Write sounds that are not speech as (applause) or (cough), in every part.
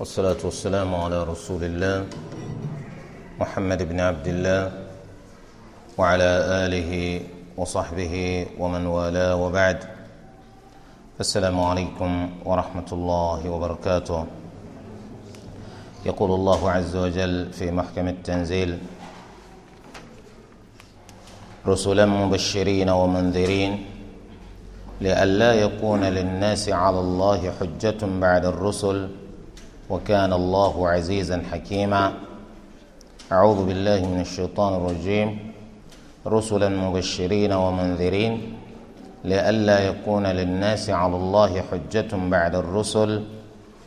والصلاة والسلام على رسول الله محمد بن عبد الله وعلى آله وصحبه ومن والاه وبعد السلام عليكم ورحمة الله وبركاته يقول الله عز وجل في محكم التنزيل رسلا مبشرين ومنذرين لئلا يكون للناس على الله حجة بعد الرسل وكان الله عزيزا حكيما أعوذ بالله من الشيطان الرجيم رسلا مبشرين ومنذرين لئلا يكون للناس على الله حجة بعد الرسل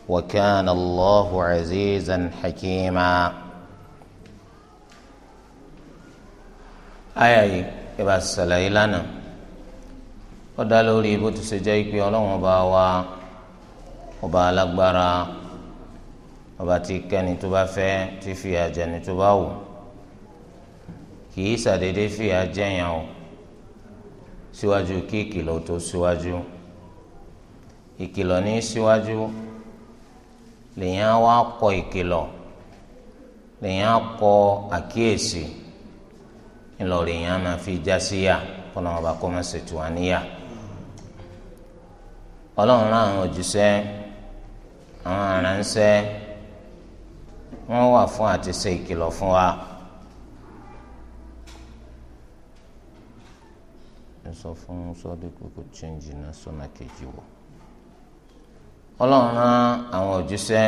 وكان الله عزيزا حكيما آية إبا السلايلانا ودالوا لي بوتسجايكي ولهم باوا وبالك برا ọba tí kẹ́ni tó bá fẹ́ tí fìyà jẹni tó bá wù kì í ṣàdédé fìyà jẹyàn o síwájú kí ìkìlọ̀ tó síwájú ìkìlọ̀ ní síwájú lèyàn wá kọ ìkìlọ̀ lèyàn kọ àkíyèsí ńlọrọ̀ èèyàn máa fi já síyà kọ́nà ọba kọ́ máa ṣètò àníyà ọlọ́run rán àwọn òjíṣẹ́ àwọn aránṣẹ́ wọ́n wà fún àti ṣe ìkìlọ̀ fún wa. ẹ sọ fún sọ́ọ́dí kókó chíńjì náà sọ́nà kejì wọ̀. ọlọ́run rán àwọn òjíṣẹ́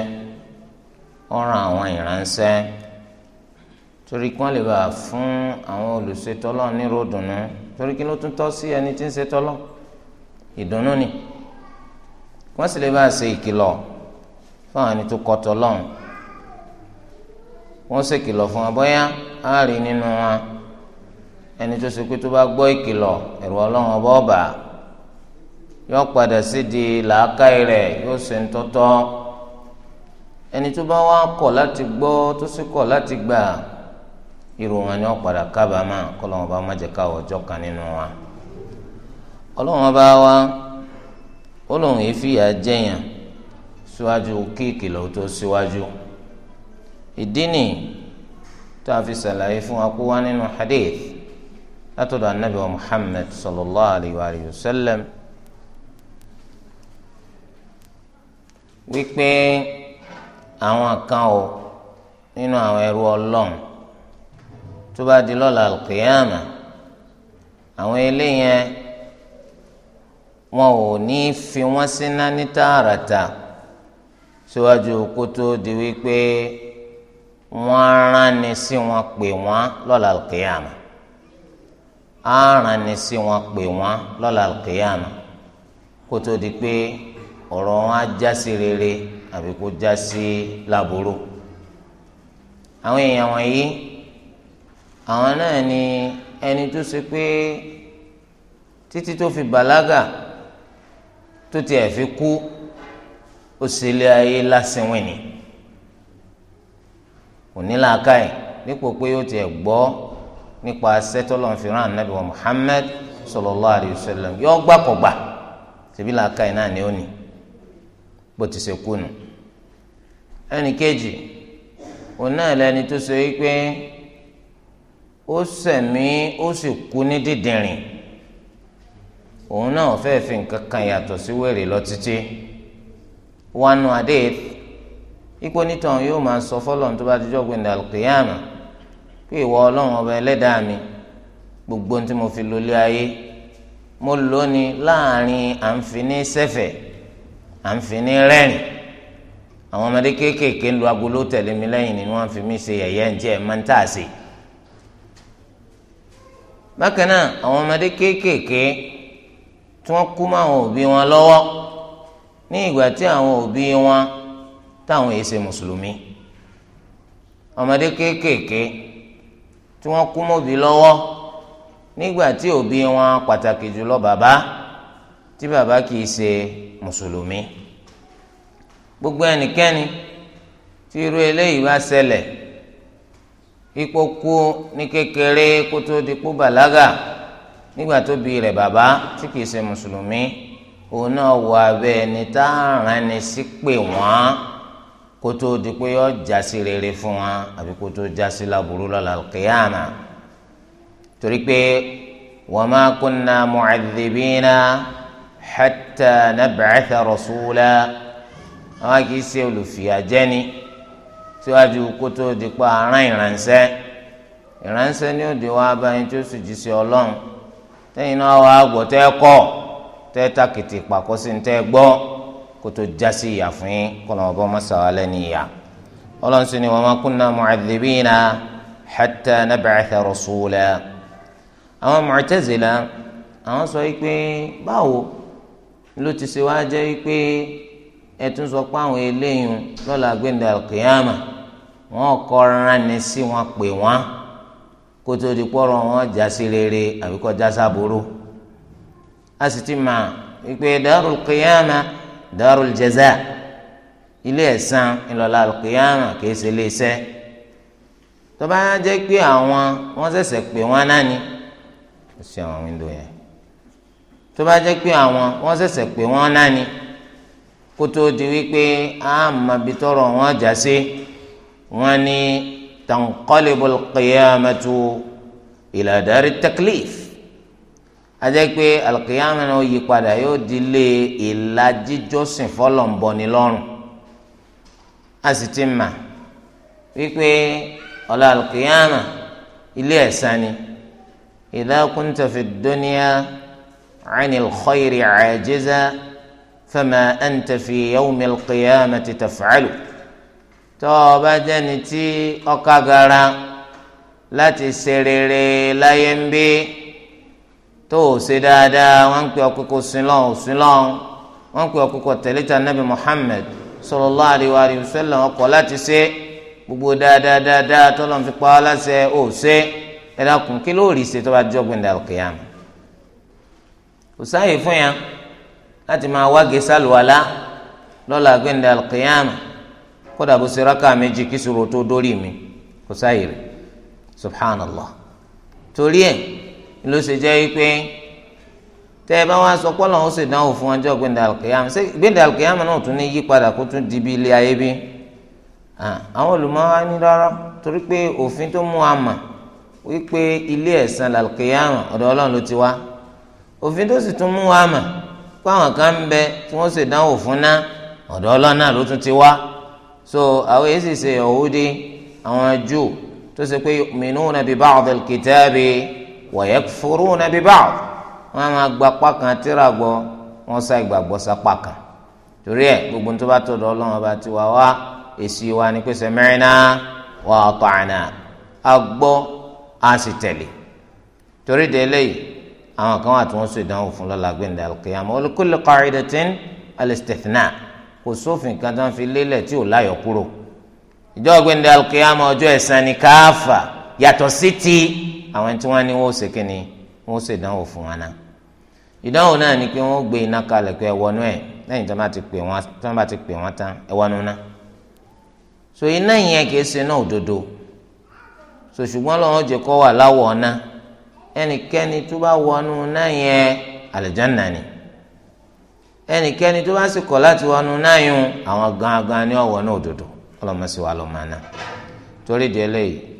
ó rán àwọn ìránṣẹ́ torí kí wọ́n lè bá fún àwọn olùṣètọ́lọ́ nírò dùnú torí kí ló tún tọ́ sí ẹni tí ń ṣètọ́lọ́ ìdùnnú ni kí wọ́n sì lè bá ṣe ìkìlọ̀ fún àwọn ẹni tó kọ́ tọ́lọ́run wọ́n ṣe kìlọ̀ fún wa bóyá á rí nínú wa ẹni tó ṣe pé tó bá gbọ́ ìkìlọ̀ ẹ̀rù ọlọ́run ọba ọba yóò padà sí di làákàyè rẹ̀ yóò ṣe ń tọ́tọ́ ẹni tó bá wá kọ̀ láti gbọ́ tó sì kọ̀ láti gbà irun ni wọ́n padà kábàámà kọ́lọ́run ọba má jẹ́ ọjọ́ kan nínú wa ọlọ́run ọba wa ó lóun èéfì yà jẹ́yàn síwájú kí ìkìlọ̀ tó síwájú. Si ìdí nìyí tó a fi ṣàlàyé fún wa kó wá nínú hadith látọ̀dọ̀ anabi wa muhammed sallallahu alayhi wa sallam wípé àwọn kan o nínú àwọn ẹrú ọlọ́run tó bá di lọ́la alqiyama àwọn eléyẹn wọn ò ní fi wọ́n síná ní tààràtà síwájú kó di wípé wọ́n rán ni sí wọn pè wọ́n lọ́la alkiyama á rán ni sí wọn pè wọ́n lọ́la alkiyama kó tó di pé ọ̀rọ̀ wọn á rere àbí kó já sí àwọn èèyàn wọ̀nyí àwọn náà ni ẹni tó ṣe pé títí tó fi bàlágà tó tiẹ̀ fi kú ó ayé lásìwìn ni onílàákàyè dípò pé yóò tiẹ̀ gbọ́ nípa sẹ́tọ́lọ́n fi rán anabi wa Muhammad sallallahu alayhi wa sallam yóò gbàkọ̀gbà tẹ̀bí làákàyè náà ni ó ní bó ti ṣe kú nu ẹnì kejì òun náà lẹni tó ṣe wípé ó sẹ̀mí ó sì kú ní dídìrín òun náà fẹ́ẹ́ fi nǹkan kan yàtọ̀ sí wèrè lọ títí wánú adéyé ipò nítorí yóò máa sọ fọlọ́n tó bá dijọ́ gbẹ̀ndà alqiyama pé ìwọ ọlọ́run ọba ẹlẹ́dàá mi gbogbo tí mo fi lólé ayé mo lò ní láàrin à ń fi ní sẹ́fẹ̀ à ń fi ní rẹ́rìn àwọn ọmọdé kéékèèké ń lo agolo tẹ̀lé mi lẹ́yìn ni wọ́n fi mí ṣe yẹ̀yẹ́ ń jẹ́ máa ń tà sí. bákan náà àwọn ọmọdé kéékèèké tí wọ́n kú mọ́ àwọn òbí wọn lọ́wọ́ ní ìgbà tí àwọn òbí wọn táwọn yìí ṣe mùsùlùmí ọmọdé kéékèèké tí wọ́n kú mọ́bi lọ́wọ́ nígbà tí òbí wọn pàtàkì jùlọ bàbá tí bàbá kìí ṣe mùsùlùmí gbogbo ẹnikẹ́ni tí irú eléyìí bá ṣẹlẹ̀ ipò kú ní kékeré kó tó di kú bàlágà nígbà tó bí rẹ̀ bàbá tí kìí ṣe mùsùlùmí òun náà wọ abẹ́ ẹni tá a rán ni sí pè wọ́n kó tó di pé yọ jásí rere fún wa àbí kó tó jásí láburú lọ́la kìyàmà torí pé wa ma kunna mu'adhibina hatta nab'atha rasula àwọn kì í ṣe olùfìyàjẹni síwájú kó tó di pé aràn ìrànṣẹ́ ìránṣẹ́ ní òde wa abáyé tí ó sì jí sí ọlọ́run náà wàá gbọ́ tẹ́ kọ́ tẹ́ takìtì pàkó sí ní tẹ́ gbọ́ kótó jásí ìyà fún yín kọ́nà ọba ọmọ sàwálẹ̀ ní ìyà ọlọ́run sì ni wa ma kunna mu'adhibina hatta nab'atha rasula àwọn Mu'tazila àwọn sọ pé báwo ló ti ṣe wá jẹ́ pé ẹ tún sọ pé àwọn eléyìí lọ́la gbẹ̀ndẹ̀ al wọn kọ́ ránni sí wọn pè wọ́n kótó di pọ́rọ̀ wọn jásí rere àbíkọ́ jásá burú a sì ti mà ìpè darul qiyama darul jaza ilé ẹ̀san ìlọ̀lá alqiyama kìí ṣe ilé iṣẹ́ tó bá jẹ́ pé àwọn wọ́n ṣẹ̀ṣẹ̀ pè wọ́n náà ni ó ṣe àwọn wíńdò yẹn tó bá jẹ́ pé àwọn wọ́n ṣẹ̀ṣẹ̀ pè wọ́n náà ni kó tó di wípé a máa bi tọrọ wọn jà sí wọ́n ní tanqalibul qiyamatu ila dari ajẹ́ pé alùkìyàmù náà yí padà yóò di lé ìlà jíjọ́sìn fọlọ́ǹbọ̀nì lọ́rùn a sì ti mà wípé ọ̀la alùkìyàmù ilé ẹ̀san ni idha kunta fi dunya 'ani al-khayri 'ajiza fama anta fi yawmi al tó o bá jẹ́ni tí ọkà gara láti ṣe rere láyé ń bí tó o ṣe dáadáa wọn ń pè ọ kókó sílọ́n sílọ́n wọn ń pè ọ kókó tẹ̀lẹ́tà nàbì Muhammad sallallahu alaihi wa sallam wọn kọ̀ láti ṣe gbogbo dáadáa dáadáa tó lọ́n fi pa ọ́ láṣẹ ó ṣe ẹ dákun kí ló rí ṣe tó bá jọ́gbìn dàlùkìyàmù kò sáàyè fún yàn láti máa wáge sálùwàlá lọ́la gbẹ̀ndẹ̀ alqiyama kódà bó siraka méjì kí sòrò tó dórí mi kò sáàyè rẹ̀ subhanallah torí ẹ̀ ló ṣe jẹ́ pé tẹ́ ẹ bá wá sọ pé Ọlọ́run fún ọjọ́ gbẹ̀ndà àlùkìyàmù ṣé gbẹ̀ndà àlùkìyàmù náà tún ní yípadà kó tún di bí ilé ayé bí àwọn olùmọ̀wá ní rárá torí pé òfin tó wípé ilé làlùkìyàmù ọ̀dọ̀ Ọlọ́run ló ti wá òfin tó sì tún mú àmà pé àwọn kan ń bẹ tí wọ́n ṣèdánwò fún náà ọ̀dọ̀ Ọlọ́run náà ló tún ti wá so àwọn ṣe bi wa yakfuruna bi ba'd wọn a máa gba pákan tíra gbọ́ wọn sá ìgbàgbọ́ sápá kan torí ẹ gbogbo tó bá tọ̀dọ̀ ọlọ́run ọba tiwa wá èsì wa ni pé sami'na wa ata'na a gbọ́ a sì tẹ̀lé torí délé yìí àwọn kan wà tí wọ́n sọ fún lọ́la gbẹ̀ndẹ̀ al-qiyamah wa li kò sófin kan tó ń fi lélẹ̀ tí ò láyọ̀ kúrò ìjọ́ gbẹ̀ndẹ̀ al ọjọ́ ẹ̀san ni káàfà yàtọ̀ sí ti àwọn tí wọ́n ní wọ́n ṣe kíni wọ́n ṣe ìdánwò fún wọn náà ìdánwò náà ni pé wọ́n gbé iná pé tí wọ́n bá ti pè so iná yẹn kì ṣe náà òdodo so ṣùgbọ́n kọ́ wà láwọ̀ ọ̀nà ẹnikẹ́ni tó bá wọnú náà ni ẹnikẹ́ni tó bá sì kọ̀ láti wọnú náà yún àwọn ni ọ̀wọ́ náà òdodo ọlọ́mọ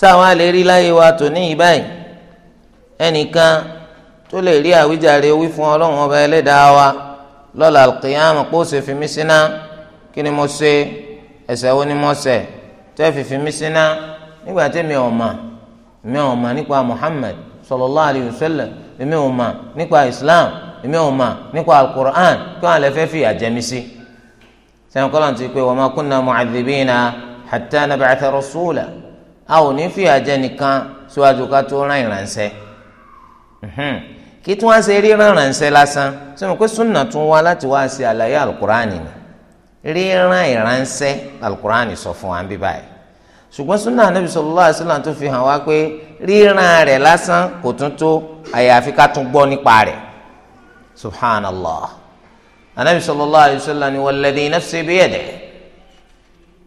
sáwọn alẹ́ rí láyé wa tò ní ìbáyìí ẹnìkan tó lè rí àwíjàre wí fún ọlọ́run ọba ẹlẹ́dàá wa lọ́la alqiyama kó o ṣe fi mí síná kí ni mo ṣe ẹ̀ṣẹ̀ wo ni mo ṣẹ̀ tẹ́ fi fi mí síná nígbà tí mi ò mà mi ò mà nípa Muhammad sallallahu alayhi wa sallam èmi ò mà nípa Islam èmi ò mà nípa alukur'an kí wọn lè fẹ́ fi àjẹmí sí. sẹ́yìn kọ́lá ti pé wa ma kunna mu'adhibina hatta nab'atha rasula a ò ní fìyà jẹ nìkan síwájú ká tó rán ìrànṣẹ́ kí tí wọ́n ṣe ríran ìrànṣẹ́ lásán sọmọ pé súnà tún wá láti wá ṣe àlàyé alukur'ani ni ríran ìrànṣẹ́ alukur'ani sọ fún wa ń bí báyìí ṣùgbọ́n súnà anábì sallallahu alaihi wasallam tó fi hàn wá pé ríran rẹ̀ lásán kò tún tó àyàfi ká tún gbọ́ nípa rẹ̀ subhanallah anábì sallallahu alaihi wasallam ni walladhi nafsi biyadihi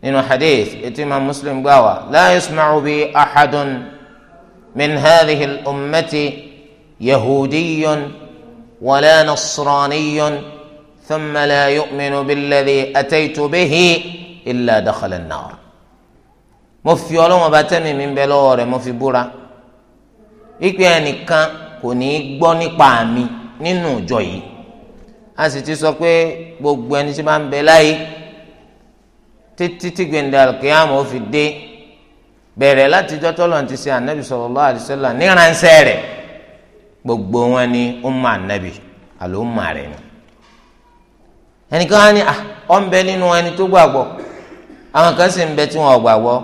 nínú hadith etí ma muslim gbà wá la yusma'u bi ahadun min hadhihi ummati yahudiyun wala nasraniyun thumma la yu'minu billadhi ataytu bihi illa dakhala an mo fi ọlọ́wọ́n bá tẹ́mi mi bẹ lọ́wọ́ rẹ̀ mo fi búra ìpè ẹnìkan kò ní í gbọ́ nípa mi nínú ìjọ yìí a sì ti sọ pé gbogbo ẹni tí bá ń bẹ láyé. títí tí gbẹ̀ndẹ̀ alùkìyàmù ó fi dé bẹ̀rẹ̀ láti jọ́tọ́ lọ́n ti ṣe ànábì sallallahu alaihi wasallam níranṣẹ́ rẹ̀ gbogbo wọn ni umma ànábì àló umma rẹ̀ ni. ẹnìkan á ní ọ̀ ah, ń bẹ nínú ẹni tó gbàgbọ́ àwọn kan sì ń bẹ tí wọn ò gbàgbọ́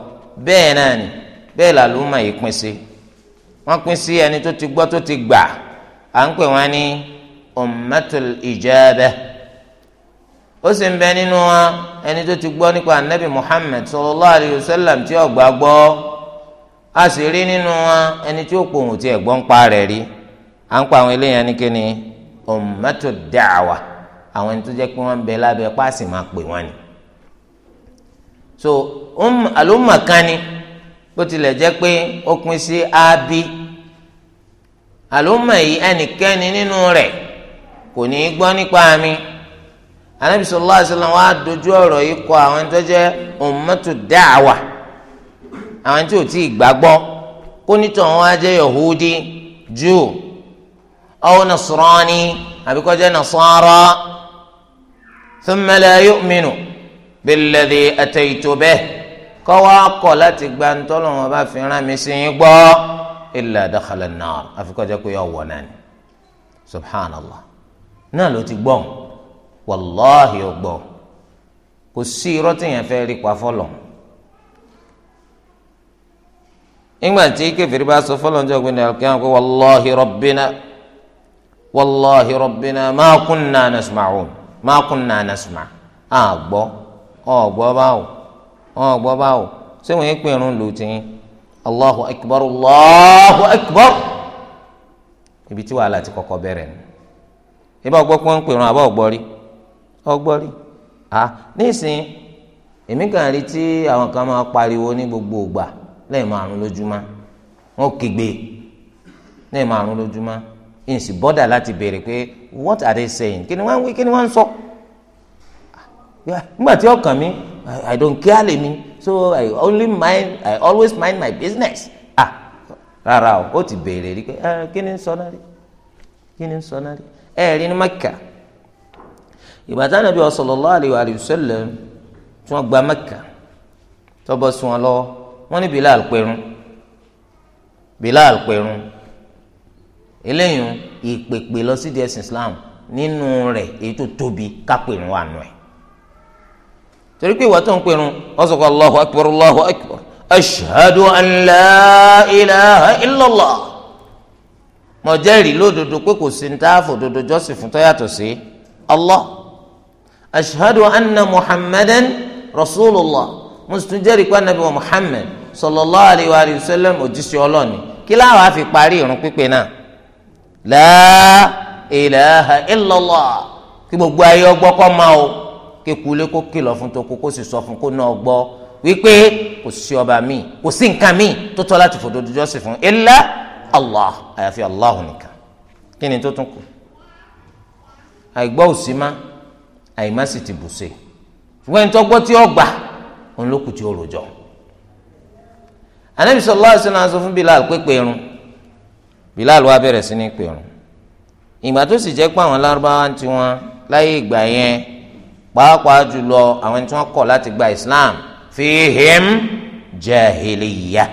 bẹ́ẹ̀ náà ni bẹ́ẹ̀ pín sí pín sí ti gbọ́ tó ti gbà à ń pè wọ́n ní ummatul ijabah ó sì ń bẹ nínú wa ẹni tó ti gbọ́ nípa anabi muhammed sallallahu alayhi wa tí ó gbà gbọ́ a sì rí nínú wa ẹni tí ó pòun tí ẹ̀gbọ́n ń pa rẹ̀ rí à ń pa àwọn eléyàn ní kíni ummatu da'wa àwọn ẹni tó jẹ́ pé wọ́n ń bẹ lábẹ́ páàsì máa pè wọ́n ni. so um, àlùmà kan ni bó tilẹ̀ jẹ́ pé ó pín sí ábí àlùmà yìí ẹnikẹ́ni nínú rẹ̀ kò ní í gbọ́ nípa mi. anabi sallallahu alaihi wasallam wa dojú ọ̀rọ̀ yìí kọ àwọn tó jẹ́ ummatu da'wa àwọn tí ò tí ì gbàgbọ́ kó nítorí wọn á jẹ́ yahudi jew aw nasrani àbí kó jẹ́ nasara thumma la yu'minu billadhi ataytu bihi kọ́ wa kọ̀ láti gba ntọ́lọ́ wọn bá fi rán mi sí yín gbọ́ illa dakhala an-nar àfi kó jẹ́ náà ni subhanallah náà ló ti gbọ́n wàláhì ọgbọ kò sí irọ́ téèyàn fẹ́ rí pa fọlọ́ nígbà tí kèfèrí bá sọ fọlọ́ ní ọgbìn alkiyan pé wàláhì rọ̀bìnà wàláhì rọ̀bìnà máa kún náà nàṣmà òun máa kún náà nàṣmà àgbọ́ ọ̀gbọ́ báwò ọ̀gbọ́ báwò ṣé wọ́n yẹn pè irun lù tìyín allahu akbar allahu akbar ibi tí wàhálà ti kọ́kọ́ bẹ̀rẹ̀ ni ibà gbọ́ pé wọ́n ń rí ọgbọ́n rí à nísìn èmi kàn rí tí àwọn kan máa pariwo ní gbogbo ìgbà lẹ́yìn márùn lójúmọ́ wọn kígbe lẹ́yìn márùn lójúmọ́ n sì bọ́dà láti béèrè pé what are they saying kí ni wọ́n ń wí kí ni wọ́n ń sọ nígbà tí ọkàn mi i don't care lèmi so i only mind i always mind my business ah rárá o ó ti béèrè rí pé kí ni ń sọ náà rí kí ni ń sọ náà rí ẹ̀ẹ́rì ní mẹ́kà ìgbà tí Ànábì sallallahu alayhi wa sallam tí wọ́n gba Mẹ́kà tọ́bọ̀ sí wọn lọ́wọ́ wọ́n ní Bilal pẹ̀rún Bilal pẹ̀rún eléyìí ìpèpè lọ sí díẹ̀ sí Islam nínú rẹ̀ èyí tó tóbi kápẹ̀rún wà nù ẹ̀ torí pé ìwà tó ń pẹ̀rún wọ́n Allahu akbar Allahu akbar ashhadu an la ilaha illallah mo lódodo pé kò sí ní táàfù òdodo jọ́sìn fún tó sí Allah ashhadu anna muhammadan rasulullah mùsùlùmí jẹ́rìí pé anabi wa muhammad sallallahu alayhi wa alihi wa sallam òjíṣẹ́ ọlọ́ni kí láwọn á fi parí irun pípé náà la ilaha illallah kí gbogbo ayé ọgbọ́ kọ́ máa o kí kulé kó kìlọ̀ fún tó kó kó sì sọ fún kó náà gbọ́ wípé kò sí ọba míì kò sí nǹkan míì tó tọ́ láti fòdodo jọ́sìn fún illa allah àyàfi allah nìkan kí ni tó tún kù àìgbọ́ òsì máa àyìnbá sì ti bù sí ṣùgbọ́n ẹni tó gbọ́ tí ó gbà òun ló kù tí ó rojọ́ anabi sallallahu alaihi wasallam sọ fún bilal pé pèrún bilal wá bẹ̀rẹ̀ sí ní pèrún ìgbà tó sì jẹ́ pé àwọn lárúbáwá ti wọn láyé ìgbà yẹn pàápàá jùlọ àwọn tí wọ́n kọ̀ láti gba islam fihim jahiliya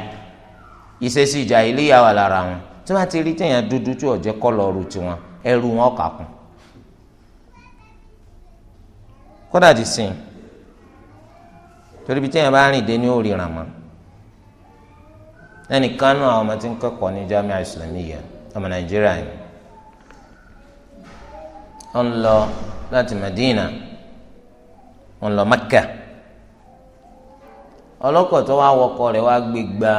ìṣesí jahiliya wà lára wọn tí wọ́n ti rí téèyàn dúdú tí ọ̀jẹ̀ kọ́ lọ́ọ́rù tiwọn ẹrú wọn kà kún kódà ti sìn torí bí téèyàn bá rìn dé ní ó ríran mọ́ ẹnìkan náà àwọn ọmọ tí ń kẹ́kọ̀ọ́ ní Jamiu Islamiyya ọmọ Nàìjíríà yìí ó ń lọ láti Madina ó ń lọ Makka ọlọ́kọ̀ tó wá wọkọ̀ rẹ̀ wá gbé gba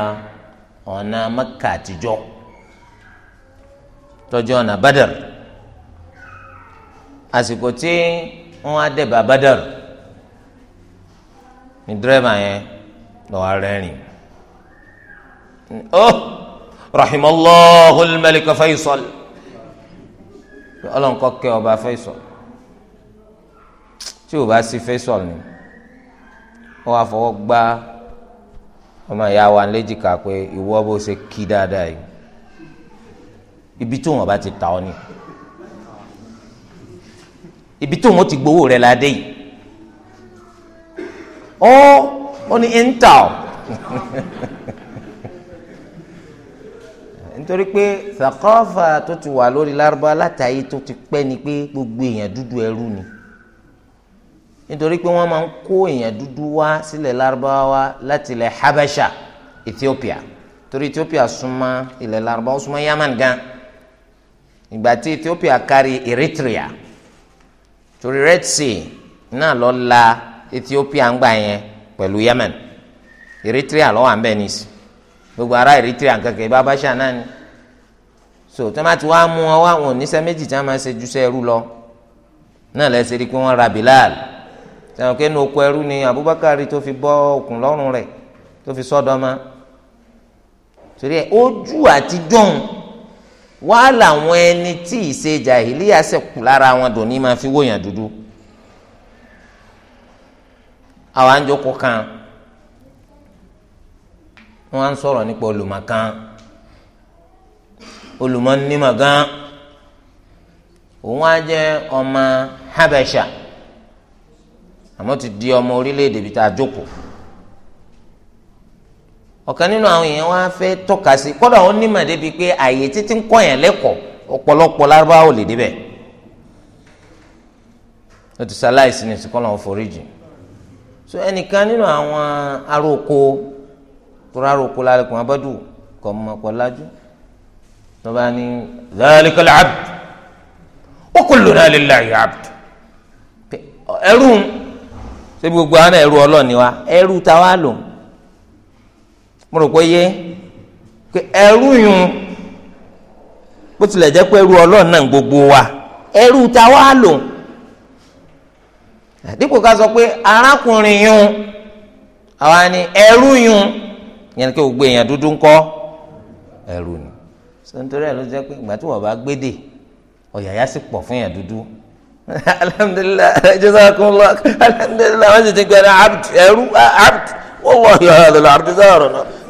ọ̀nà Makka àtijọ́ tọjọ́ ọ̀nà Badr àsìkò tí wọn á dẹ̀bà bàdàrú ní dírẹ́bà yẹn lọ́wọ́ rẹ́rìn ó oh! rahimallahu al-malik faisal ọlọ́nkọ́ kẹ́ ọba faisal tí o bá sí faisal ni ó wàá fọwọ́ gbá ọmọ ìyá wa léjìká pé ìwọ bó ṣe kí dáadáa yìí ibi tí wọn bá ti ta ọ ni ibi tó wọn ti gbowó rẹ la dé yìí ọ ọ ní ẹńtà ọ (laughs) nítorí pé sàkọ́fà tó ti wà lórí lárúbá látàyè tó ti pẹ́ ni pé gbogbo èèyàn dúdú ẹrú ni nítorí pé wọ́n máa ń kó èèyàn dúdú wá sílẹ̀ lárúbá wá láti ilẹ̀ habasha Ethiopia torí Ethiopia súnmọ́ ilẹ̀ lárúbá ó súnmọ́ Yaman gan ìgbà tí Ethiopia kárí Eritrea torí red sea náà lọ la Ethiopia ń gbà yẹn pẹ̀lú Yemen Eritrea lọ́wọ́ à ń bẹ̀ nísì gbogbo ará Eritrea kankan ibà Abacha náà ni so tí wọ́n bá ti wá mú wọn wá wọn oníṣẹ́ méjì tí wọ́n máa ṣe jùṣẹ́ ẹrú lọ náà lẹ́sẹ̀ rí i pé wọ́n ra Bilal sẹ́wọ̀n kí inú oko ẹrú ni Abubakar tó fi bọ́ okùn lọ́rùn rẹ̀ tó fi sọ́dọ̀ ma torí ẹ̀ ojú àti dùn wàá làwọn ẹni tí ìṣe jàhìlíyà ṣẹ̀kù lára wọn dùn ní máa fi wòyàn dúdú àwọn àjọkọ kan wọn á ń sọ̀rọ̀ nípa olùmọ̀kan olùmọ̀nímọ̀gán òun á jẹ́ ọmọ Habẹ́ṣà àmọ́ ti di ọmọ orílẹ̀ bíi tá a jókòó ọ̀kan nínú àwọn èèyàn wá fẹ́ tọ́ka sí kọ́dà ó ní màdébi pé àyè títí ń kọ́ yẹn lẹ́kọ̀ọ́ ọ̀pọ̀lọpọ̀ lárúbáwò lè débẹ̀ ó ti ṣaláìsí ní ìsìnkọ́ làwọn foríjì so ẹnìkan nínú àwọn aróko tóra aróko lálẹ́kùn abọ́dù kọ́ mọ́ ọ̀pọ̀ lájú lọ́ba ní zalikal abd wa kulluna lillahi abd ẹrú ṣé gbogbo àwọn ẹrú ọlọ́ọ̀ni mo rò pé yé pé ẹrú yun bó tilẹ̀ jẹ́ pé ẹrú ọlọ́run náà gbogbo wa ẹrú ta wá lò dípò ká sọ pé arákùnrin yun àwa ni ẹrú yun yẹn kí gbogbo èèyàn dúdú ń ẹrú ni sọ́ńtòrí ló jẹ́ pé ìgbà tí wọ́n bá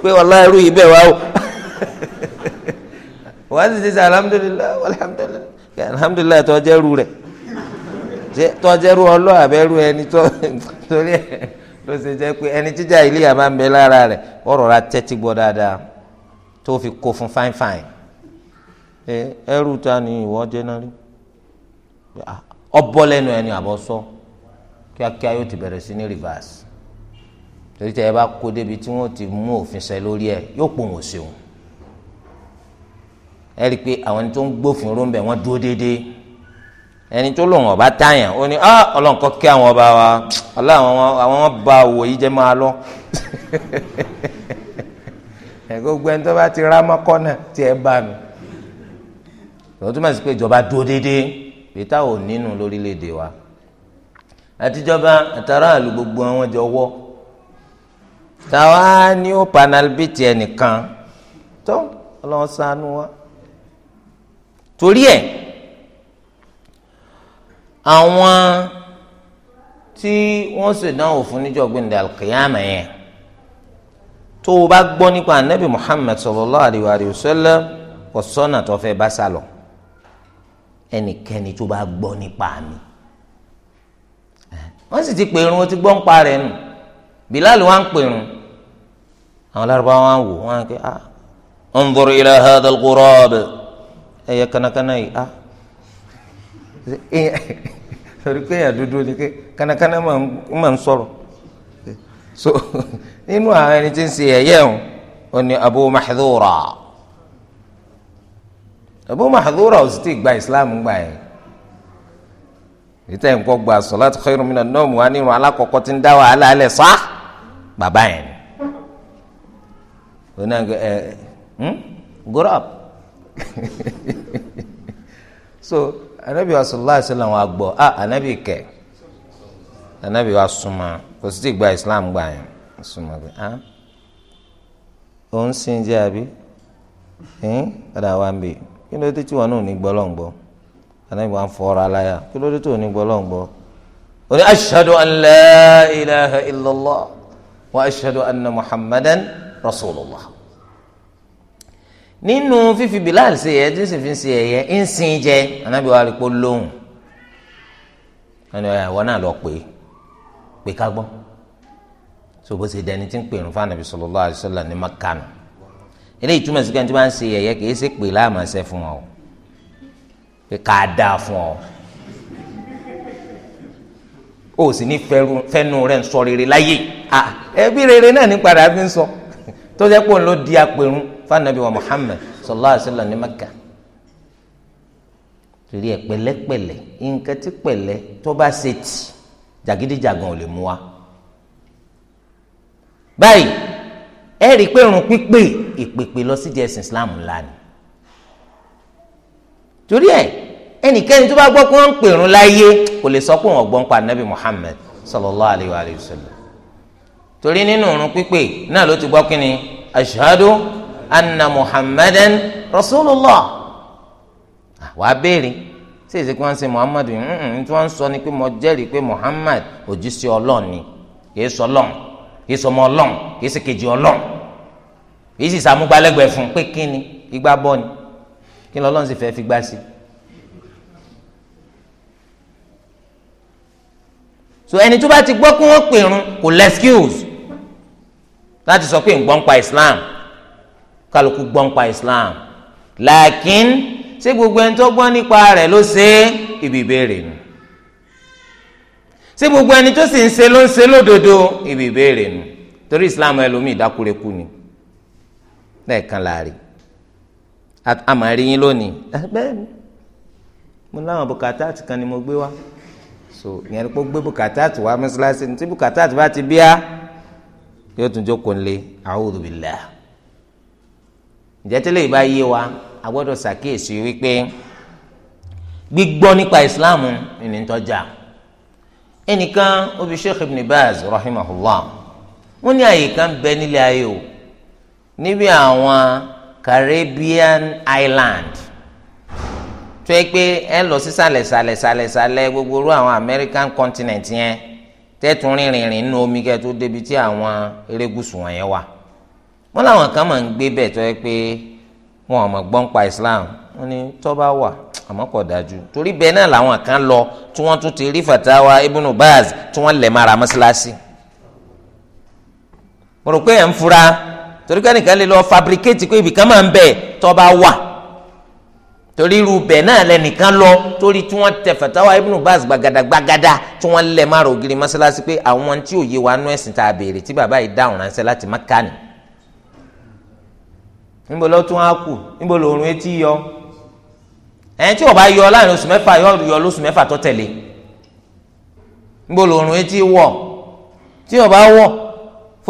pé ọlá ẹrú yìí bẹ́ẹ̀ wá o wàá sì ṣe sẹ alhamdulilayi alhamdulilayi alhamdulilayi tó jẹ́ ru rẹ̀ tó jẹ́ ru ọlọ́ àbẹ́rú ẹni tó torí ẹ̀ ló ṣe jẹ́ pé ẹni jíjà ilé yà máa ń bẹ lára rẹ̀ ọ̀rọ̀ ra tẹ́tí gbọ́ dáadáa tó fi kó fún fáinfáin ẹrú ta ni ìwọ jẹ́ náà rí ọbọ lẹ́nu ẹni àbọ̀ sọ kíákíá yóò ti bẹ̀rẹ̀ sí ní rìvásì torí tẹ ẹ bá kó débi tí wọ́n ti mú òfin ṣe lórí ẹ yóò pò wọ́n ṣeun ẹ rí i pé àwọn ẹni tó ń gbófin ró ń bẹ wọ́n dúró déédéé ẹni tó lòun ọba táyàn ó ní ah, Ọlọ́run kí àwọn ọba wa Ọlọ́run àwọn wọn ba òwò yìí jẹ́ máa lọ (laughs) ẹ gbogbo ẹni tó bá ti rá mọ́kọ́ náà tí ẹ bá mi lọ́wọ́ tó máa sì pé ìjọba dúró déédéé èyí táwọn ò nínú lórílẹ̀‐èdè wa àtijọba àtàrà àlù gbogbo àwọn jọ wọ́ táwa ni ó panalbiti ẹnìkan tó ọlọ́run ṣàánú wa torí ẹ̀ àwọn tí wọ́n ṣèdánwò fún níjọ́ gbẹ̀ndẹ̀ alkiyama yẹn tó o bá gbọ́ nípa anabi muhammed sallallahu alayhi wa sallam ọ̀sọ́nà tó fẹ́ bá sálọ ẹnikẹ́ni tó bá gbọ́ nípa mi wọ́n sì ti pè irun ó gbọ́ ń pa rẹ̀ nù bilal wa ń pèrún àwọn Lárúbáwá wa ń wò wọn kẹ ah unzur ila hadha al-ghurab ẹyẹ kanakana yìí ah (laughs) sori pé èèyàn dúdú ni pé kanakana máa ń sọ̀rọ̀ so (laughs) nínú àwọn ẹni tí ń ṣe ẹyẹ o ò abu mahdura abu mahdura ò ti gba islam gbà yẹn ìtẹ̀ nǹkan gba salat khairun minan nawm wa nínú alákọ̀ọ́kọ́ ti ń dá wàhálà alẹ̀ sá bàbá yẹn òun náà ẹ ẹ grow up so anabi wa sallallahu alayhi wa sallam wa gbọ́ ah anabi kẹ anabi wa suma kò sì ti gba islam gba yẹn suma bi ah òun sì ń jẹ àbí ẹn hmm, padà wá ń bè kí ló dé tí wọn náà ní gbọ́ lọ́n gbọ́ anabi wa ń fọ́ra aláya kí ló dé tí wọn ní gbọ́ lọ́n gbọ́ ní ashhadu an la illallah. وأشهد أن محمدا رسول الله nínú fífi bilal ṣe yẹ tí sì fi ń ṣe ẹyẹ ń sin jẹ anábì wa rí pé lóhùn ẹwọ náà lọ pé pé ká gbọ́ so bó ṣe dẹni tí ń pè fún anabi sallallahu alaihi wasallam ní makanu eléyìí túmọ̀ sí pé ẹni tí wọ́n ń ṣe ẹyẹ kì í ṣe pè fún ọ pé ká dáa fún ọ o sì ní fẹnu rẹ ń sọ rere láyé ah ẹbí rere náà ní padà fi ń sọ tó jẹ́ pé òun ló di apẹ̀rún fanabi wa Muhammad sallallahu alaihi wasallam ní Mẹ́kà torí ẹ pẹ̀lẹ́pẹ̀lẹ́ nǹkan tí pẹ̀lẹ́ tó bá ṣe tì jàgídíjàgan ò lè mú wa báyìí ẹ rí i pé irun pípé ìpèpè lọ sí di ẹsìn Islam ńlá ni torí ẹ ẹnikẹ́ni tó bá gbọ́ pé wọ́n ń pèrún láyé kò lè sọ pé wọ́n gbọ́n pa nabi muhammed sallallahu alayhi wa sallam torí nínú òrùn pípé náà ló ti gbọ́ kí ni ashhadu anna muhammadan rasulullah ah, wàá béèrè ṣé èsì kí wọ́n ń ṣe muhammadu nǹkan tí wọ́n sọ ni pé mo jẹ́rìí pé muhammad òjíṣẹ́ ọlọ́run ni kìí sọ ọlọ́run kìí sọ ọmọ ọlọ́run kìí sì kejì ọlọ́run kìí sì sàmúgbálẹ́gbẹ̀ẹ́ fún pé kí ni igbá bọ́ ni kí ni ọlọ́run sì fẹ́ fi gbá sí i. so ẹni tó bá ti gbọ́ kó wọ́n pèrún kò lẹ́skíùs láti sọ pé ń gbọ́n pa islam kálukú gbọ́n islam làákín ṣé gbogbo ẹni tó gbọ́n nípa rẹ̀ ló ṣe ibi ìbéèrè nù ṣé gbogbo ẹni tó sì ń ṣe ló ń ṣe lódodo ibi ìbéèrè nù torí islam ẹlòmíì ìdákúrekú ni lẹ́ẹ̀kan láàrin àmàrí yín lónìí bẹ́ẹ̀ ni mo láwọn bùkátà àti kan ni mo gbé wá so ìyẹn ni pé gbé bùkátà tó wá mọ́sálásí tí bùkátà tó bá ti bíá yóò tún jókòó nílé a'udhu billah ìjẹ́tẹ́lẹ̀ yìí bá yé wa a gbọ́dọ̀ wípé gbígbọ́ nípa Islam ní tọ́jà ẹnìkan obi Sheikh Ibn Baz rahimahullah wọ́n ní àyè kan bẹ nílé ayé o níbi àwọn Caribbean island tó yẹ pé ẹ lọ sí sàlẹ̀ sàlẹ̀ sàlẹ̀ sàlẹ̀ gbogbo irú àwọn American continent yẹn tẹ́tún rìnrìn rìn nínú omi kẹ́ tó débi tí àwọn erégùsù wọn yẹn wà wọn làwọn kan máa ń gbé bẹ̀ tó yẹ pé wọn ò mọ̀ gbọ́n pa Islam wọn ni tó bá wà àmọ́ kò dájú torí bẹ́ẹ̀ náà làwọn kan lọ tí wọ́n tún ti rí fatawa Ibn Baz tí wọ́n lẹ̀ mara mọ́sálásí mo rò pé ẹ̀ ń fura torí kẹ́nìkan lè lọ fabricate pé ibìkan máa ń bẹ̀ tó bá wà torí irú bẹ́ẹ̀ náà lẹ́nìkan lọ torí tí wọ́n tẹ fatawa ibnu baz gbagada gbagada tí wọ́n lẹ̀ máa rògiri mọ́sálásí pé àwọn tí òye wa nú ẹ̀sìn tá a béèrè tí bàbá yìí dáhùn ránṣẹ́ láti Mákà ni. níbo ló tún á kù níbo lòórùn etí yọ ẹ̀yìn tí ó bá yọ láàrin oṣù mẹ́fà yọ lóṣù mẹ́fà tó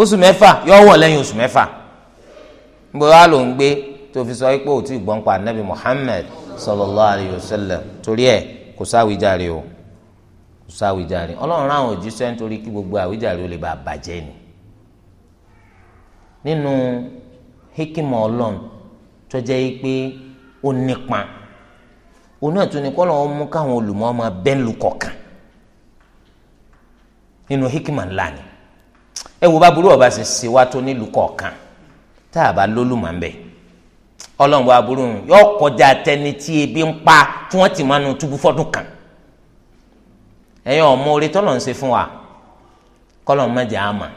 mẹ́fà yọ wọ̀ lẹ́yìn tó fi sọ pé òtún ìgbọ́n pa anabi muhammed sallallahu alayhi wa sallam torí ẹ kò sáwìjàre o kò sáwìjàre ọlọ́run ráhùn òjíṣẹ́ nítorí kí gbogbo àwìjàre ó lè bá a bàjẹ́ ni nínú hikima ọlọ́run tó jẹ́ pé ó nípa òun náà tún ní kọ́ lọ́wọ́ mú káwọn olùmọ̀ ọmọ bẹ́ẹ̀ lu kọ̀ọ̀kan nínú hikima ńlá ni ẹ wo bá burú ọba ṣe ṣe wá tó nílùú kọ̀ọ̀kan tá a bá lólùmọ̀ ń bẹ́ẹ̀ ọlọ́run wa burú yóò kọjá tẹni tí ebi ń pa tí wọ́n ti máa nu túbú fọ́dún kan ẹ̀yin ọmọ orí tọ́lọ̀ ń ṣe fún wa kọ́lọ̀ má jẹ́ àmà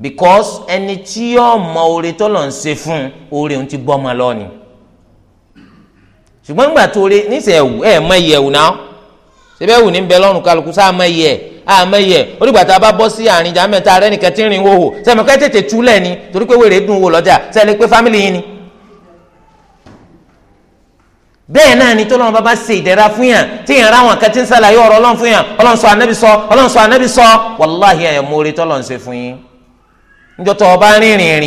because ẹni tí yóò mọ orí tọ́lọ̀ ń ṣe fún orí ń ti bọ́ ọmọ lọ́ni ṣùgbọ́n nígbà tó rí níṣẹ́ ẹ̀wù ẹ̀ mọ iye ẹ̀wù náà ṣẹbẹ́ ẹ̀wù ní bẹ lọ́rùn kálukú sáà mọ iye ẹ̀ á mọ iye ẹ̀ onígbà tá a bá bọ́ sí àárín mẹ́ta rẹ́nìkan tí wò sẹ́mi ká tètè túlẹ̀ ni torí pé wèrè dùn wò lọ́jà sẹ́ni pé fámìlì yín ni bẹ́ẹ̀ náà ni tọ́lọ́mọ bá bá ṣe ìdẹ̀ra fún yàn tí yàn ráwọn kan ń sàlàyé ọ̀rọ̀ ọlọ́run fún yàn ọlọ́run sọ ànábì sọ ọlọ́run sọ ànábì sọ wàláhì ẹ̀yọ̀ mórí tọ́lọ́run ṣe fún yín. níjọ́ tó o rìn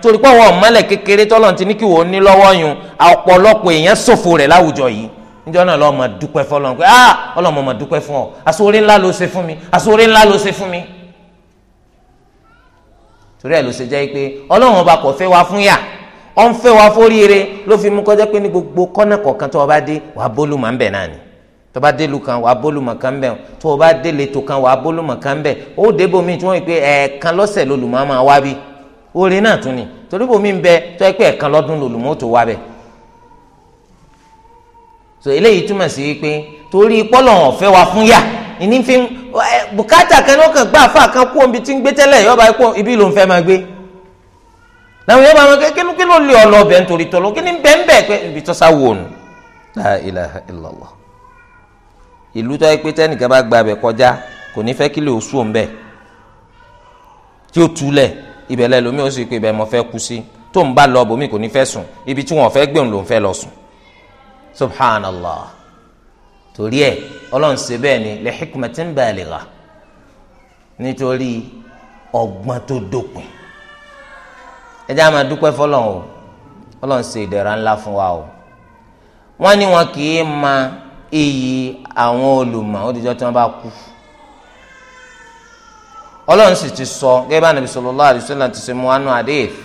tó o kan kékeré ti ní lọ́wọ́ yun ọ̀pọ̀lọpọ̀ èèyàn ṣòfò rẹ̀ láwùjọ yìí náà lọ́ọ́ dúpẹ́ ọ ń fẹ́ wa fóríire ló fi mú kọjá pé ní gbogbo kọ́nà kọ̀ọ̀kan tó o bá dé wàá bólú màá ń bẹ̀ náà ni tó o bá dé lu kan wàá bólú màá kan bẹ̀ tó o bá dé kan wàá bólú màá kan bẹ̀ ó dé bomi tí wọ́n yìí pé ẹ̀ẹ̀kan lọ́sẹ̀ lolùmọ́ máa wá náà tún ni bomi ń bẹ tó yẹ pé ẹ̀ẹ̀kan so eléyìí túmọ̀ sí torí pọ́lọ̀ wa fún yà ìní fi bùkátà gbà fà kan kú làwọn yóò bá wọn kékeré kí ló lé ọ lọ bẹ nítorí tọ́lọ́ kí ni bẹ́ẹ̀ bẹ́ẹ̀ pé ibi tó sá wò nù la ilaha illallah ìlú tó yẹ pé tẹnìkan bá gba abẹ kọjá kò ní fẹ́ kí lè oṣù òun bẹ tí ó túlẹ̀ ibẹ̀ lẹ lómi ó sì pé ibẹ̀ mo fẹ́ kú sí tó ń bá lọ bòmí kò ní fẹ́ sùn ibi tí wọn fẹ́ gbẹ̀hùn ló ń fẹ́ lọ sùn subhanallah torí ẹ ọlọ́run ṣe bẹ́ẹ̀ ni li hikmatin baligha nítorí ọgbọ́n tó dópin ẹjẹ́ àmà dúpẹ́ fọlọ́n o fọlọ́n ṣe ìdẹ̀ra ńlá fún wa o wọ́n ní wọn kì í ma iyì àwọn olùmọ̀ ó dijọ́ tí wọ́n bá kú ọlọ́run sì ti sọ gẹ́gẹ́ bá nàbì sallallahu alaihi wasallam ti ṣe mú wánú hadith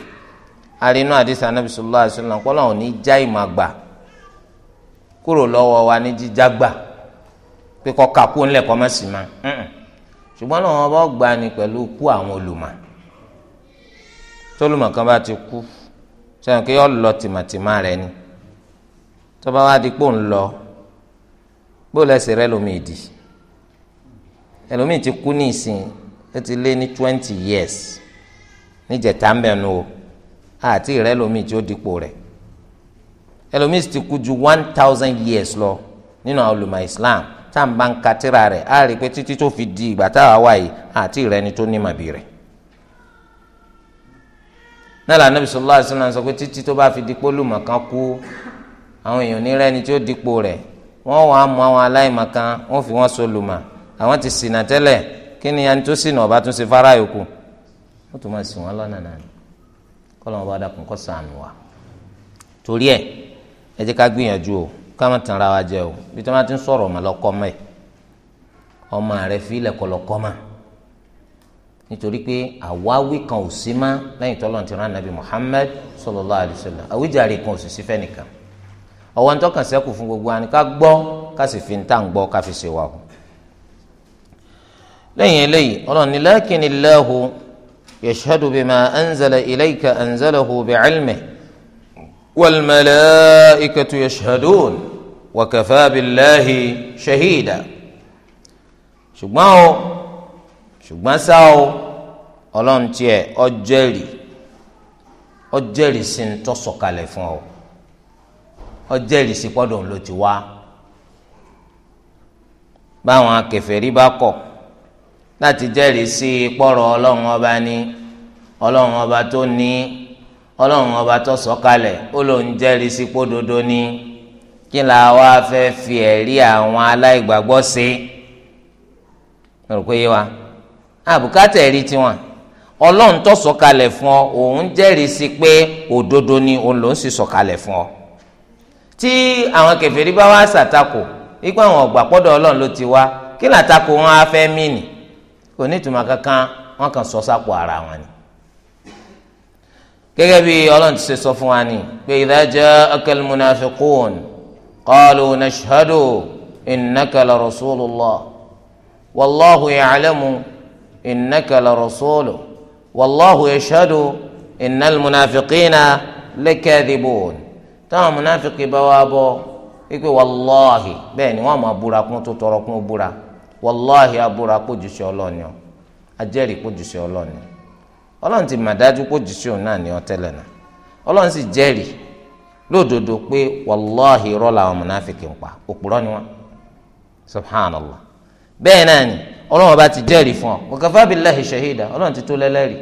àrínú hadith ànàbì sallallahu alaihi wasallam kọ́ lọ́run ní já ìmọ̀ àgbà kúrò lọ́wọ́ wa ní jíjá gbà pé kọ́ kakú ńlẹ̀ kọ́ mẹ́sì má ṣùgbọ́n náà wọ́n bá gbani pẹ̀lú kú àwọn olùmọ̀ tólùmọ̀kan bá ti kú sẹ́yìn kí yọ lọ tìmọ̀tìmọ̀ rẹ ni tọ́ba wa di kpó ńlọ kpó lẹ́sẹ̀ rẹ lómi ìdì ẹlòmíì ti kú ní ìsìn ó ti lé ní twenty years níjẹ̀ta ń bẹ̀ nu o àti rẹ lómi tí ó di kpó rẹ ẹlòmíì ti kú ju one thousand years lọ nínú àwọn olùmọ̀ Islam tá à ń bá ń ka tíra rẹ̀ á rí i pé títí tó fi di ìgbà tá a àti rẹ ni tó ní màbí rẹ̀. Nala lànà Nabi sallallahu alaihi wasallam sọ pé títí tó bá fi dípò lùmọ̀kan kú àwọn èèyàn ní rẹ́ni tí ó dípò rẹ̀ wọ́n wàá mú àwọn aláìmọ̀kan wọ́n fi wọ́n so lùmọ̀ àwọn ti ṣìnà tẹ́lẹ̀ kí ni ẹni tó ṣìnà ọba tún ṣe fara yòókù wọ́n tún máa sìn wọ́n lọ́nà náà kọ́lọ́mù bá dàkún kọ́ sànù wa torí ẹ̀ ẹ jẹ́ ká gbìyànjú o ká má tàn ra wa jẹ o bí tí wọ́n bá ti ń sọ̀rọ̀ ọmọ lọ́kọ́ mọ́ ẹ̀ ọmọ rẹ̀ fi ilẹ̀ kọ́ mọ́ nítorí pé àwáwí kan ò sí má lẹ́yìn tọ́lọ́n ti rán nàbí Muhammad sallallahu alayhi wa sallam àwíjàre kan ò sì sí fẹ́nìkan ọwọ́ ń tọ́kàn sẹ́kù fún gbogbo àni ká gbọ́ ká sì fi ń tà ń gbọ́ ká fi ṣe wà o. lẹ́yìn eléyìí ọlọ́run ní lakin Allahu yashhadu bima anzala ilayka anzalahu bi'ilmihi wal malaikatu yashhadun wa ṣùgbọ́n ṣá o ọlọ́run tiẹ̀ ọjẹ́rì ọjẹ́rì sí ń tọ́sọ̀kalẹ̀ fún ọ ọjẹ́rì sí pọ́dọ̀ ló ti wá báwọn akẹfẹ̀rí bá kọ̀ láti jẹ́rìí sí pọ́rọ̀ ọlọ́run ọba ní ọlọ́run ọba tó ní ọlọ́run ọba tó sọ̀kalẹ̀ ó ló ń jẹ́rìí sí pódodo ní kí la wá fẹ́ fi ẹ̀rí àwọn aláìgbàgbọ́ sí. Mo rò pé yé wa àbùkátà ẹ̀rí tiwọn ọlọ́run tó sọ̀kalẹ̀ fún ọ òun jẹ́rìí sí pé òdodo ni òun ló ń sì sọ̀kalẹ̀ fún ọ tí àwọn kèfèrí bá wá ṣàtakò wípé àwọn ọ̀gbà pọ́dọ̀ ọlọ́run ló ti wá kí làtakò wọn á fẹ́ mí nì kò ní ìtumọ̀ kankan wọn kàn sọ sápò ara wọn ni gẹ́gẹ́ bí ọlọ́run ti ṣe sọ fún wa ni pé idha ja'aka al-munafiqun qalu nashhadu innaka la rasulullah innaka la rasuluhu wallahu yashhadu innal munafiqina lakadhibun táwọn munafiki bá wá bọ wípé wàláhì bẹ́ẹ̀ ni wọ́n máa búra kún tó tọrọ kún búra wàláhì abúra kó jùṣe ọlọ́ọ̀ni ọ ajẹ́rìí kó jùṣe ọlọ́ọ̀ni ọlọ́run ti mà dájú kó jùṣe òun náà ní ọ tẹ́lẹ̀ náà ọlọ́run sì jẹ́rìí lódodo pé wàláhì irọ́ làwọn munafiki ń pa òpùrọ́ ni wọ́n subhanallah bẹ́ẹ̀ náà ni ọlọ́run ọba ti jẹ́rìí fún ọ wakafa billahi shahida ọlọ́run ti tó lẹ́lẹ́rìí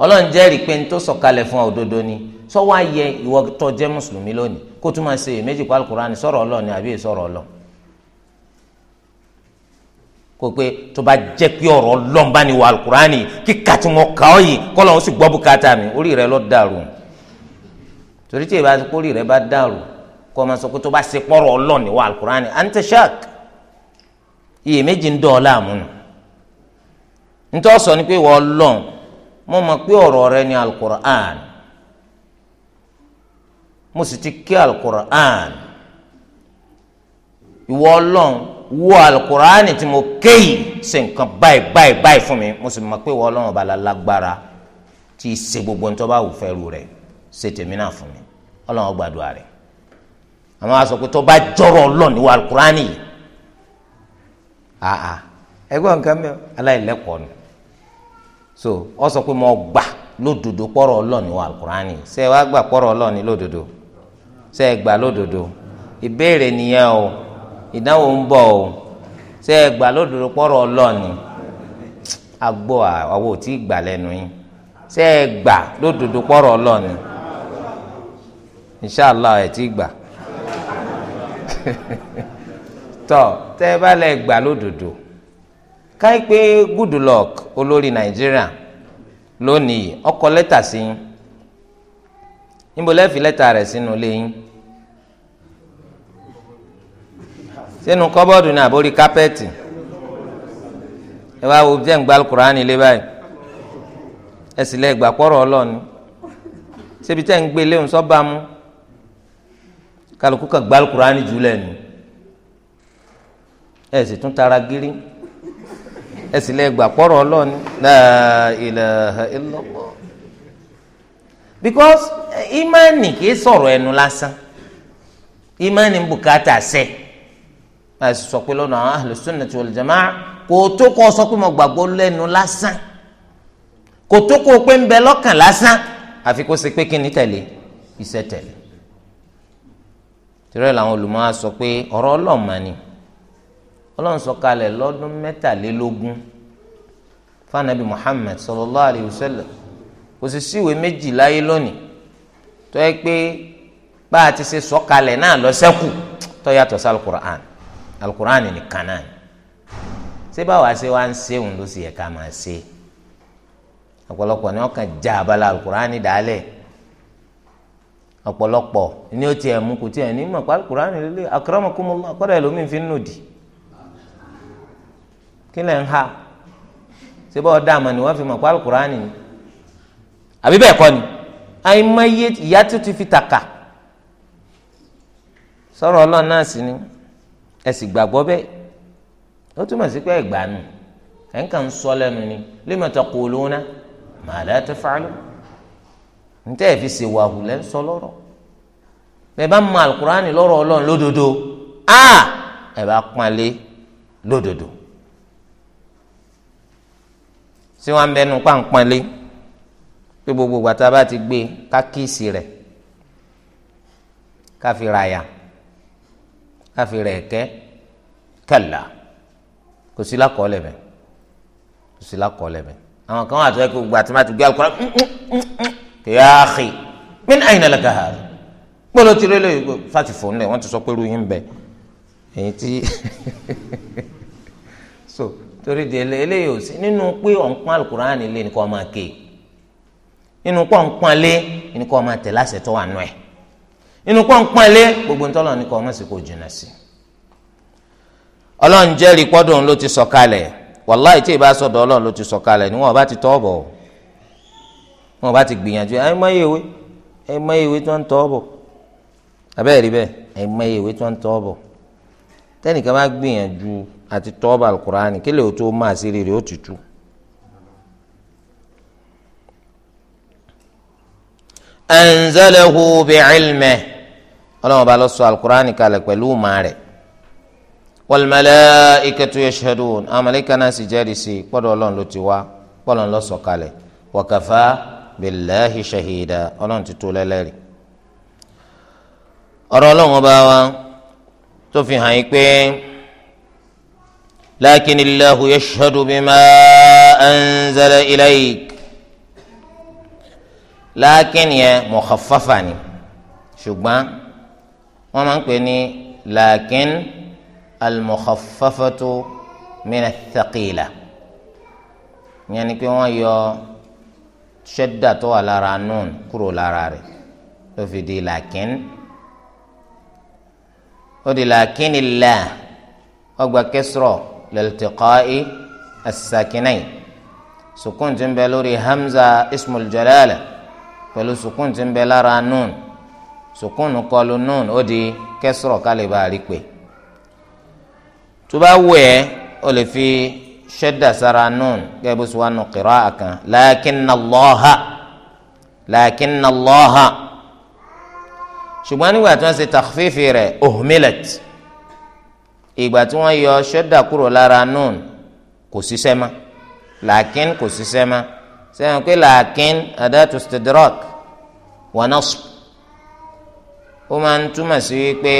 ọlọ́run jẹ́rìí pé ní tó sọ̀kalẹ̀ fún ọ òdodo ni sọ wá yẹ ìwọ tó jẹ́ mùsùlùmí lónìí kó tún máa ṣe èméjì pa alukurani sọ̀rọ̀ ọlọ́run ni àbí ìsọ̀rọ̀ ọlọ́run kó pé tó bá jẹ́ pé ọ̀rọ̀ ọlọ́run bá ní wà alukurani kíkà tí wọ́n kà ọ́ yìí kọ́ lọ́run sì gbọ́ bùkátà mi orí rẹ ló dàrú torí tí ìbá kórì rẹ bá dàrú kọ́ máa sọ pé tó bá ṣe pọ́rọ̀ ọlọ́run ni wà alukurani antashak ihe ń dọ̀ọ́ láàmú nù nítorí ni pé wọ́n lọ́n mo mọ̀ pé ọ̀rọ̀ rẹ ni alukur'an mo sì ti kí alukur'an ìwọ ọlọ́n wo alukur'an tí mo kéyì ṣe nǹkan báyìí báyìí báyìí fún mi mo sì mọ̀ pé la lágbára tí gbogbo bá wù fẹ́rù ṣe tèmi náà fún mi gbàdúrà àwọn bá àà ah, ah. ẹgbẹ́ nǹkan mi aláìlẹ́kọ̀ọ́ ni so ọ sọ pé mo gbà lódodo pọ́rọ̀ ọlọ́ọ̀ni wa alukurani ṣe wá gbà pọ́rọ̀ ọlọ́ọ̀ni lódodo ṣe gbà lódodo ìbéèrè nìyẹn o ìdánwò ń bọ̀ o ṣe gbà lódodo pọ́rọ̀ ọlọ́ọ̀ni agbó àwọn ò tí ì gbà lẹ́nu yín ṣe gbà lódodo pọ́rọ̀ ọlọ́ọ̀ni inṣàlá ẹ̀ tí ì gbà. (laughs) tọ tẹ ẹ bá lẹ gbà lódodo pé good luck olórí nàìjíríà lónìí ọkọ lẹ́tà sí yín níbo lẹ́fì lẹ́tà rẹ̀ sínú ilé yín sínú kọ́bọ́ọ̀dù ní àbórí kápẹ́ẹ̀tì ẹ wá wo jẹ́ ń gba alukur'an ilé báyìí ẹ sì gbà pọ̀rọ̀ ọlọ́ọ̀ni ṣébi tẹ́ ń gbé léwu kálukú ẹ sì tún tara gírí ẹ sì lè gbà pọ̀rọ̀ ọlọ́ọ̀ni because imani kì í sọ̀rọ̀ ẹnu lásán imani bùkátà sẹ́ ẹ sì sọ pé lọ́nà àwọn ahlu sunnati jamaa kò tó kọ́ sọ pé mo gbàgbọ́ lẹ́nu lásán kò tó kọ́ pé ń bẹ lọ́kàn lásán àfi kó pé kí ni tẹ̀lé tìrẹ̀ làwọn olùmọ̀ ọlọ́run sọ̀kalẹ̀ lọ́dún mẹ́tàlélógún fanabi muhammed sallallahu alayhi wa sallam kò sì síwé méjì láyé lónìí tó yẹ pé bá a ti ṣe sọ̀kalẹ̀ náà ló ṣẹ́kù tó yàtọ̀ sí alukur'an alukur'an nìkan náà ṣé báwa ṣe wá ń ṣe òun ló sì yẹ ká máa ṣe ọ̀pọ̀lọpọ̀ ni wọ́n kàn já abala alukur'an dálẹ̀ ọ̀pọ̀lọpọ̀ ni ó tiẹ̀ mú kò tiẹ̀ ní mọ̀ pé alukur'an lélẹ̀ akramakumullah kọ́dà ẹlòmíín fi ń nòdì kí lẹ̀ ń ha ṣé bọ́ ọ̀dà àmọ́ ni wọ́n fi mọ̀ pé alukurani ni àbí bẹ́ẹ̀ kọ́ ni àìmọye ìyá tó ti fi tàkà sọ̀rọ̀ ọlọ́run náà sì ni ẹ sì gbàgbọ́ bẹ́ẹ̀ ó túmọ̀ sí pé ẹ̀gbà nù ẹ̀ ń kàn ń sọ lẹ́nu ni lima taquluna ma la taf'alu níta ẹ̀ fi ṣe wàhù lẹ́ ń sọ lọ́rọ̀ bẹ́ẹ̀ bá mọ alukurani lọ́rọ̀ ọlọ́run lódodo a ẹ̀ bá pọ́nlé lódodo tí wọ́n ń bẹnu pàǹpọ̀nlé pé gbogbo gbàtà bá ti gbé e, kákìsì rẹ̀ káfi ràyà káfi rẹ̀ kẹ́ kẹlà kò sí lákọọ́lẹ̀ bẹ́ẹ̀ kò sí lákọọ́lẹ̀ bẹ́ẹ̀ àwọn kan wà tó yẹ kó gbàtà bá ti gbé alukọ́lá mm, mm, mm, kìyàáxì min àyìnà lẹ́ka ha gbọ́dọ̀ ti rí lóye fati fòun lẹ̀ wọ́n ti sọ pé ruyin bẹ́ẹ̀ èyí tí (laughs) so torí di eléyìí ò sí nínú pé ọ̀npọ̀n alukur'an lé ní kò máa ké nínú pé ọ̀npọ̀n lé ní kò máa tẹ̀ láṣẹ tó wà nù ẹ̀ nínú pé ọ̀npọ̀n lé gbogbo ntọ́lọ̀ ní kò máa sì kò jìnnà sí. ọlọ́run jẹ́rìí pọ́dùn ló ti sọ̀kalẹ̀ wàláì tí ìbá sọ̀dọ̀ ọlọ́run ló ti sọ̀kalẹ̀ ni wọ́n bá ti tọ́ bọ̀ wọ́n bá ti gbìyànjú ẹ mọ mọ àti tọ́ọ̀bù alukur'ani kí lè o tó máa sí rírì ó ti tú. anzalahu bi'ilmih ọlọ́run bá lọ sọ alukur'ani kalẹ̀ pẹ̀lú màá rẹ̀ wal malaikatu yashhadun àwọn màláíkà náà sì jẹ́rìí sí pọ́dọ̀ ọlọ́run ló ti wá pọ́lọ́run ló sọ kalẹ̀ wa kafa shahida ọlọ́run ti tó lẹ́lẹ́rìí ọ̀rọ̀ ọlọ́run bá wa tó fi hàn yín pé. لكن الله يشهد بما أنزل إليك لكن يا مخففاني ṣùgbọ́n wọ́n máa ń pè ní làákín almukhafafatu mina thaqila ìyẹn ni pé wọ́n yọ ṣẹ́dá tó wà lára nùn kúrò lára rẹ̀ ló fi di làákín ó di làákín ilà ọgbà kẹsìrọ̀ lẹ́lẹ́tẹ̀kọ́ì ẹ̀sàkínẹ́ì sukun tí ń bẹ lórí hamza ismul jalala pẹ̀lú sukun tí ń bẹ lára nun sukun kọlu nun ó di kẹsọ̀rọ̀ kálíba àrípè tó bá wù ẹ́ o lè fi ṣẹ́dà sára nun gẹ́gẹ́ bó ṣe wà nù qira'a àkàn lakinna Allaha lakinna Allaha ṣùgbọ́n nígbà tí wọ́n ṣe takhfifi rẹ̀ ohmilat ìgbà tí wọ́n yọ ṣọ́dà kúrò lára nun kò ṣiṣẹ́ mọ́ làákín kò ṣiṣẹ́ mọ́ sẹ́yìn pé làákín adatu stidrak wa nasb ó máa ń túmọ̀ sí wípé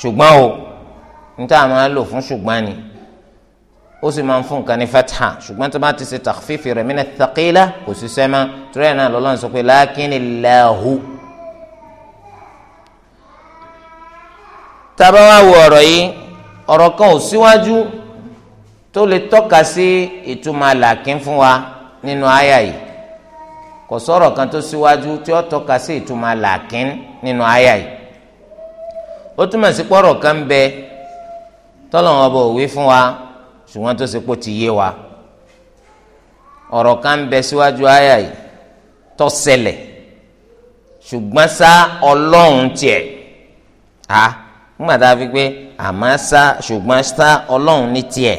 ṣùgbọ́n o níta máa lò fún ṣùgbọ́n ni ó sì máa ń fún nǹkan ní fatha ṣùgbọ́n tó bá ti ṣe takhfifi rẹ̀ mina thaqila kò ṣiṣẹ́ mọ́ torí ẹ̀ náà lọ́lọ́run sọ pé làákín ni làáhù. tábà wá wo ọ̀rọ̀ yìí ọ̀rọ̀ kan ò síwájú tó lè tọ́ka sí ìtumọ̀ àlàkín fún wa nínú àyà yìí kò sọ̀rọ̀ kan tó síwájú tí ó tọ́ka sí ìtumọ̀ àlàkín nínú àyà yìí ó túmọ̀ sí pọ̀rọ̀ kan bẹ tọ́lọ̀wọ́n bọ̀ òwe fún wa ṣùgbọ́n tó ṣe pé ó ti yé wa ọ̀rọ̀ kan bẹ síwájú àyà yìí tó ṣùgbọ́n sá ọlọ́run tiẹ̀ ah nígbà tá a fi pé àmọ́ sá ṣùgbọ́n sá ọlọ́run ní tiẹ̀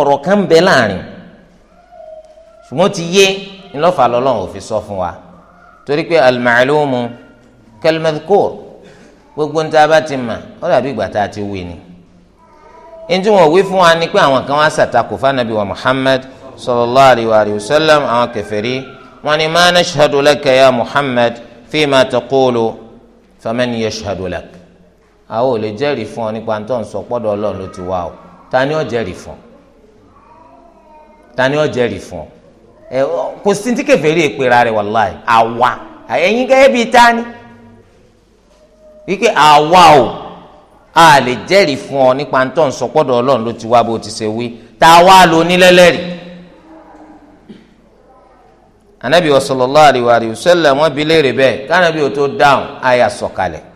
ọ̀rọ̀ kan bẹ láàrin ṣùgbọ́n ti yé ńlọ́fà lọ́lọ́run ò fi sọ fún wa torí pé al-ma'lumu kal-madhkur gbogbo ní tá a bá ti mà ó dàbí ìgbà tá a ti wí ni ẹni tí wọn wí fún wa ni pé àwọn kan wá ṣàtakò fanabi wa Muhammad sallallahu alayhi wa sallam àwọn kèfèrí wọn ni ma nashhadu laka ya Muhammad fima taqulu faman yashhadu laka àwọn ò lè jẹ́rìí fún ọ nípa tó ń sọ pọ́dọ̀ ọlọ́run ló ti wá o ta ni ó jẹ́rìí fún ọ ta ni ó jẹ́rìí fún ọ ẹ kò sí ti kèfèrí ìpera rẹ wàláì àwa ẹ̀yin gẹ́gẹ́ bíi ta ni wípé àwa o a lè jẹ́rìí fún ọ nípa tó ń sọ pọ́dọ̀ ọlọ́run ló ti wá bó ti ṣe wí ta wá lo nílẹ́lẹ́rìí anabi wa sallallahu alayhi wa sallam wọn bi léèrè bẹ́ẹ̀ kánabi o tó dáhùn àyà sọ̀kalẹ̀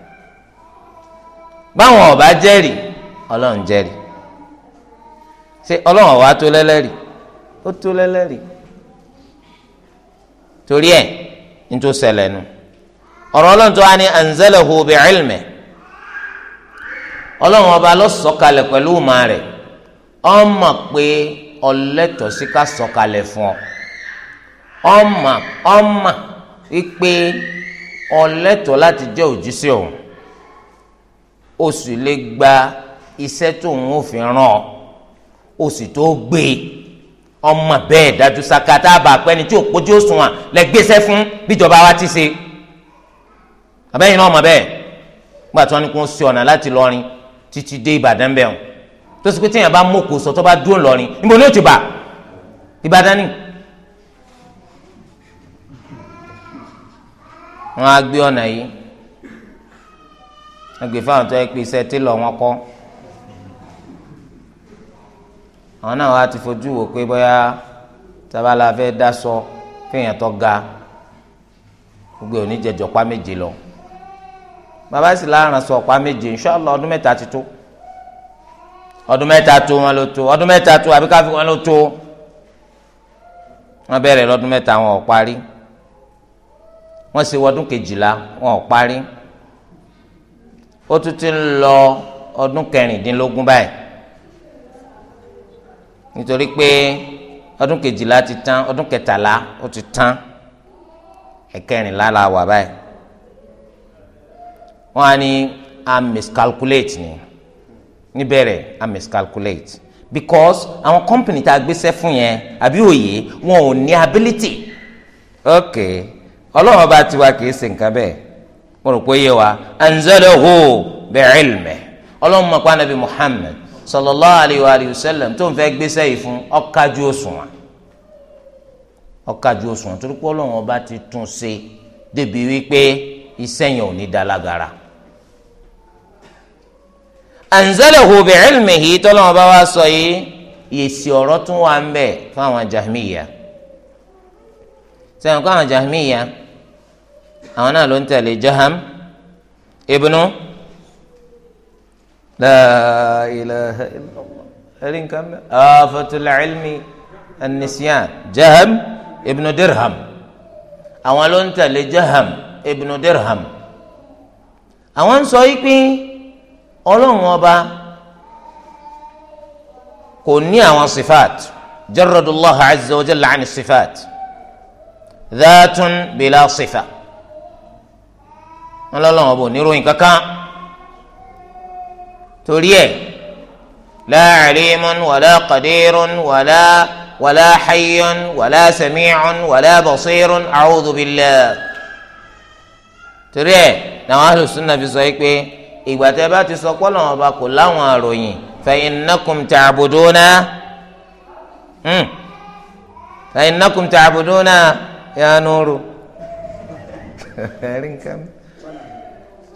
báwọn ọba jẹ́rìí ọlọrun jẹ́rìí ṣé ọlọ́run ọba tó lẹ́lẹ́rìí ó tó lẹ́lẹ́rìí torí ẹ̀ nítorí ṣẹlẹ̀ nu ọ̀rọ̀ ọlọ́run tó wá ní anzalahu bi ilmi ọlọ́run ọba ló sọ̀kalẹ̀ pẹ̀lú ìmọ̀ rẹ̀ ọmọ pé ọlẹ́tọ̀ ká sọ̀kalẹ̀ fún ọ ọmọ ọmọ wípé láti òun. o sì lè gba iṣẹ́ tó ń fi ràn ọ́ o sì tó gbé e. ọmọ bẹ́ẹ̀ dájú sakata àbàpẹ́ ni tí ò pójú òṣùwọ̀n lẹ́gbẹ́sẹ̀ fún bíjọba wa ti ṣe abẹ́yìn náà ọmọ bẹ́ẹ̀ nígbà tí wọ́n ní kó ń ṣe ọ̀nà láti lọrin títí dé Ìbàdàn bẹ́ẹ̀ o tó sì pé téèyàn bá mú sọ tó bá dúró lọrin níbo ni ó ti bà Ìbàdàn ni. wọ́n á gbé ọ̀nà yìí ẹgbẹ́ fáwọn tó yẹ pé iṣẹ́ télọ̀ wọn kọ́ àwọn náà wá ti fojú wò pé bóyá tábàlà fẹ́ dá sọ fẹ́yàn tó ga gbogbo òní jẹjọ pa méje lọ bàbá sì láàrán sọ pa méje inṣọlá ọdún mẹ́ta ti tó ọdún mẹ́ta tó wọn ló tó ọdún mẹ́ta tó àbí káfí wọn ló tó wọn bẹ̀rẹ̀ lọ́dún mẹ́ta wọn ò parí wọn sì wọdún kejìlá wọn ò parí ó tún ti ń lọ ọdún kẹrìndínlógún báyìí nítorí pé ọdún kejìlá ti tán ọdún kẹtàlá ó ti tán ẹ̀kẹrìnlá la wà báyìí wọ́n á ní a miscalculate ni níbẹ̀rẹ̀ a miscalculate because àwọn company tá a gbéṣẹ́ fún yẹn àbí òye wọn ò ní ability ok ọlọ́run ọba tiwa kì í ṣe nǹkan bẹ́ẹ̀ mo rò pé yé wa anzalahu bi ilmihi ọlọ́run mọ̀ pé anabi muhammed sallallahu alayhi wa alayhi wa sallam tó ń fẹ́ gbéṣẹ́ yìí fún ọ̀kájú òṣùwọ̀n ọ̀kájú òṣùwọ̀n torí pé ọlọ́run ọba ti tún ṣe débi wípé iṣẹ́ yẹn ò ní dalagara anzalahu bi ilmihi tọ́lọ́run ọba wa sọ yìí yèsì ọ̀rọ̀ tún wà ń bẹ fún àwọn jahmiya sẹ́yìn kó àwọn jahmiya. àwọn náà ló ń tẹ̀lé jaham ibnu la ilaha ilmi an jaham ibnu dirham àwọn ló ń tẹ̀lé jaham ibnu dirham àwọn ń sọ yìí pé ọlọ́run ọba kò ní àwọn sifat jarradullahu azza wa jalla ani sifat dhatun bila sifat. wọn lọ́lọ́wọ́n bò níròyìn kankan torí ẹ̀ la alimun wàlá qadirun wàlá wàlá hayyun wàlá sami'un wàlá basirun a'udhu billah torí ẹ̀ làwọn alùsùn náà fi sọ yìí pé ìgbà tẹ́ bá ti sọ pọ́lọ́wọ́n ọba kò láwọn àròyìn fa innakum ta'buduna hmm, fa innakum ta'buduna ya nuru ẹ̀rí (laughs)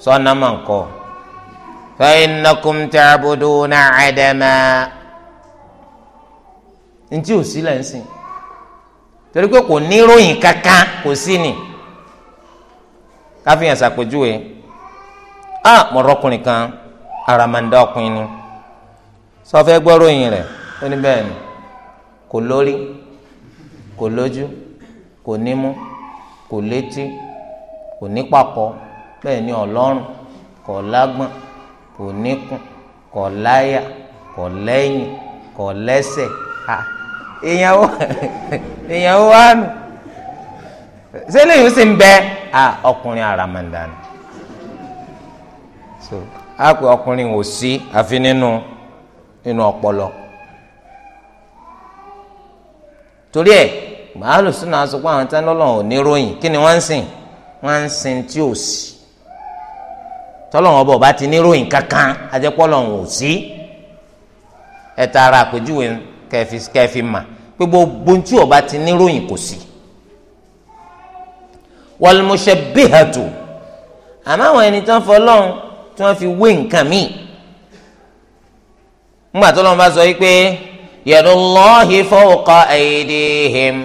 sọ́nà mà ń kọ́ fa innakum ta'buduna adama ntí ò sí nsi. torí pé kò níròyìn ròyìn kankan kò sí ni káfíńyà sàpèjúwe a mọ̀rọ́kùnrin kan aramanda ọkùnrin ni sọfẹ́ gbọ́ ròyìn rẹ̀ ó ní bẹ́ẹ̀ ni kò lórí kò lójú kò nímú kò létí kò ní bẹ́ẹ̀ ni ọlọ́run kò lágbọ́n kò níkùn kò láyà kò lẹ́yìn kò lẹ́sẹ̀ ha ìyàwó ìyàwó wa nù ṣé lẹ́yìn sì ń bẹ a ọkùnrin àràmàǹdà ni so a pè ọkùnrin ò sí àfi nínú nínú ọpọlọ torí ẹ màálù sínú asopọ àwọn tẹnudọlọ ò ní ròyìn kí ni wọ́n ń sìn wọ́n ń sìn tí ò sí. tọ́lọ́wọ́n bọ̀ bá ti níròyìn kankan ajẹ́pọ́lọ́wọ́n ò sí ẹ tara àpèjúwe kẹfì kẹfì mà pé gbogbo tí ọba ti níròyìn kò sí. wàlùmọ̀ṣẹ́ bíhàtò àmọ́ àwọn ẹni tán fọlọ́run tí wọ́n fi wé nǹkan míì ńgbà tọ́lọ́wọ́n bá sọ yìí pé yẹ̀dọ̀ lọ́ọ̀hì fọwọ́kọ ẹ̀yẹ́dẹ́hìm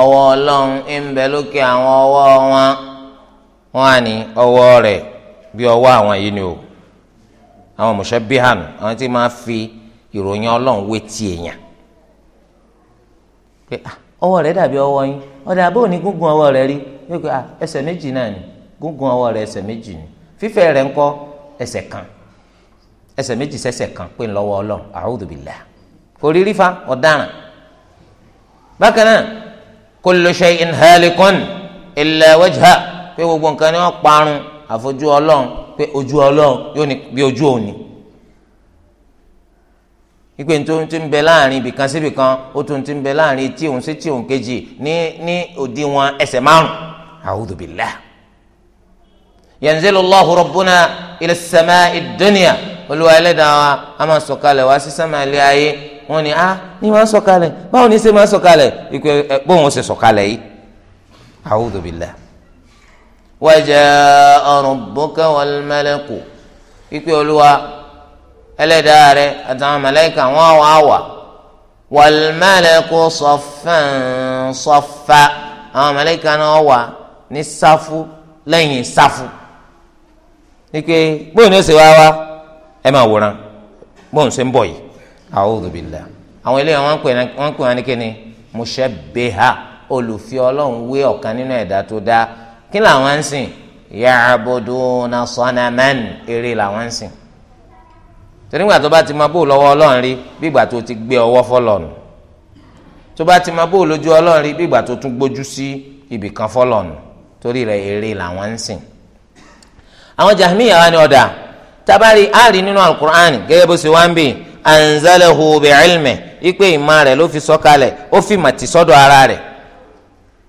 ọwọ́ ọlọ́run ń bẹ lókè àwọn ọwọ́ wọn wọn á ní ọwọ́ bí ọwọ́ àwọn yìí ni o àwọn mushabbihan àwọn tí máa fi ìròyìn ọlọ́run wé ti èèyàn pé ah, ọwọ́ rẹ̀ dàbí ọwọ́ yín ọ̀dà àbọ̀ ní gúngun ọwọ́ rẹ̀ rí yóò pé ah, ẹsẹ̀ méjì náà ni gúngun ọwọ́ rẹ̀ ẹsẹ̀ méjì ni fífẹ̀ rẹ̀ ńkọ́ ẹsẹ̀ kan ẹsẹ̀ méjì sẹ́sẹ̀ kan pé ńlọ́wọ́ ọlọ́run a'udhu billah rífa ọ̀daràn bákan náà kullu shay'in halikun illa wajha pé gbogbo nǹkan ni wọ́n parun àfojú ọlọ́run pé ojú ọlọ́run yóò ní bí ojú òní ìpè tó ti ń bẹ láàrin ibìkan síbi kan ó tún ti ń bẹ láàrin etí òun sí etí òun kejì ní ní òdiwọ̀n ẹsẹ̀ márùn a'udhu billah yanzilu Allahu rabbuna ila samai dunya olúwa ẹlẹ́dàá wa a máa sọ̀kalẹ̀ wá sí sẹ́mà ilé ayé wọ́n ní a ah, ní wọ́n á sọ̀kalẹ̀ báwo ní ṣe máa sọ̀kalẹ̀ ìpè bóun ó ṣe sọ̀kalẹ̀ yìí a'udhu wajaa rabbuka wal malaku ikpe olúwa ẹlẹ́dàá rẹ àtàwọn màláíkà wọn àwọn àwà wal malaku saffan saffa àwọn màláíkà náà wà ní sáfù lẹ́yìn sáfù ike bóun ní ó ṣe wá wá ẹ máa wòran bóun ṣe ń bọ̀ yìí a'udhu billah àwọn eléyìí wọn pè wọn pè wọn ní kíni mushabbiha olùfi ọlọ́run wé ọ̀kan nínú ẹ̀dá tó dáa kí làwọn ń sìn ya'buduna sanaman eré làwọn ń sìn torí gbà tó bá ti máa bò lọ́wọ́ ọlọ́run rí bí ìgbà tó ti gbé ọwọ́ fọlọ́nù tó bá ti máa bò lójú ọlọ́run rí bí ìgbà tó tún gbójú sí ibìkan fọlọ́nù torí rẹ̀ eré làwọn ń sìn àwọn jahmiya wa ni ọ̀dà tabari ari nínú alukur'ani gẹ́gẹ́ bó ṣe wá ń bì anzalahu bi'ilmi ipe ìmọ̀ rẹ̀ ló fi sọ̀kalẹ̀ ó fi màtí sọ́dọ̀ ara rẹ̀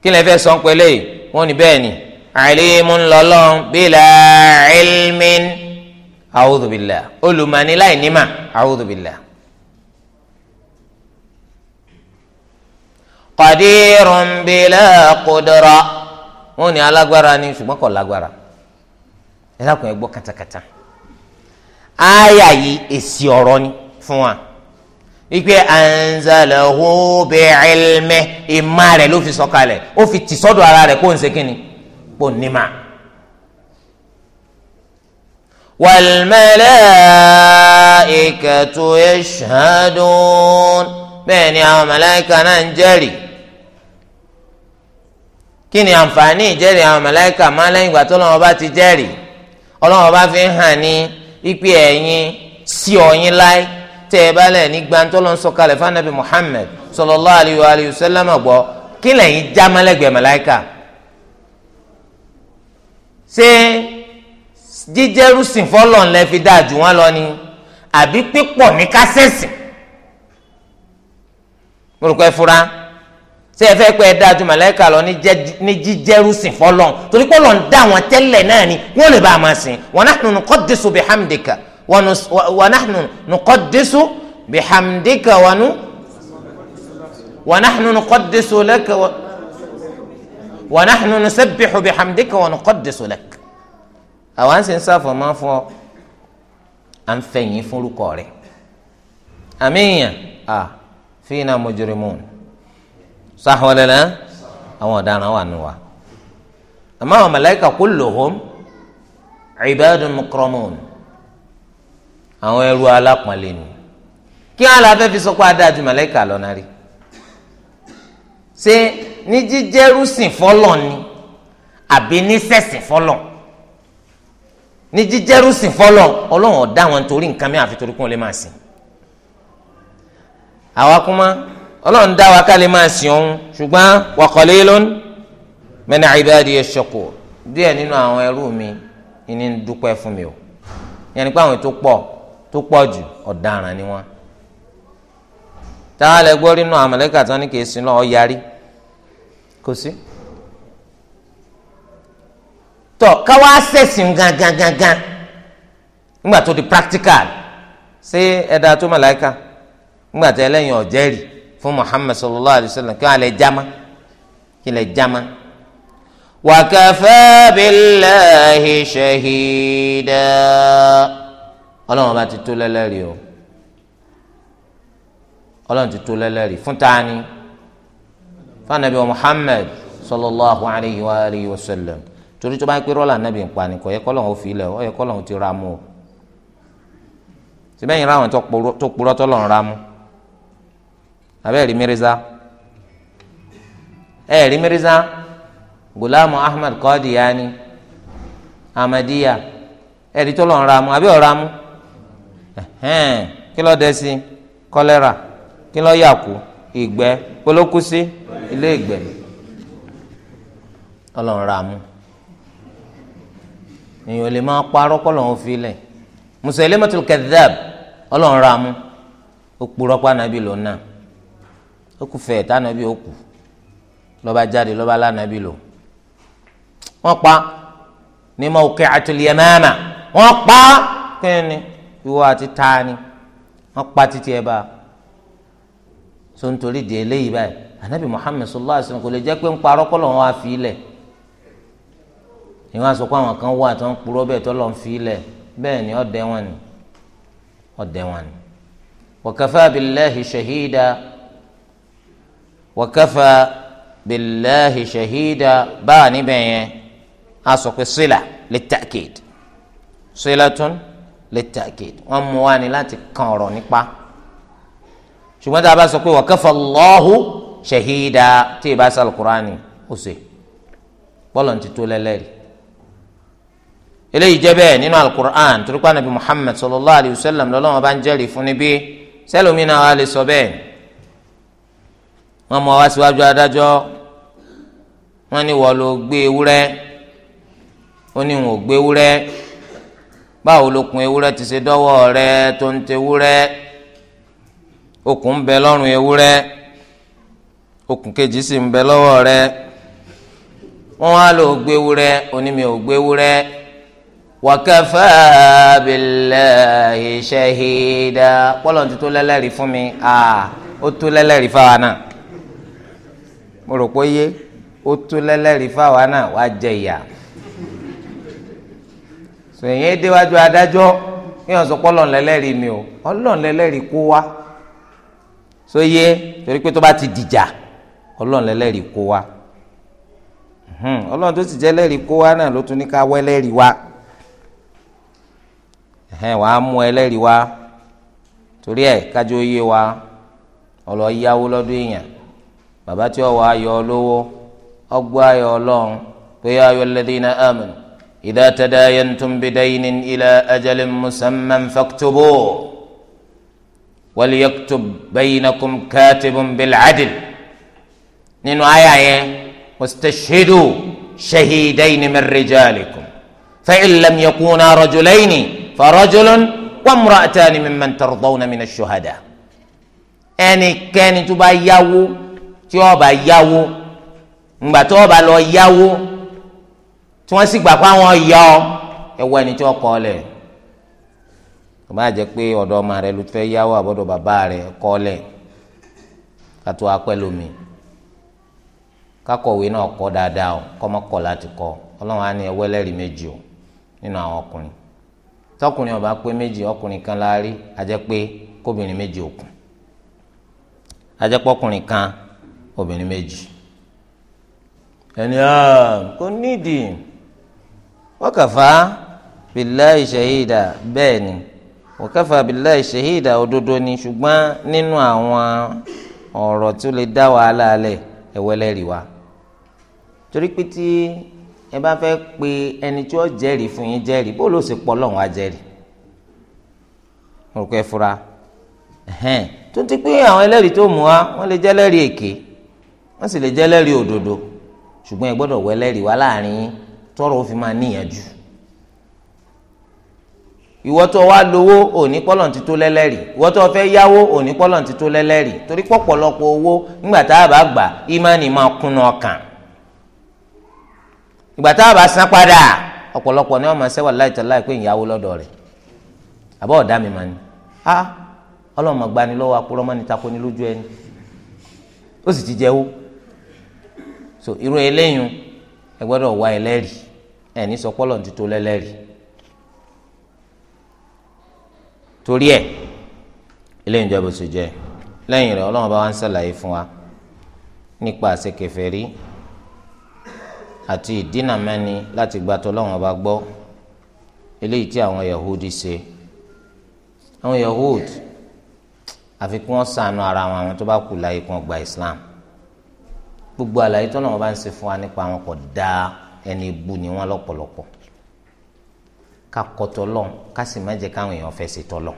kí lè fẹ́ sọ ń pẹ́lẹ́ yìí wọ́n ní bẹ́ẹ̀ ni alimun lọ́lọ́n bila ilmin a'udhu billah olùmọ̀ni láì nímà a'udhu billah. qadirun bila qudra wọn ni alágbára ni ṣùgbọ́n kò lágbára ẹ dákun ẹ gbọ́ katakata aya yìí èsì ọ̀rọ̀ ni fún wa wípé anzalahu bi'ilmi ìmá rẹ̀ ló fi sọ̀kalẹ̀ ó fi ara rẹ̀ kó n ṣe kínni kó nímà. wal malaikatu yashhadun bẹ́ẹ̀ ni àwọn màláìka náà ń jẹ́rìí kí ni àǹfààní ìjẹ́rìí àwọn màláìka máa lẹ́yìn ìgbà tó lọ́wọ́ bá ti jẹ́rìí ọlọ́wọ́ bá fi ń hàn ní ipe ẹ̀yìn sí ọ̀yìn láì tẹ́ ẹ bá ní gbàǹtọ́ ló ń sọ kalẹ̀ fún anabi Muhammad sallallahu alayhi wa sallam gbọ́ kí lẹ́yìn já mọ́lẹ́gbẹ̀ẹ́ màláìka ṣé jíjẹ́rúsìn fọ́lọ́n lẹ fi dáa jù wọ́n lọ ni àbí pípọ̀ ní kásẹ̀sì mo rò pé fura ṣé ẹ fẹ́ pé ẹ dáa ju màláíkà lọ ní jíjẹ́rúsìn fọ́lọ́n torí pé Ọlọ́run dá wọn tẹ́lẹ̀ náà ni wọ́n lè bá a máa sìn wa nahnu nuqaddisu bihamdika wa nahnu nuqaddisu bihamdika wa nahnu nuqaddisu laka wa wa nahnu nusabbihu bihamdika wa nuqaddisu lak àwọn sì ń sáfọ̀ máa fún ọ à ń fẹ̀yìn fún orúkọ rẹ̀ àmì ìyàn à fina mujrimun sàhọ́lẹ́lẹ́ àwọn ọ̀daràn wà nù wa àmọ́ àwọn màláíkà kulluhum ibadun mukramun àwọn ẹrú alápọ̀nlé ni kí wọn làá fẹ́ fi sọ pé adájú màláíkà lọ́nà rí ṣé ní jíjẹ́rúsìn fọ́lọ̀ ni àbí ní sẹ̀sìn fọ́lọ̀ ní jíjẹ́rúsìn fọ́lọ̀ ọlọ́run ọ̀dá wọn torí nǹkan mi àfi torí kún lè máa sìn àwa kúmá ọlọ́run dá wa ká lè máa sìn òun ṣùgbọ́n wa qalilun min ibadiya shakur díẹ̀ nínú àwọn ẹrú mi ní ń dúpẹ́ fún mi o yẹn ni pé àwọn tó pọ̀ tó pọ̀ jù ọ̀daràn ni wọ́n táwọn alẹ́ gbọ́ nínú àmọ̀lẹ́kà tán ní kì í sin lọ́ọ́ yarí kò sí. tọ káwá sẹ̀sìn gan gan. nígbà tó di practical ṣé ẹ̀dá tó màláìka nígbà tó ẹlẹ́yìn ọ̀jẹ́rì fún Muhammad sallallahu alayhi wa sallam kí wọ́n alẹ́ jama kí lẹ́ jama. wa kafa billahi shahida ọlọ́run bá ti tó lẹ́lẹ́rìí o ọlọ́run ti tó lẹ́lẹ́rìí fún ta fanabi wa muhammed sallallahu alayhi wa alihi wa sallam torí tó bá ń pè rọ́lá nàbì ń pani kò yẹ kọ́ lọ́hún òfin ilẹ̀ ọ yẹ kọ́ lọ́hún ti ra mu o síbẹ̀yìn ráwọn tó kpọ́rọ́ tó lọ́hún ra mu abẹ́rẹ́ rí mírísà ẹ̀ rí mírísà ahmed kọ́dìyàní amadiya ẹ̀ tó lọ́hún ra mu abẹ́ ọ̀ ra mu kí ló dé sí kọ́lẹ́rà kí ló yà kú. ìgbẹ́ kólókùsí ilé ìgbẹ́ ọlọ́run rà mú èèyàn lè máa parọ́ kọ́ fi lẹ̀ Musaylimatul Kadhdhab ọlọ́run rà mú ó purọ́ pa nàbí lòun náà ó kù fẹ̀ẹ́ tá nàbí ó kù lọ́ba jáde lọ́ba lá nàbí lò wọ́n pa ní mawqi'atul Yamama wọ́n pa kí ni ìwọ ni wọ́n pa títí ẹ a. so nítorí di eléyìí báyìí anabi muhammed sallallahu alayhi wa sallam kò lè jẹ́ pé ń parọ́ kọ́ lọ́wọ́ á fi ilẹ̀ ìwọ́n aṣọ pé àwọn kan wà tó ń purọ́ bẹ́ẹ̀ tó lọ́n fi ilẹ̀ bẹ́ẹ̀ ni ọ̀dẹ̀ wọn ni ọ̀dẹ̀ wọn ni wa kafa billahi shahida wa kafa báà níbẹ̀ yẹn a sọ pé sila litakid silatun litakid wọ́n mú wa ni láti kan ọ̀rọ̀ nípa ṣùgbọ́n tá a bá sọ pé wa kafa Allahu shahida tí ì bá sọ alukurani ó ṣe bọ́lọ̀ ti tó lẹ́lẹ́rìí eléyìí jẹ́ bẹ́ẹ̀ nínú alukur'an turuku anabi muhammad sallallahu alayhi wa sallam lọ́lọ́wọ́n bá ń jẹ́rìí fún níbí sẹ́lómìnà wa lè sọ bẹ́ẹ̀ wọ́n mú wa síwájú adájọ́ wọ́n ní wọ́n ló gbé ewúrẹ́ ó ní wọn gbé ewúrẹ́ báwo ló kun ewúrẹ́ ti ṣe dọ́wọ́ rẹ tó ń tewúrẹ́ okùn ń bẹ lọ́rùn ewúrẹ́ okùn kejì sì ń bẹ lọ́wọ́ rẹ wọ́n á lò gbéwúrẹ́ onímì ò gbéwúrẹ́ wakafa billahi shahida pọ́lọ̀ ti tó lẹ́lẹ́rìí fún mi ó tó lẹ́lẹ́rìí fáwa náà mo rò pé yé ó tó lẹ́lẹ́rìí fáwa náà wàá jẹ sòyìn déwájú adájọ́ sọ lẹ́lẹ́rìí mi kó so ye torí pé tó bá ti dìjà ọlọ́run lẹ́lẹ́rìí kó wa hmm, ọlọ́run tó sì jẹ́ lẹ́rìí kó wa náà ló tún ní ká wẹ́ lẹ́rìí wa wàá mú ẹlẹ́rìí wa torí ẹ̀ kájọ yé wa ọlọ́ yáwó lọ́dún èèyàn bàbá tí ó wà ayọ̀ olówó ọgbọ́ ayọ̀ ọlọ́run pé ayọ̀ alladhina amanu idha tadayantum bidaynin ila ajalin musamman faktubuhu waliyaktub bayinakum katibun bilcadil nínú àyà yẹn wastashhidu shahidayni min rijalikum fa'in lam yakuna rajulayni farajulun wamra'atani mimman tardawna min ashuhada ẹnikẹ́ni tó bá yáwó tí ó bá yáwó ǹgbà tó bá lọ yáwó tí wọ́n sì gbà pé àwọn yá ọ ẹ̀wọ́ ẹni tí wọ́n kọ́ ọ lẹ́yìn. kò má jẹ́ pé ọ̀dọ̀ ọmọ rẹ ló fẹ́ yáwó àbọ̀dọ̀ bàbá rẹ kọ́lẹ̀ kátó apẹ́ lomi kákọ̀wé náà kọ́ dáadáa o kọ́mọkọ̀ láti kọ́ ọlọ́run á ní ẹwẹ́lẹ́rìí méjì o nínú àwọn ọkùnrin tọkùnrin ọba pé méjì ọkùnrin kan la rí ajẹ́ pé kóbìnrin méjì òkun ajẹ́ pọ́kùnrin kan obìnrin méjì ẹni kò nídìí wọ́n bẹ́ẹ̀ ni. wakafa billahi shahida òdodo ni ṣùgbọ́n nínú àwọn ọ̀rọ̀ tó lè dá wàhálà alẹ̀ ẹ̀wẹ́lẹ́rìí wa torí pé tí ẹ bá fẹ́ pe ẹni tí ó jẹ́rìí fún yín jẹ́rìí bó ló sì pọ̀ lọ́hùn á jẹ́rìí mo rò fura tó ti pé àwọn ẹlẹ́rìí tó mú wa wọ́n lè jẹ́lẹ́rìí èké wọ́n sì lè jẹ́lẹ́rìí òdodo ṣùgbọ́n ẹ gbọ́dọ̀ wẹ́lẹ́rìí wa láàrin yín fi máa níyànjú ìwọ tó wá lówó òní pọ́lọ̀ ti tó lẹ́lẹ́rì ìwọ tó fẹ́ yáwó òní pọ́lọ̀ ti tó lẹ́lẹ́rì torí pọ̀pọ̀lọpọ̀ owó nígbà tá a bá gbà ìmánì máa kùnà ọkàn ìgbà tá a bá san padà ọ̀pọ̀lọpọ̀ ni wọ́n máa sẹ́wà láìtọ́ láìpé ìyàwó lọ́dọ̀ rẹ̀ àbọ̀ ọ̀dá mi máa ní a ọlọ́run máa gbani lọ́wọ́ akúrọ́ máa ní tako ní lójú ẹni ó sì ti jẹ́wó so irú eléyìí ẹ gbọ́dọ̀ wá ẹlẹ́rìí ẹ̀ ní sọ pọ́lọ̀ ti tó lẹ́lẹ́rìí torí ẹ̀ ilé ìjọba oṣù jẹ lẹ́yìn rẹ̀ Ọlọ́run bá wa ń ṣàlàyé fún wa nípa àṣekèfèrí àti ìdínàmẹ́ni láti gba tọ́lọ́run bá gbọ́ eléyìí tí àwọn Yahudi ṣe àwọn Yahudi àfi kí wọ́n ṣàánú ara wọn àwọn tó bá kù láyé kí wọ́n gba Islam gbogbo àlàyé tọ́lọ́run bá ń ṣe fún wa nípa àwọn kò dáa ẹni bu ni wọ́n lọ́pọ̀lọpọ̀ ká kọtọ lọ́n ká sì má jẹ́ káwọn èèyàn fẹ́ ṣètọ́ lọ́n.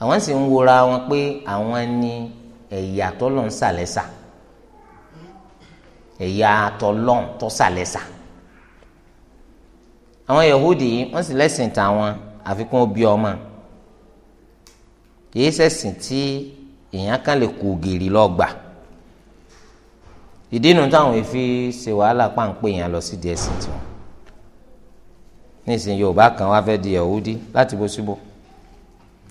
àwọn sì ń wora wọn pé àwọn ní ẹ̀yà tọ́lọ̀ ń sàlẹ́sà ẹ̀yà tọ́lọ̀ tó sàlẹ́sà. àwọn Yahudi wọ́n sì lẹ́sìn tàwọn àfikún bí ọmọ kìí ṣẹ̀sìn tí èèyàn kan lè kú gèrè lọ́gbà ìdí inú táwọn fi ṣe wàhálà páńpẹ́ yẹn lọ sí tiwọn nísìnyí yorùbá kan wá fẹ́ di yahudi láti bó síbò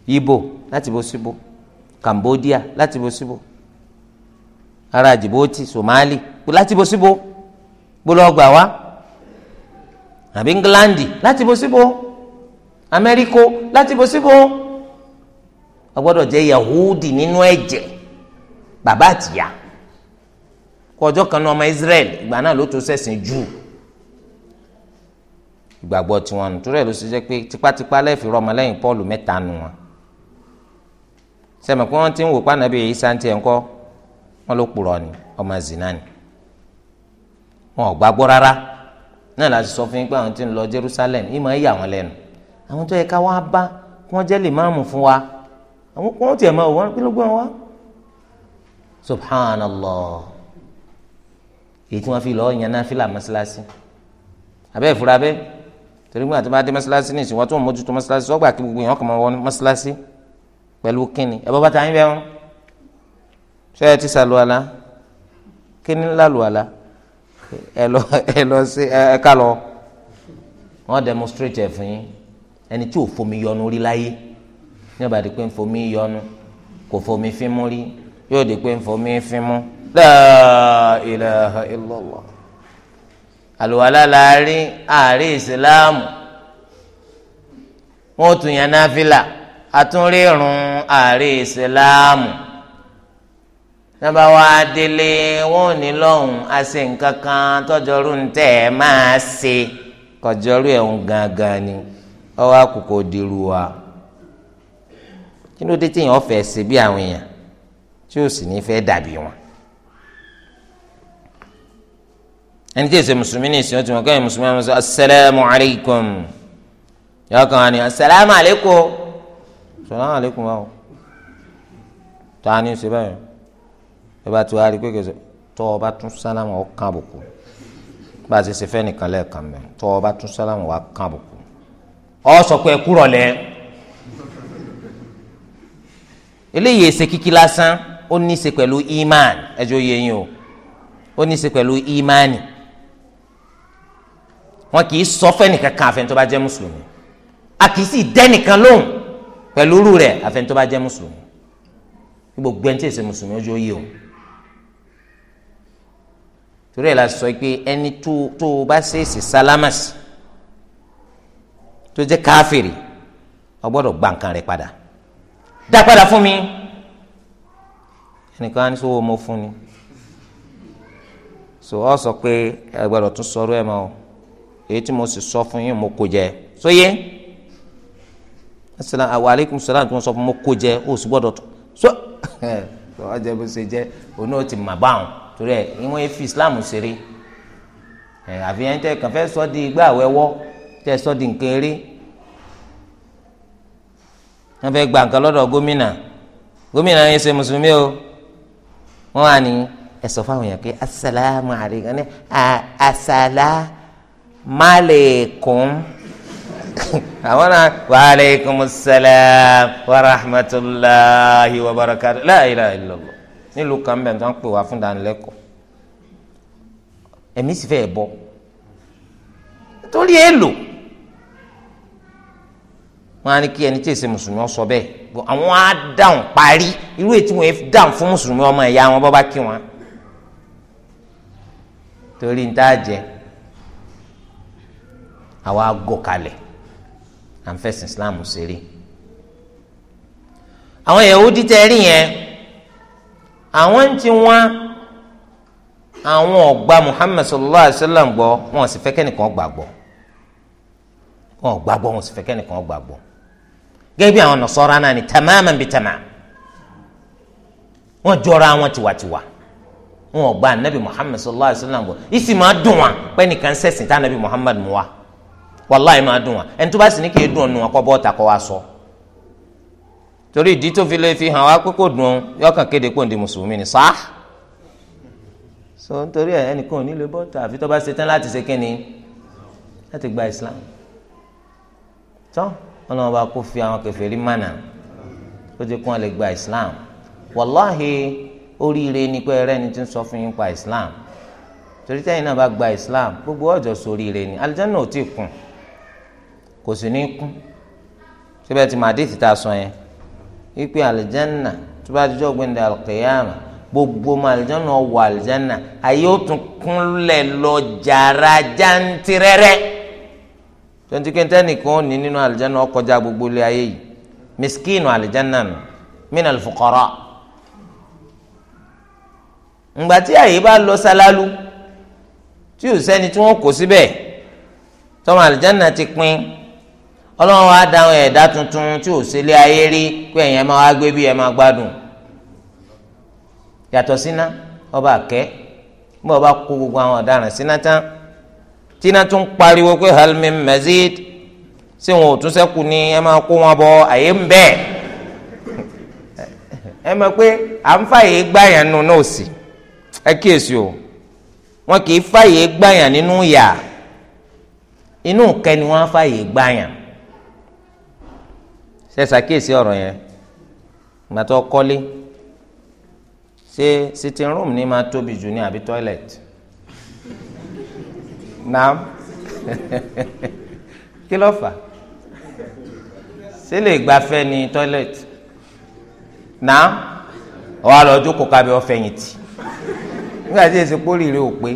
ibo láti bó síbò cambodia láti bó síbò ará djibouti somali láti bó síbò gbólógbà wa àbí ńgíláńdì láti bó síbò amẹ́ríkò láti bó síbò a gbọ́dọ̀ jẹ́ yahudi nínú ẹ̀jẹ̀ bàbá àtìyá kọjọ́ kan ní ọmọ israel ìgbà náà ló tó ṣẹ̀sìn júù ìgbàgbọ́ tiwọn nù torí ẹ̀ ló ṣe jẹ́ pé tipátipá lẹ́ẹ̀fì rọmọ lẹ́yìn Pọ́ọ̀lù mẹ́ta nù wọn sẹ́mi pé wọ́n ti ń wò pànàbí Ìsá tiẹ̀ ńkọ́ wọ́n ló purọ́ ni ọmọ zina ni wọn ò gbàgbọ́ rárá náà láti sọ fún yín pé àwọn tí ń lọ Jerusalem ìmọ̀ ẹ̀yà wọn lẹ́nu àwọn tó yẹ ká wá bá kí wọ́n jẹ́ lè máàmù fún wa àwọn kò tiẹ̀ máa wò wọ́n kí ló gbé wọn wá subhanallah èyí tí wọ́n fi lọ́ọ́ yan náà fílà mọ́ṣáláṣí abẹ́ ìfura bẹ́ẹ̀ torí gbọ́dọ̀ tó bá dé mọ́ṣáláṣí ní ìsìn wọ́n tó ń mójútó mọ́ṣáláṣí sọ́gbà kí gbogbo èèyàn kàn máa wọ mọ́ṣáláṣí pẹ̀lú kíni ẹ̀ bọ́ bàtà yín bẹ́ẹ̀ ń ṣé ẹ ti sàlùwàlà kíni ńlá lùwàlà ẹ lọ ẹ lọ sí ẹ ká lọ wọ́n demonstrate ẹ̀ fún yín ẹni tí ò fomi yọnu rí láyé ní ọba di ń fomi yọnu kò fomi fímú rí yóò di ń fomi fímú la ilaha illallah àlùwàlá láàrin àárín ìsìláàmù wọn ò tún yan náfìlà àtúnrí irun àárín ìsìláàmù nàbà wà á délé wọn ò ní lọ́hùn àṣẹ nǹkan kan tọ́jọ́rú ń tẹ̀ ẹ́ máa ṣe kọjọ́rú ẹ̀ ń gangan ni ọwọ́ àkùkọ dirú wa kí ló dé téèyàn ọ̀fẹ́ ṣe bí àwọn èèyàn tí ó sì ní fẹ́ dàbí wọn. ẹni tí èsè mùsùlùmí ní ìsìn ó ti mọ̀ kẹ́yìn mùsùlùmí àwọn sọ asalaamu alaykum yọ kàn án ni asalaamu alaykum asalaamu alaykum wa o tó a ní ṣe báyìí ẹ bá tó a rí kékeré tó o bá tún sálámù ọ kàn àbùkù bá a ṣe ṣe fẹ́ nìkan lẹ́ẹ̀kan mẹ́ tó o bá tún sálámù wa kàn àbùkù ọ sọ pé ẹ kúrọ̀ lẹ́ eléyìí èsè kíkí lásán ó ní í ṣe pẹ̀lú iman ẹjọ́ yẹn o ó ní í ṣe pẹ̀lú imani wọn kì í sọ fẹ́nìkan kan àfẹn tó bá jẹ́ mùsùlùmí a kì í sì dẹ́nìkan lóhùn pẹ̀lú irú rẹ̀ àfẹn tó bá jẹ́ mùsùlùmí gbogbo ẹni tí èsè mùsùlùmí ojú ó yé o torí ẹ̀ la sọ pé ẹni tó o bá ṣèèṣì sálámàsì tó jẹ́ káfìrì o gbọ́dọ̀ gba nǹkan rẹ̀ padà dá padà fún mi ẹnìkan á ní sọ wo mo fún ni so ọ sọ pé ẹ gbọ́dọ̀ tún sọ ẹ mọ́ o èyí tí mo sì sọ fún yín mo kó jẹ sóyè asalaamu aleykum salaam tí mo sọ fún mo kó jẹ o sì gbọ́dọ̀ tó so ọjọ (laughs) bó ṣe jẹ òun náà ti mà báwọn torí ẹ ìwọn efi islam ṣeré ẹ àfi ẹni tẹ kàn fẹ́ sọ di igbá àwẹwọ tẹ sọ di nǹkan eré wọn fẹ́ gba nǹkan lọ́dọ̀ gómìnà gómìnà yẹn ṣe mùsùlùmí o wọn wà ní ẹ sọ fáwọn yẹn pé asalaamu aleykum ní asala maaleykum àwọn náà waaleykum salaam wa rahmatulahi wa barakatu la ilaha illallah nílùú kan bẹ́ẹ̀ tó ń pè wá fún ìdánilẹ́kọ̀ọ́ ẹ̀mí sì fẹ́ bọ́ torí èèlò wọn á ní kí ẹni tí èsè mùsùlùmí ọ sọ bẹ́ẹ̀ bọ àwọn á dáhùn parí irú ètí wọn dáhùn fún mùsùlùmí ọmọ ẹ̀yà wọn bọ́ bá kí wọn torí ń tá a e e jẹ àwa gò kalẹ̀ à ń fẹsẹ̀ islam ṣeré àwọn yahudi tẹ rí yẹn àwọn ń ti wọn àwọn ọgbà muhammad sallallahu alayhi wa sallam gbọ́ wọn sì fẹ́ kẹ́nìkan gbàgbọ́ wọn gbàgbọ́ wọn sì fẹ́ kẹ́nìkan gbàgbọ́ gẹ́gẹ́ bí àwọn nasara náà ni tamaman bi tamam wọn jọra wọn tiwatiwa wọn ọgbà nabi muhammad sallallahu alayhi wa sallam gbọ́ ìsì máa dùn wọn pé nìkan sẹ́sìn tá anabi muhammad mu wa wàláì máa dùn wọn ẹni tó bá sì ní kí edun ọ̀nù wọn kọ́ bọ́ ta kọ́ wa sọ torí ìdí tó fi lè fi hàn wá pé kò dùn ọ́n yọkàn kéde kó ń di mùsùlùmí ni sá so nítorí ẹ ẹnìkan ò ní lè àfi tó bá ṣe tán láti ṣe kíni láti gba Islam tán ọlọ́run bá kó fi àwọn kèfèrí mànà ó ti kún ọ lè gba Islam wàláhì oríire ni pé ẹrẹ́ ni ti ń sọ fún yín pa Islam torí tẹ́yìn náà bá gba Islam gbogbo ọjọ́ sóríire ni aljanna ò tí ì kún kò sì ní kún síbẹ̀ tí màdìsí ta sọ yẹn wípé àlìjánà tó bá dijọ́ gbẹ̀ndẹ̀ àlùkìyàmà gbogbo ọmọ àlìjánà ọ̀wọ̀ àlìjánà ayé ó tún kúnlẹ̀ lọ jàrá jántìrẹ́rẹ́ tonti kente nìkan ní nínú àlìjánà ọkọjá gbogbo ilé ayé yìí miskinu àlìjánà nù mina alfukara ngbàtí àyè bá lọ sálálú tí ò sẹ́ni tí wọ́n kó síbẹ̀ tọ́mọ àlìjánà ti pín ọlọ́run wa dáhùn ẹ̀dá tuntun tí ò sílé ayé rí pé ẹ̀yìn ẹ̀ máa wá gbé bí ẹ̀ máa gbádùn yàtọ̀ síná ọba àkẹ́ bí ọba kó gbogbo àwọn ọ̀daràn síná tán tíná tún pariwo pé halmi mazid sí wọn ò tún sẹ́kù ni ẹ máa kó wọn bọ àyè ń bẹ́ẹ̀ ẹ mọ̀ pé à ń fàyè gbàyàn nù náà sí ẹ kíyèsí o wọn kì í fàyè gbàyàn nínú yà inú kẹ́ni wọn á fàyè gbàyàn ṣe ṣàkíyèsí ọ̀rọ̀ yẹn gbàtọ́ kọ́lé ṣé sitting room ni máa tóbi jù ní àbí toilet naam (laughs) kí ló fà ṣé lè gbafẹ́ ní toilet naam ọ̀ àlọ́ ọjọ́ kò kábẹ́ ọ̀fẹ̀yìntì nígbà tí èsì pólì rẹ̀ ò pé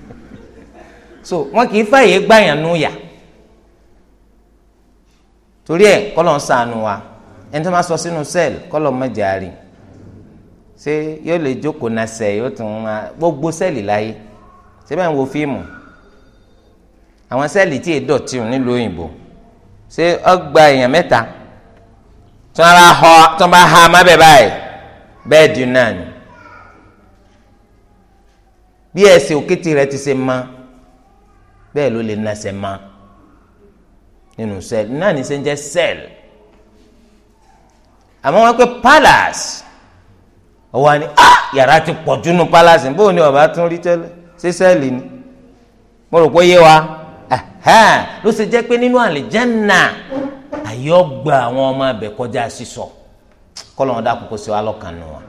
(laughs) so wọn kì í fàyè gbàyàn nù yà torí ẹ kọlọ ń sànù wa ẹni tó máa sọ sínú sẹẹl kọlọ mọjà rì ṣé yóò lè jókòó na sẹ yóò tún máa gbogbo sẹẹlì láyé ṣé bẹ́ẹ̀ ń wo fíìmù àwọn sẹẹlì tí èdò tìrù nílùú òyìnbó ṣé ọgbà èèyàn mẹ́ta tí wọ́n bá họ tí wọ́n bá ha mábẹ báyìí bẹ́ẹ̀dì náà ni bí ẹsẹ̀ òkété rẹ ti ṣe mọ bẹ́ẹ̀ ló lè na ẹsẹ̀ mọ. nínú sẹ́ẹ̀lì náà ní sẹ́ńjẹ́ sẹ́ẹ̀lì àmọ́ wọn pé palace ọwọ́ ni ah yàrá ti pọ̀ jù nù ní bóun ni tún rí tẹ́lẹ̀ sí sẹ́ẹ̀lì ni mo rò pé yé wa ló ṣe jẹ́ pé nínú àlìjẹ́nà àyọ̀gbà àwọn ọmọ kọjá sísọ wọn sí wa nù wọn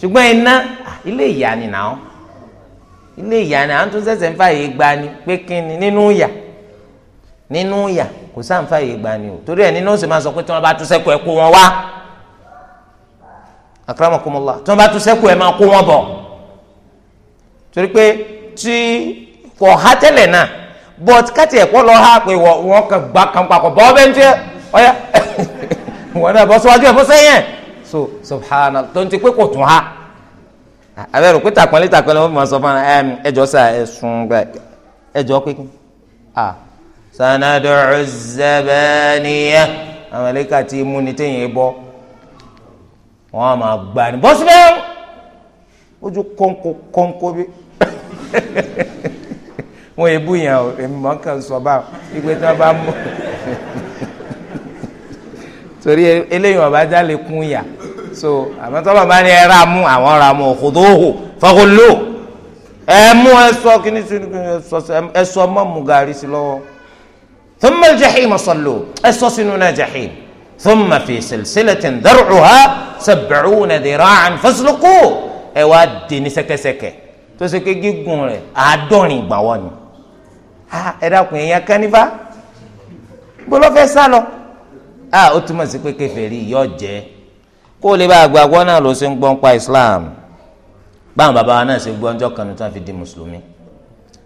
ṣùgbọ́n iná ah, ilé ìyá ni nà ó ilé ìyá ni à ń tún gba ni pé kí nínú yà kò sáǹfà yìí o torí ẹ nínú ó sì máa sọ pé tí wọn bá tún sẹkù ẹ kó wọn wá akramakumullah tí wọn bá tún sẹkù ẹ máa kó wọn bọ torí pé tí kò há tẹ́lẹ̀ náà but káti ẹ̀kọ́ lọ há pé wọ́n kàn gbà kàn ọ bẹ́ẹ̀ ń (laughs) wọn náà so subhana tó ń ti pé kò tún abẹ́rù pé sanadọ̀ọ́ zabaniya àwọn ẹlẹ́ka tí mú ni téèyàn bọ́ wọn a máa gbà ní bọ́sí bẹ́ẹ̀ ojú kọ́ńkó kọ́ńkó bí (laughs) wọn èbú yẹn o èmi mọ̀ kàn sọ bá ìgbé tí wọ́n bá mú (laughs) torí eléyìí ọba jálè kún yà so àmọ́ tí wọ́n bá ní ẹ̀rọ amú àwọn ọ̀rọ̀ amú òkòdóhò fọkòló ẹ̀ mú ẹ sọ kí ni sọ ẹ sọ thumma al-jahima sallu ẹ sọ sínú náà jahim thumma fi silsilatin dhar'uha sab'una dhira'an fasluquhu ẹ wá dé ní sẹ́kẹ́sẹ́kẹ́ tó ṣe pé gígùn rẹ̀ àádọ́rin ìgbàwọ́ ni ẹ dákun ẹ̀yàn kánífà bọ́lọ́ fẹ́ sá lọ ó túmọ̀ sí pé kèfèrí yọ jẹ́ kó o lè bá àgbàgbọ́ náà ló ṣe ń gbọ́n pa Islam báwọn bàbá wa náà ṣe gbọ́njọ́ kan tó ń fi di mùsùlùmí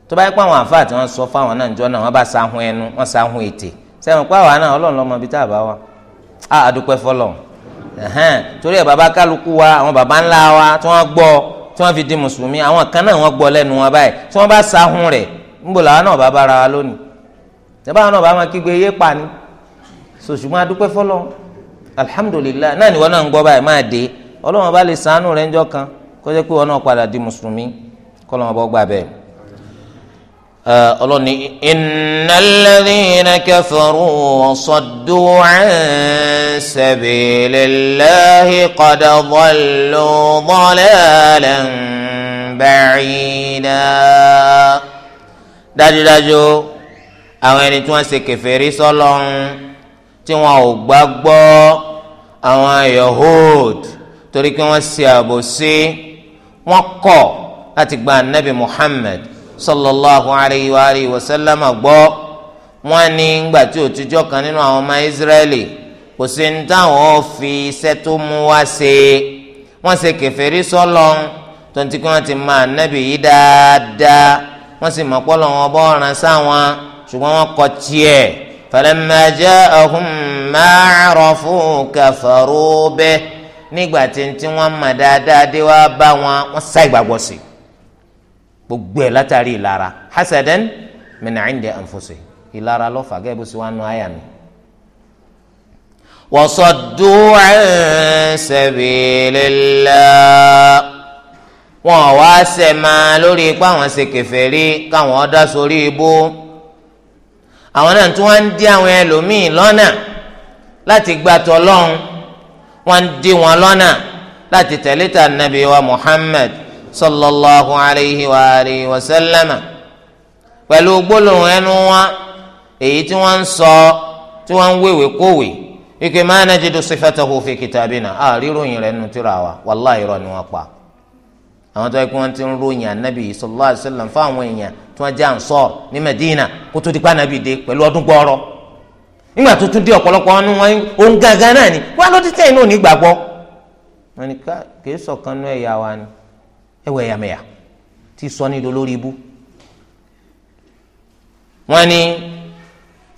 tó bá yẹ pàwọn àfa àti wọn sọ fáwọn náà njọ náà wọn bá sahun ẹnu wọn sahun ètè sẹ́wọ̀n pé náà ọlọ́run lọ́mọ ibi tá a bá wa a àdúpẹ́ fọlọ́ torí ẹ̀ bàbá kálukú wa àwọn bàbá ńlá wa tí wọ́n gbọ́ tí fi di mùsùlùmí àwọn kan náà wa lónìí náà bá kígbe yé pa ni fọlọ alhamdulilayi náà ni wọn náà ń ọlọ́ni ìnàlẹ́dínà kẹfẹ́rù ọ̀sọ́dù ṣẹ̀bìlélẹ́hì kọ́dà bọ́ọ̀lù bọ́ọ̀lẹ́lẹ́ bẹ̀rìnà. dájúdájú àwọn ẹni tí wọ́n ṣe kèfèrí sọ́lọ́run tí wọn ò gbàgbọ́ àwọn yahood torí pé wọ́n ṣe àbòsí wọ́n kọ̀ láti gba anabi muhammed sallallahu alayhi wa alayhi wa sallam gbọ́ wọ́n ní ngbà tí òtújọ́ kan nínú àwọn ọmọ israẹli kò sí ní táwọn fi iṣẹ́ tó mú wá ṣe wọ́n ṣe kèfèrí sọ́lọ́ tonti kí wọ́n ti máa nábì yìí dáadáa wọ́n sì mọ̀ pọ́lọ́ wọn bọ́ ọ̀ràn sáwọn ṣùgbọ́n wọ́n kọ̀ tiẹ̀ falamma ja'ahum ma arafu kafaru bih nígbà tí wọ́n mọ̀ dáadáa dé wá bá wọn wọ́n sá ìgbàgbọ́ sí i gbogbo ẹ̀ látàrí ìlara hasadan min indi anfusi ìlara lọ́fà gẹ́gẹ́ bó ṣe wà nù àyà mi. wa saddu an sabilillah wọn wá ṣẹ̀ máa lórí ipá àwọn ṣe kèfèrí káwọn ọ̀dá sórí ibú àwọn náà tí wọ́n ń dí àwọn ẹlòmíín lọ́nà láti gba tọ́lọ́hún wọ́n ń dí wọn lọ́nà láti tẹ̀lé ta nàbí sallallahu alayhi wa alayhi wa sallama pẹ̀lú gbólóhùn ẹnu wa èyí tí wọ́n ń sọ tí wọ́n ń wéwèé kówèé ike ma najidu sifatahu fi kitabina a rí ròyìn rẹ̀ nù tíra wa wàláhì irọ́ ni wọ́n pa àwọn tó yẹ kí wọ́n ti ń ròyìn anabi sallallahu alayhi wa sallam fáwọn èèyàn tí wọ́n jẹ́ ansor ní medina kó tó di pa anabi dé pẹ̀lú ọdún gbọ́ọ́rọ́ nígbà tó tún dé ọ̀pọ̀lọpọ̀ ọ̀nù wọn òun gangan náà ni wọ́n á lọ́ọ́ ti tẹ̀yìn náà nígbàgbọ́ wọn ni kí sọ̀kan náà ẹ̀yà wa ni ẹwà ẹ̀yàmẹ̀yà tí sọ ní dolórí ibú. wọ́n ní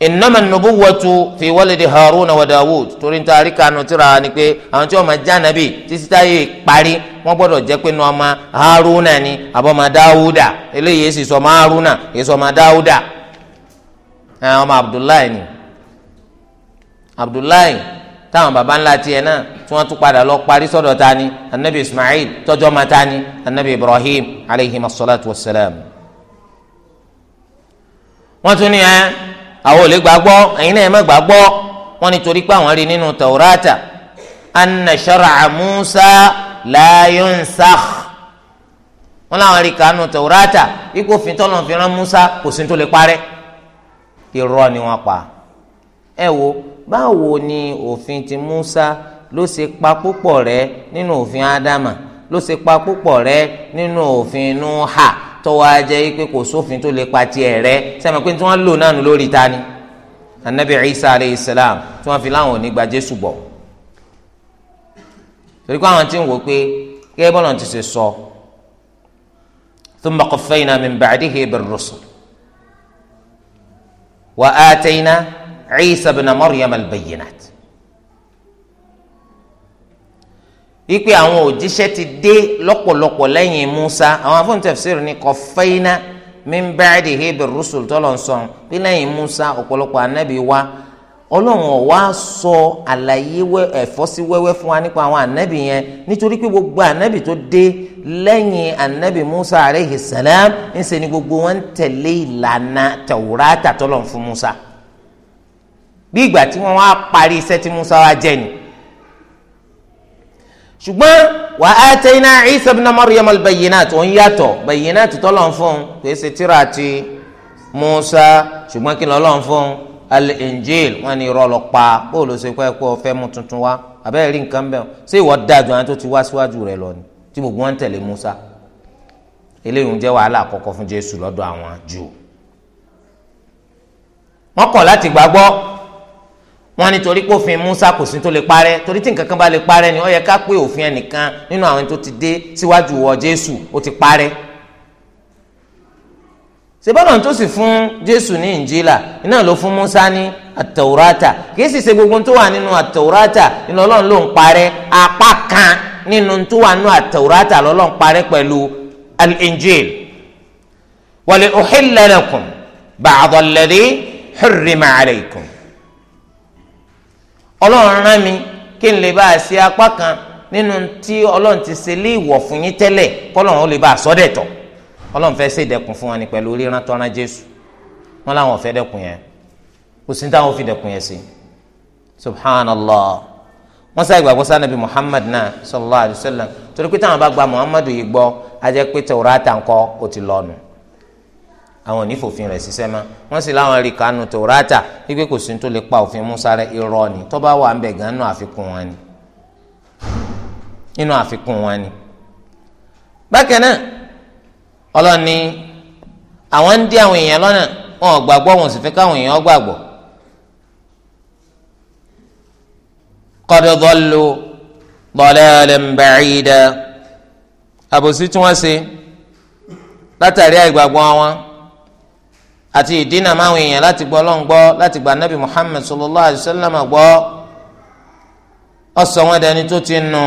innama nubuwatu fi walidi haruna wa dawud torí níta àríkànú tíra ni pé àwọn tí wọ́n máa já nàbì títí táyé parí wọ́n gbọ́dọ̀ jẹ́ pé ní ọmọ haruna ni àbọ̀mọ dáwúdà eléyìí èsì sọmọ haruna èsì ọmọ dáwúdà ọmọ abdullahi ni abdullahi táwọn baba ńlá tiẹ̀ náà tí wọ́n tún padà lọ parí sọ́dọ̀ ta ni anabi ismail tọ́jọ́ ma ta ni anabi ibrahim aleyhi masalatu wassalam. wọ́n tún ní ẹ àwọn ò lè gbàgbọ́ ẹ̀yin náà ẹ má gbàgbọ́ wọ́n ní torí pé àwọn rí nínú taurata anna shar'a musa la yunsakh wọ́n láwọn rí kánú taurata ikú òfin tọ́lọ̀ fi rán musa kò sí tó lè parẹ́ irọ́ ni wọ́n pa ẹ wo báwo ni òfin ti Musa ló ṣe pa púpọ̀ rẹ̀ nínú òfin Ádámà ló ṣe pa púpọ̀ rẹ̀ nínú òfin Nuha tọwọ́ ajẹ́ pé kò sófin tó lè pa tiẹ̀ rẹ̀ sẹ́mi pé tí wọ́n lò náà lórí ta ni anabi Isa alayhi salam tí wọ́n fi láwọn ò gba Jésù bọ̀ torí pé àwọn ti ń wò pé gẹ́gẹ́ bọ́lá ti ṣe sọ thumma qaffayna min ba'dihi bir-rusul wa atayna. Isa bin Maryam al-bayyinat ipe àwọn òjíṣẹ́ ti dé lọ́pọ̀lọpọ̀ lẹ́yìn Musa àwọn afọ́n tafsir ni qaffayna min ba'dihi bir-rusul tọ́lọ̀ ń sọ̀n pé lẹ́yìn Musa ọ̀pọ̀lọpọ̀ anábì wa ọlọ́run ọ̀wá sọ àlàyé ẹ̀fọ́sí wẹ́wẹ́ fún wa nípa àwọn ànábì yẹn nítorí pé gbogbo ànábì tó dé lẹ́yìn ànábì Musa alayhi salam ń ṣe ni gbogbo wọn tẹ̀lé ìlànà Tawrata tọ́lọ̀ fún Musa bí ìgbà tí wọ́n wá parí iṣẹ́ tí Musa wá jẹ́ ni ṣùgbọ́n wa atayna Isa ibn Maryam al-bayyinat tó ń yàtọ̀ bayyinat tó lọ́n fún un kò ṣe tíra ti Musa ṣùgbọ́n kí lọ́n fún un al-Injil wọn ni irọ́ lọ pa bó ló ṣe pẹ́ pé ọ fẹ́ mú tuntun wá abẹ́rẹ́ rí nǹkan bẹ́ẹ̀ ṣé ìwọ dájú àwọn tó ti wá síwájú rẹ̀ lọ ni tí gbogbo wọn tẹ̀lé Musa eléyìí ń jẹ́ wàhálà àkọ́kọ́ fún Jésù lọ́dọ̀ àwọn Júù wọ́n kọ̀ láti gbàgbọ́ wọn ni torí pé òfin Musa kò sí tó lè parẹ́ torí tí nǹkan kan bá lè parẹ́ ni ó yẹ ká pé òfin ẹnìkan nínú àwọn tó ti dé síwájú wọ Jésù ó ti parẹ́ sebọlọ tó sì fún Jésù ní Injila iná ló fún Musa ní àtọwúrátà kìí sì ṣe gbogbo tó wà nínú àtọwúrátà iná Ọlọ́run ló ń parẹ́ apá kan nínú tó wà nínú àtọwúrátà lọ́lọ́run parẹ́ pẹ̀lú al-Injil wa li uhilla lakum ba'da ọlọ́run rán mi kí n lè bá a ṣe apá kan nínú tí ọlọ́run ti ṣe lé ìwọ̀ fún yín tẹ́lẹ̀ kọ́lọ́run ó lè bá a sọ́dẹ̀ tọ̀ ọlọ́run fẹ́ ṣe ìdẹ̀kùn fún wọn ni pẹ̀lú ríran tó rán jésù wọn làwọn fẹ́ dẹ̀kùn yẹn kò sí táwọn fi dẹ̀kùn yẹn sí subhanallah wọn sá ìgbàgbọ́ sá nàbí muhammad náà sallallahu alayhi wa sallam torí pé táwọn bá gba muhammadu yìí gbọ́ ajẹ́ pé tẹ̀wúrà tàǹkọ́ ò ti lọ́nu àwọn onífòfin rẹ̀ ṣiṣẹ́ mọ́ wọ́n sì láwọn rí kanu Tòrátà wípé kò sí tó lè pa òfin Musa rẹ̀ irọ́ ni tó bá wà ń bẹ̀ gan nínú àfikún wọn ni nínú àfikún wọn ni. bákan náà ọlọ́ni àwọn ń dí àwọn èèyàn lọ́nà wọn ò gbàgbọ́ wọn sì fẹ́ káwọn èèyàn gbàgbọ́. qad dallu dalalan ba'ida àbòsí tí wọ́n ṣe látàrí àìgbàgbọ́ wọn àti ìdínà máwọn èèyàn láti gbọ́ ọlọ́run gbọ́ láti gba nabi muhammed sallallahu alayhi wa sallam gbọ́ ọ̀sán wọn dání tó ti nù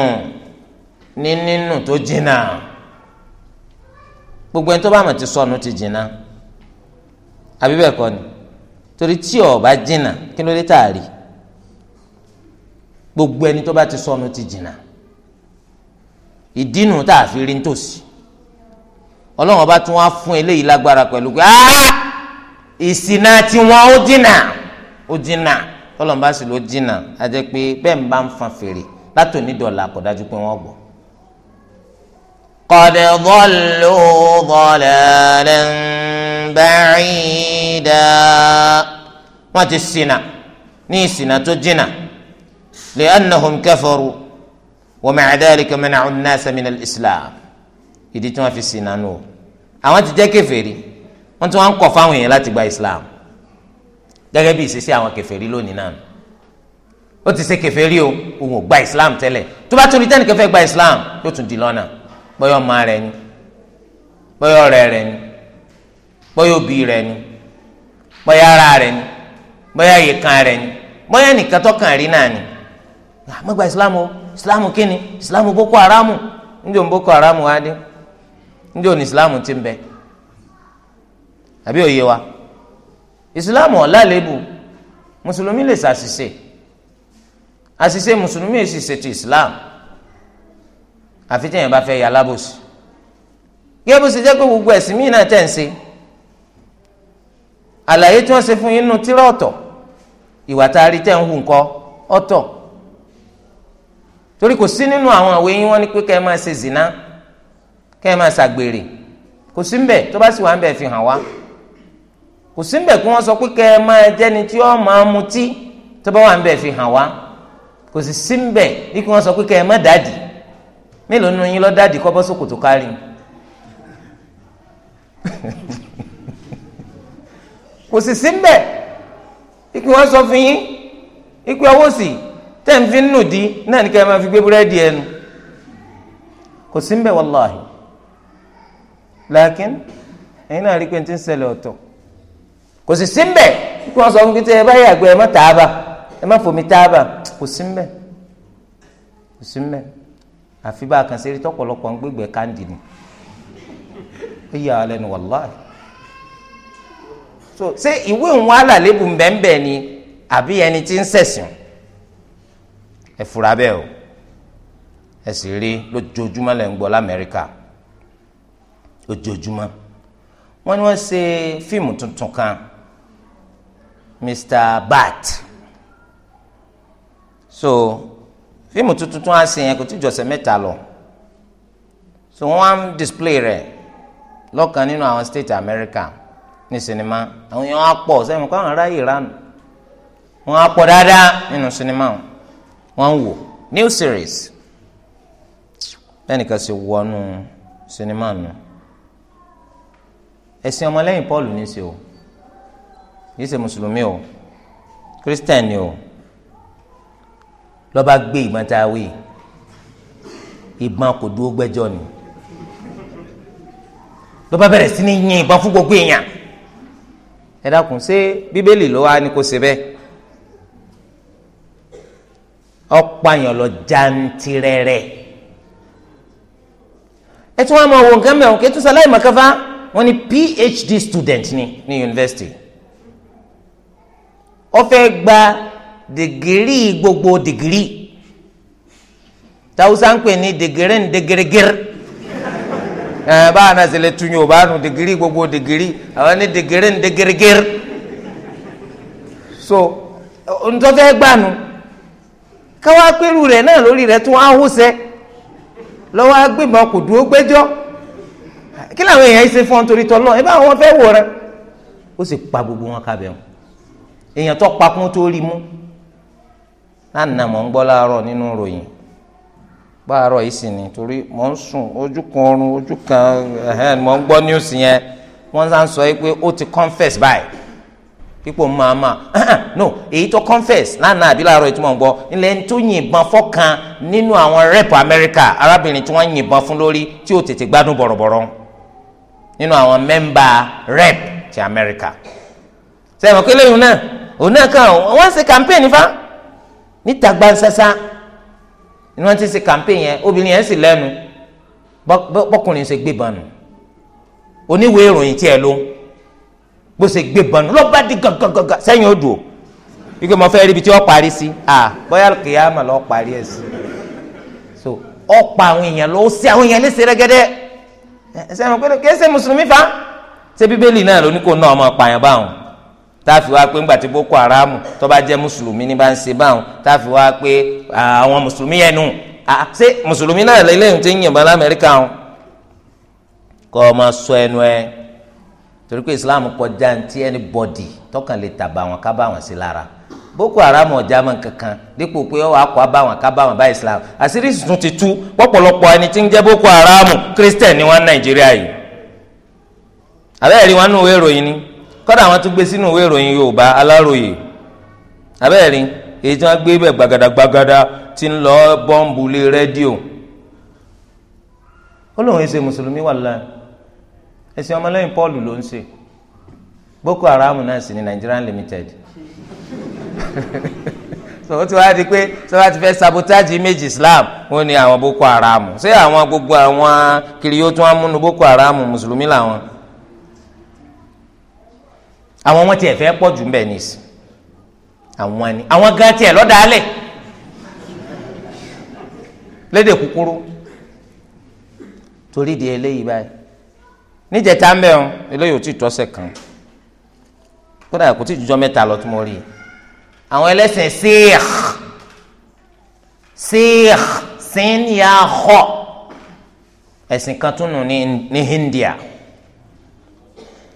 ní nínú tó jìnnà gbogbo ẹni tó bá mọ̀ ti sọnù ti jìnnà àbí bẹ́ẹ̀ kọ́ ni torí tí ò bá jìnnà kí ló dé tá a rí gbogbo ẹni tó bá ti sọnù ti jìnnà ìdínú tá a fi rí nítòsí ọlọ́run ọba tún wá fún eléyìí lágbára pẹ̀lú pé aaa ìsìnà tiwọn ó dínà ó dínà tọlọmọba sì ló dínà á jẹ pé bẹ́ẹ̀ ń bá ń fan fèrè látòní dọ̀là kò dájú pé wọ́n gbọ́. قد ضلوا ضلالا بعيدا wọ́n ti ṣìnà ní ìṣìnà tó jìnà لأنهم كفروا ومع ذلك منعوا الناس من الإسلام ìdí tí wọ́n fi ṣìnà nù àwọn ti jẹ́ kèfèrí wọ́n tún wá ń kọ̀ fáwọn èèyàn láti gba islam gẹ́gẹ́ bí ìṣesí àwọn kèfèrí lónìí náà ó ti ṣe kèfèrí o òun ò gba islam tẹ́lẹ̀ tó bá torí tẹ́nìkan fẹ́ gba islam yóò tún di lọ́nà bóyá ọmọ rẹ̀ ni bóyá ọ̀rẹ́ rẹ̀ ni bóyá òbí rẹ̀ ni bóyá ara rẹ̀ ni bóyá ìkan rẹ̀ ni bóyá nìkan tọkàn rí náà ni àmọ́ gba islam o islam kí ni islam boko haram níjọ́ boko haram wá dé níjọ́ ní islam ti ń bẹ́ẹ̀ àbí òye wa ìsìláàmù ọ̀làlébù mùsùlùmí lè ṣàṣìṣe àṣìṣe mùsùlùmí èsì ṣètò ìsìláàmù àfi tí èèyàn bá fẹ́ yà lábòsí gẹ́gẹ́ bó ṣe jẹ́ pé gbogbo ẹ̀sìn míì náà tẹ̀ ń ṣe àlàyé tí wọ́n ṣe fún yín nínú tírà ọ̀tọ̀ ìwà tá a rí tẹ̀ ń hù nǹkan ọ̀tọ̀ torí kò sí nínú àwọn àwòye yín wọ́n ní pé kẹ́ ẹ máa ṣe zìnà kẹ́ ẹ máa ṣàgbèrè kò sí ń bẹ̀ tó bá sì wà ń bẹ̀ fi hàn wá kò síbẹ̀ kí wọ́n sọ pé kẹ́ ẹ máa jẹ́ni tí ó máa mutí tó bá wà ń bẹ̀ fi hàn wá kò sì síbẹ̀ bí kí wọ́n sọ pé kẹ́ ẹ má dàdí mélòó nínú yín lọ dàdí kọ́ bọ́ sókòtò kárí kò sì síbẹ̀ bí kí wọ́n sọ fún yín ikú ọwọ́ sì tẹ̀ ń fi nù di náà ní kẹ́ ẹ máa fi gbé búrẹ́dì ẹnu kò síbẹ̀ wàláhì làákín ẹ̀yin náà rí pé n ti ń ṣẹlẹ̀ ọ̀tọ̀ kò sì sí mbẹ kí wọn sọ fún mi tẹ ẹ bá yàgbẹ́ ẹ má tààbà ẹ má fomi tààbà kò sí mbẹ kò sí mbẹ àfi bá a kàn sẹ́rí tọ́pọ̀lọpọ̀ ń gbégbé káńdì ni ó yà á lẹ́nu wàláì so ṣé ìwé ìwọ̀n alàlébù mbẹ́mbẹ́ ni àbí ẹni tí ń ṣẹ̀sìn ẹ fura bẹ́ẹ̀ o ẹ sì rí lójoojúmọ́ lẹ́ gbọ́ lamẹ́ríkà lójoojúmọ́ wọ́n ní wọ́n ṣe fíìmù tuntun kan. Mr. Bat so fíìmù tuntun tó wá sí yẹn kò tí jọ̀sẹ̀ mẹ́ta lọ so wọ́n á ń display rẹ̀ lọ́kàn nínú àwọn state America ní sinimá àwọn èèyàn á pọ̀ sẹ́yìn kó àwọn aráyè ránu wọ́n á pọ̀ dáadáa nínú sinimá wọ́n ń wò new series lẹ́nìkan sì wọnú sinimá nù ẹ̀sìn ọmọlẹ́yìn Paul ní í ṣe o kìí ṣe mùsùlùmí o kírísítẹ̀nì o lọ́ba gbé ìbọn tá a wí ìbọn kò dúró gbẹ́jọ́ ni lọ́ba bẹ̀rẹ̀ sí ní yin ìbọn fún gbogbo èèyàn ẹ dákun ṣé bíbélì ló wá ní kó ṣe bẹ́ẹ̀ ọ̀pààyàn lọ jantirẹrẹ ẹ tún wá máa wo nǹkan mẹ́wọ̀n kí ẹ tún ṣe aláìmọ̀kẹ́fà wọ́n PhD student ni ní yunifásitì ó fẹ́ gba dègírí gbogbo dègírí tàwùsà ń pè ní dègírí ní dègírígírí ẹ báwa náà sì lè tún yóò bá nu dègírí gbogbo dègírí àwọn ní dègírí ní dègírígírí so ntọ́fẹ́ gbanu káwá pẹ̀lú rẹ̀ náà lórí rẹ̀ tún ahósẹ́ lọ́wọ́ agbébọn kò dúró gbẹ́jọ́ kí làwọn èèyàn ṣe fún ọ nítorí tọ́lọ́ ẹ bá wọn fẹ́ wò rẹ ó sì pa gbogbo wọn kábẹ́ wọn èèyàn tó pakún tó rí mú lánàá mọ̀ ń gbọ́ láàárọ̀ nínú ròyìn báàárọ̀ yìí sì ni torí mọ̀ ń sùn ojú kan oorun ojú kan ẹ̀hẹ́n mọ̀ ń gbọ́ news yẹn wọ́n sá ń sọ pé ó ti confess báyìí pípò máa ma no èyí tó confess lánàá àbí láàárọ̀ ìtumọ̀ ń gbọ́ ilẹ̀ tó yìnbọn fọ́kan nínú àwọn rẹ́pù Amẹ́ríkà arábìnrin tí wọ́n yìnbọn fún lórí tí ó tètè gbádùn bọ̀rọ̀bọ̀rọ̀ nínú àwọn mẹ́mbà rẹ́pù ti Amẹ́ríkà sẹ́wọ̀n kí lẹ́yìn náà òun náà kàn wọ́n ń ṣe campaign nífa níta gbansasa ni wọ́n ti ṣe campaign yẹn obìnrin yẹn sì lẹ́nu bọ́kùnrin ṣe gbé banu oníwèé ìròyìn tiẹ̀ ló bó ṣe gbé banu lọ́ba di gàgàgàgà sẹ́yìn odò ike mo fẹ́ rí ibi tí wọ́n parí sí à bóyá kìyàmà lọ́ọ́ parí ẹ̀ sí so ọ̀pọ̀ àwọn èèyàn ló ṣe àwọn èèyàn léṣe rẹ́gẹ́dẹ́ ẹ̀ sẹ́yìn pé kí ẹ ṣe mùsùlùmí fa ṣé bíbélì náà ló ní kó náà ọmọ pààyàn báwọn táàfin wá pé ńgbà tí boko haram tó bá jẹ́ mùsùlùmí ní bá ń ṣe báwọn táàfin wá pé àwọn mùsùlùmí yẹn nù ṣé mùsùlùmí náà lẹ́yìn tí ń yìnbọn lamẹ́ríkà wọn kọ́ ọ máa sọ ẹnu ẹ torí pé islam kọjá ntí ẹni bọ́dì tọkàn lè tàbá wọn ká bá wọn sí lára boko haram ọjà mọ kankan dípò pé ọwọ akọ abáwọn kábáwọn bá islam àṣírí tuntun ti tú pọ̀pọ̀lọpọ̀ ẹni tí ń jẹ́ boko haram christian ni wọ́n nàìjíríà yìí àbẹ́ẹ̀rí wọn nù wẹ́ẹ́ ròyìn ni. kọ́dà wọn tún gbé sínú ìwé ìròyìn Yorùbá Aláròyé abẹ́rẹ́ èyí tí wọ́n gbé bẹ́ẹ̀ gbagadagbagada ti ń lọ bọ́ǹbù lé rédíò ó lóun ẹsẹ̀ mùsùlùmí wà láàyè ẹsẹ̀ ọmọlẹ́yìn Paul ló ń ṣe Boko Haram náà sì ni Nigerian Limited (laughs) so ó ti wá di pé tí wọ́n ti fẹ́ sabotage image Islam wọ́n ní àwọn Boko Haram ṣé àwọn gbogbo àwọn kiri yóò tún wá Boko Haram mùsùlùmí àwọn wọn tiẹ̀ fẹ́ pọ̀ jù mbẹ́ nìsí àwọn ni àwọn gan tiẹ̀ lọ́dàálẹ̀ lédè kúkúrú torí di eléyìí báyìí níjẹta ń bẹ̀ ọ́n eléyìí ò tí ì tọ́sẹ̀ kan kódà kò tí ì jújọ́ mẹ́ta lọ tí mo rí i àwọn ẹlẹ́sìn síìx síìx sínyàxọ́ ẹ̀sìn kan tún nù ní India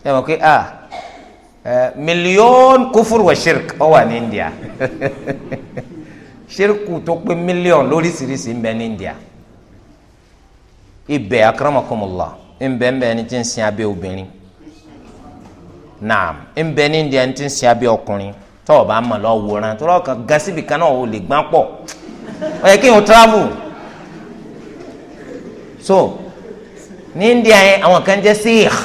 ẹ mọ̀ pé ah mílíọ̀n kufur wa shirk ọ wà ní India (laughs) shirku tó pé mílíọ̀n lóríṣiríṣi ń bẹ ní India ibẹ̀ akramakumullah ń bẹ ń bẹ ní ti ń sin abẹ́ obìnrin naam ń bẹ ní India ní ti ń sin abẹ́ ọkùnrin tọ́ ọ bá mọ̀ lọ wòran tó lọ́ọ́ kan gan síbi kan náà ò lè gbọ́n pọ̀ ọ yẹ kí n ò travel so ní India yẹn àwọn kan jẹ́ sikh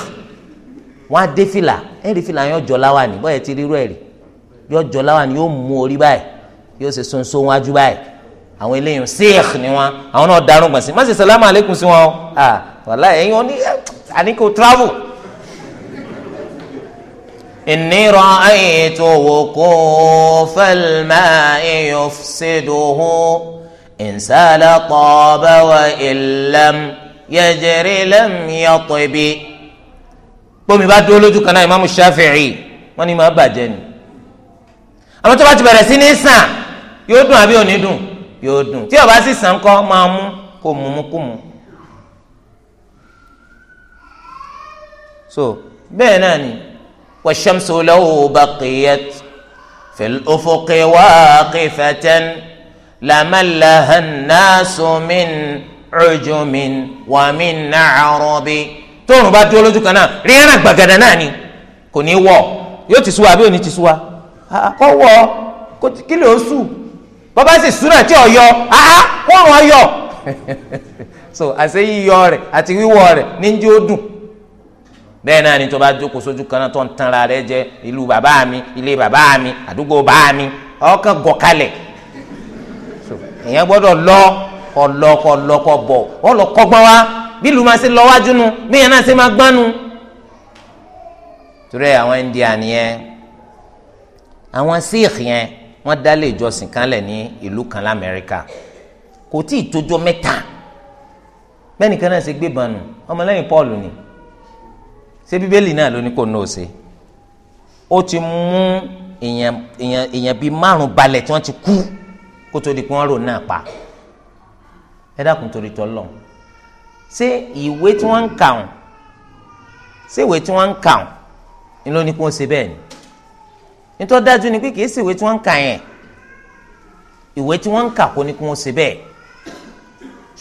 wọ́n á dé fìlà ẹ̀rí fìlà yẹn ọjọ́ láwa ni bọ́yẹ̀ ti rírú ẹ̀rí yóò láwa ni yóò mú orí báyìí yóò ṣe sonso wájú báyìí àwọn eléyìí sèèkì ni wọn àwọn náà darun gbọ̀nsẹ̀ má ṣe salamu aleykum sí wọn ah wàlá ẹ̀yin wọn ni àní kò travel. إني رأيت وقوف الماء يفسده إن سال طاب وإن لم يجر لم يطب bómi bá dúró lójú kan náà ìmáàmù Shafi'i wọ́n ní máa bàjẹ́ ni àwọn tó bá ti bẹ̀rẹ̀ sí ní sàn yóò dùn àbí òní dùn yóò dùn tí ó sì sàn kọ́ máa mú kó mú mú kó mú. so bẹ́ẹ̀ náà ni wash-shamsu law baqiyat fil-ufuqi waqifatan lamallaha an-nasu min ujumin wa min tóòrùn bá dúró lójú kan náà ríran gbàgàdà náà ni kò ní wọ̀ yóò ti sú wa àbí òní ti sú wa kọ́ wọ̀ kí lè ó sù bàbá sì súnà tí ò yọ áá kọ́ọ̀rùn ọyọ (laughs) so àṣẹ yíyọ rẹ̀ àti wíwọ̀ rẹ̀ ní njẹ́ ó dùn bẹ́ẹ̀ náà ni tó bá jókòó sójú kan náà tó ń tanra rẹ̀ jẹ ìlú bàbá mi ilé bàbá mi àdúgbò bàbá mi ọkàn gọ̀kalẹ̀ èèyàn gbọ́dọ̀ lọ kọ lọ kọ lọ kọ bọ̀ wọ́n lọ kọ́gbọ́n wa bí lùmọ̀ ṣe lọ wájú nu bí yẹn náà ṣe máa gbọ́n nu. torí àwọn India nìyẹn àwọn Sikh yẹn wọ́n dálé ìjọsìn kan lẹ̀ ní ìlú kan lamẹ́ríkà kò tí ì tójọ́ mẹ́ta bẹ́ẹ̀ nìkan náà ṣe gbé banu ọmọlẹ́yìn Paul ni ṣé bíbélì náà ló ní kò náà ṣe ó ti mú èèyàn bíi márùn balẹ̀ tí wọ́n ti kú kó tó di pé wọ́n rò náà pa ẹ dákun torí tọ́ lọ́hùn ṣé ìwé tí wọ́n ń kà ọ́n ṣé ìwé tí wọ́n ń kà ọ́n ni ló ní kó ṣe bẹ́ẹ̀ ni nítorí dájú ni pé kì í ṣe ìwé tí wọ́n ń kà yẹn ìwé tí wọ́n ń kà kó ní kó ṣe bẹ́ẹ̀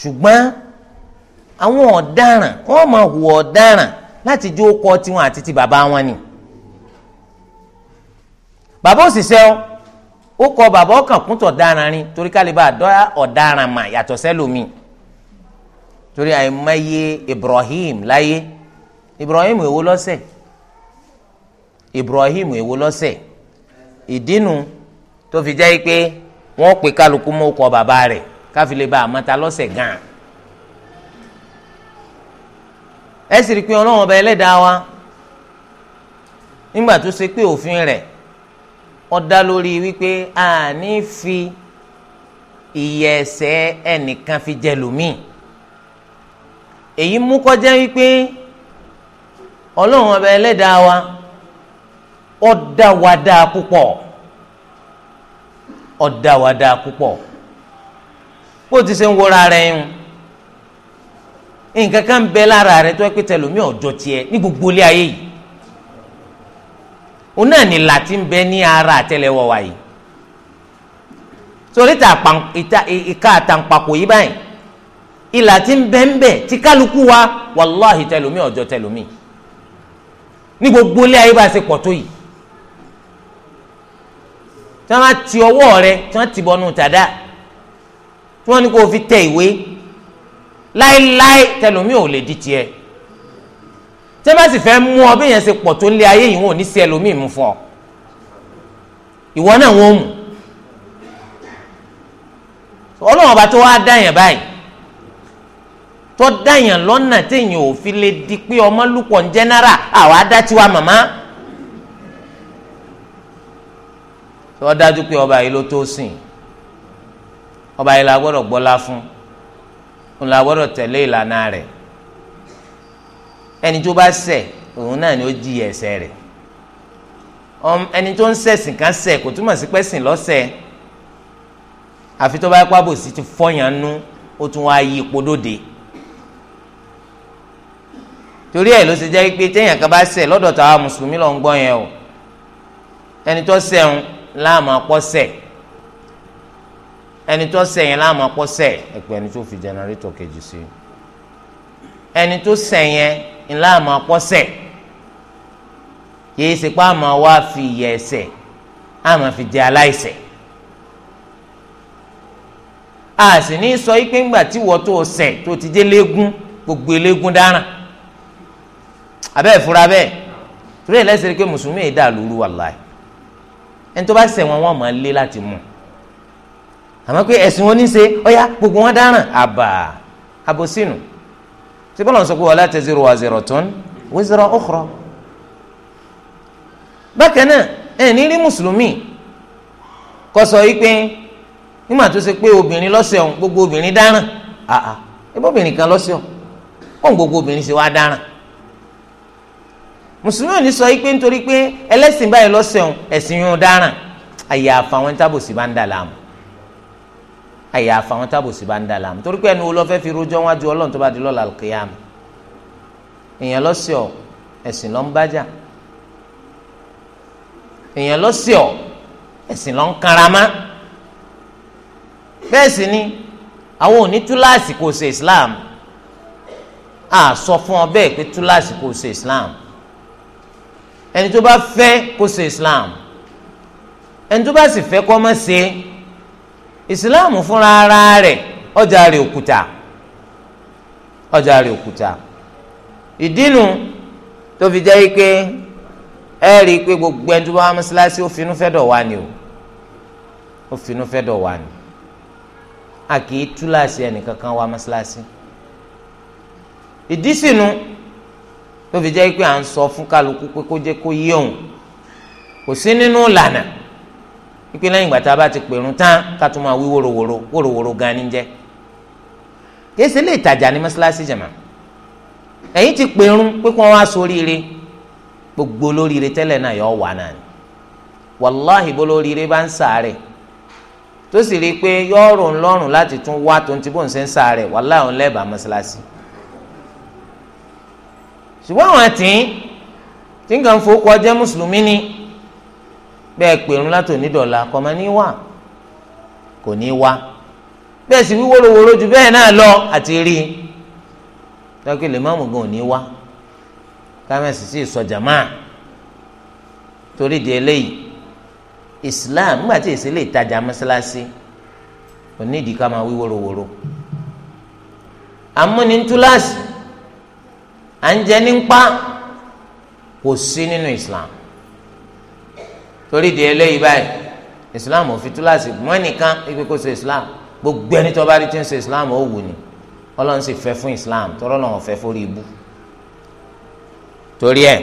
ṣùgbọ́n àwọn ọ̀daràn wọ́n máa hùwà ọ̀daràn láti jó kọ tiwọn àti ti bàbá wọn ni bàbá òṣìṣẹ́ o ó kọ bàbá ọkàn kúntọ̀ ọ̀daràn rin torí ká lè bá ọ̀daràn mà yàtọ̀ sẹ́lòmíì torí àìmọye Ibrahim láyé Ibrahim èwo lọ́sẹ̀ Ibrahim èwo lọ́sẹ̀ ìdínú tó fi jẹ́ pé wọ́n pe kálukú mọ́ ọkọ̀ bàbá rẹ̀ káfílẹ̀ bá àmọ́ta lọ́sẹ̀ gan-an ẹ sì rí i pé ọlọ́run ọba ẹlẹ́dàá wa nígbà tó ṣe pé òfin rẹ̀ ó dá lórí wípé a ní fi ìyẹ̀sẹ̀ ẹnìkan fi jẹ lòmíì èyí mú kọjá wípé ọlọ́run ọba ẹlẹ́dàá wa ó pụpọ púpọ̀ ó púpọ̀ bó ti ṣe ń wọra rẹ̀ ń nǹkan kan bẹ lára tó ẹ ní gbogbo ilé ayé yìí òun náà ní láti ń bẹ ní ara wa ìlà tí ń bẹ́ ń bẹ́ tí kálukú wa wàláhì tẹlómi ọjọ́ tẹlómi ní gbogbo ilé ayé bá ṣe pọ̀ tó yìí tí wọ́n ti ọwọ́ rẹ tí wọ́n ti bọnú tàdá tí wọ́n ní kó o fi tẹ ìwé láéláé tẹlómi ò lè di tiẹ̀ tí wọ́n bá sì fẹ́ mú ọ bí yẹn ṣe pọ̀ tó ilé ayé yìí wọn ò ní sí ẹlòmíì mú fún ọ ìwọ náà wọ́n mú ọlọ́run ọba tó wá dá yẹn báyìí tó dáyàn lọ́nà téèyàn ò fi lè di pé ọmọlúpọ̀ ń jẹ́nára àwa dá tiwa màmá. tó dájú pé ọba yìí ló tó sìn ọba yìí la gbọ́dọ̀ gbọ́lá fún òun la gbọ́dọ̀ tẹ̀lé ìlànà rẹ̀ ẹni tó bá ṣẹ̀ òun náà ni ó jìyà ẹ̀ṣẹ̀ rẹ̀ ẹni tó ń ṣẹ̀sìn kan ṣẹ̀ kò túmọ̀ sí pẹ́sìn lọ́sẹ̀ àfi tó bá pàbòsí ti fọyàn nú ó tún wá yí ipò dóde. torí ẹ̀ ló ṣe jẹ́ pé téèyàn kan bá ṣẹ̀ lọ́dọ̀ tàwa mùsùlùmí ló ń gbọ́ yẹn o ẹni tó ṣẹ̀hún láàmú apọ́ṣẹ̀ ẹni tó ṣẹ̀yìn láàmú apọ́ṣẹ̀ ẹ̀pẹ́ ẹni tó fi jẹnẹrétọ̀ kejì sí ẹni tó ṣẹ̀yìn láàmú apọ́ṣẹ̀ kìí ṣe pé àmọ́ wa fi ìyẹ̀ ẹ̀ṣẹ̀ àmọ́ fi jẹ aláìṣẹ̀ a sì ní sọ pé ńgbà tí wọ́n tó sẹ̀ tó ti jẹ́ léegun gbogbo eléegun dáràn abẹ́ ìfura bẹ́ẹ̀ torí ẹ̀ lẹ́sẹ̀ rí pé mùsùlùmí yìí dà lóru wàláì ẹni tó bá ṣẹ̀ wọn wọn máa lé láti mú àmọ́ pé ẹ̀sìn wọn ní ṣe ọ̀yá gbogbo wọn dáràn àbà àbòsínú tí bọ́lá ń sọ pé wala taziru waziratun wizra ukhra bákan náà ẹ̀ ní rí mùsùlùmí kó sọ yìí pé nígbà tó ṣe pé obìnrin lọ́sẹ̀ gbogbo obìnrin dáràn àà ebóbìnrin kan lọ́sẹ̀ ọ̀hún gbogbo obìnrin ṣe wá dáràn mùsùlùmí ò ní sọ yìí pé nítorí pé ẹlẹ́sìn báyìí lọ́sẹ̀hún ẹ̀sìn yóò dáràn àyàfà àwọn tábòsí bá ń dà láàmú àyàfà àwọn tábòsí bá ń dà láàmú torí pé ẹnu wo lọ fi rojọ́ wájú ọlọ́run tó bá di lọ́la kìyàmù èèyàn lọ́sẹ̀ ẹ̀sìn ló bájà èèyàn lọ́sẹ̀ ẹ̀sìn ló karama bẹ́ẹ̀ sì ni àwọn òní túláàsì kò ṣe Islam àà sọ fún ọ bẹ́ẹ̀ pé túláàsì kò ṣe Islam. Ah, ẹni tó bá fẹ́ kó ṣe islam ẹni tó bá sì fẹ́ kó má ṣe islam fúnra ara rẹ̀ ọjà rẹ̀ òkúta ọjà rẹ̀ òkúta ìdínú tó fi jẹ́ pé ẹ rí i pé gbogbo ẹni tó bá wá mọ́ṣáláṣí ó finú fẹ́ dọ̀ wá ni o ó fẹ́ dọ̀ wá ni a kì í túláàsì ẹnìkankan wá mọ́ṣáláṣí ìdí sínú. tó fi jẹ́ pé à ń sọ fún kálukú pé kó jẹ́ kó kò sí nínú ìlànà ìpínlẹ̀ ìgbà tá bá ti pèrún tán ká tún máa wí wòròwòrò wòròwòrò gan ni jẹ́ lè tajà ní mọ́ṣáláṣí ẹ̀yìn ti pèrún pé wá sóríire gbogbo olóríire tẹ́lẹ̀ náà yọ wà náà ni wàláhì bó lóríire bá ń sàárẹ̀ tó sì rí i pé yọ̀ọ̀rùn lọ́rùn láti tún wá tó ń ṣùgbọ́n àwọn àti tí nǹkan fowókọ jẹ́ mùsùlùmí ni bẹ́ẹ̀ pèrún látò nídọ̀la kọ́mọ ní wà kò ní wá bẹ́ẹ̀ sì wíwóróworó ju bẹ́ẹ̀ náà lọ àti rí i tọ́kì lè má mùgàn ò ní wá kámẹ́sì sí ìsọjà máa torí di eléyìí Islam nígbà tí èsì lè tajà mọ́sálásí onídìí ká máa wíwóróworó amúnintúláàsì à ń jẹ nípa kò sí nínú islam torí di eléyìí báyìí islam ò fi túláàsì mọ́ ẹnìkan ibi kó ṣe islam gbogbo ẹni tó bá rí tí ń ṣe islam ó wù ní ọlọ́run sì fẹ́ fún islam tọ́rọ́ náà wọ́n fẹ́ forí ibú torí ẹ̀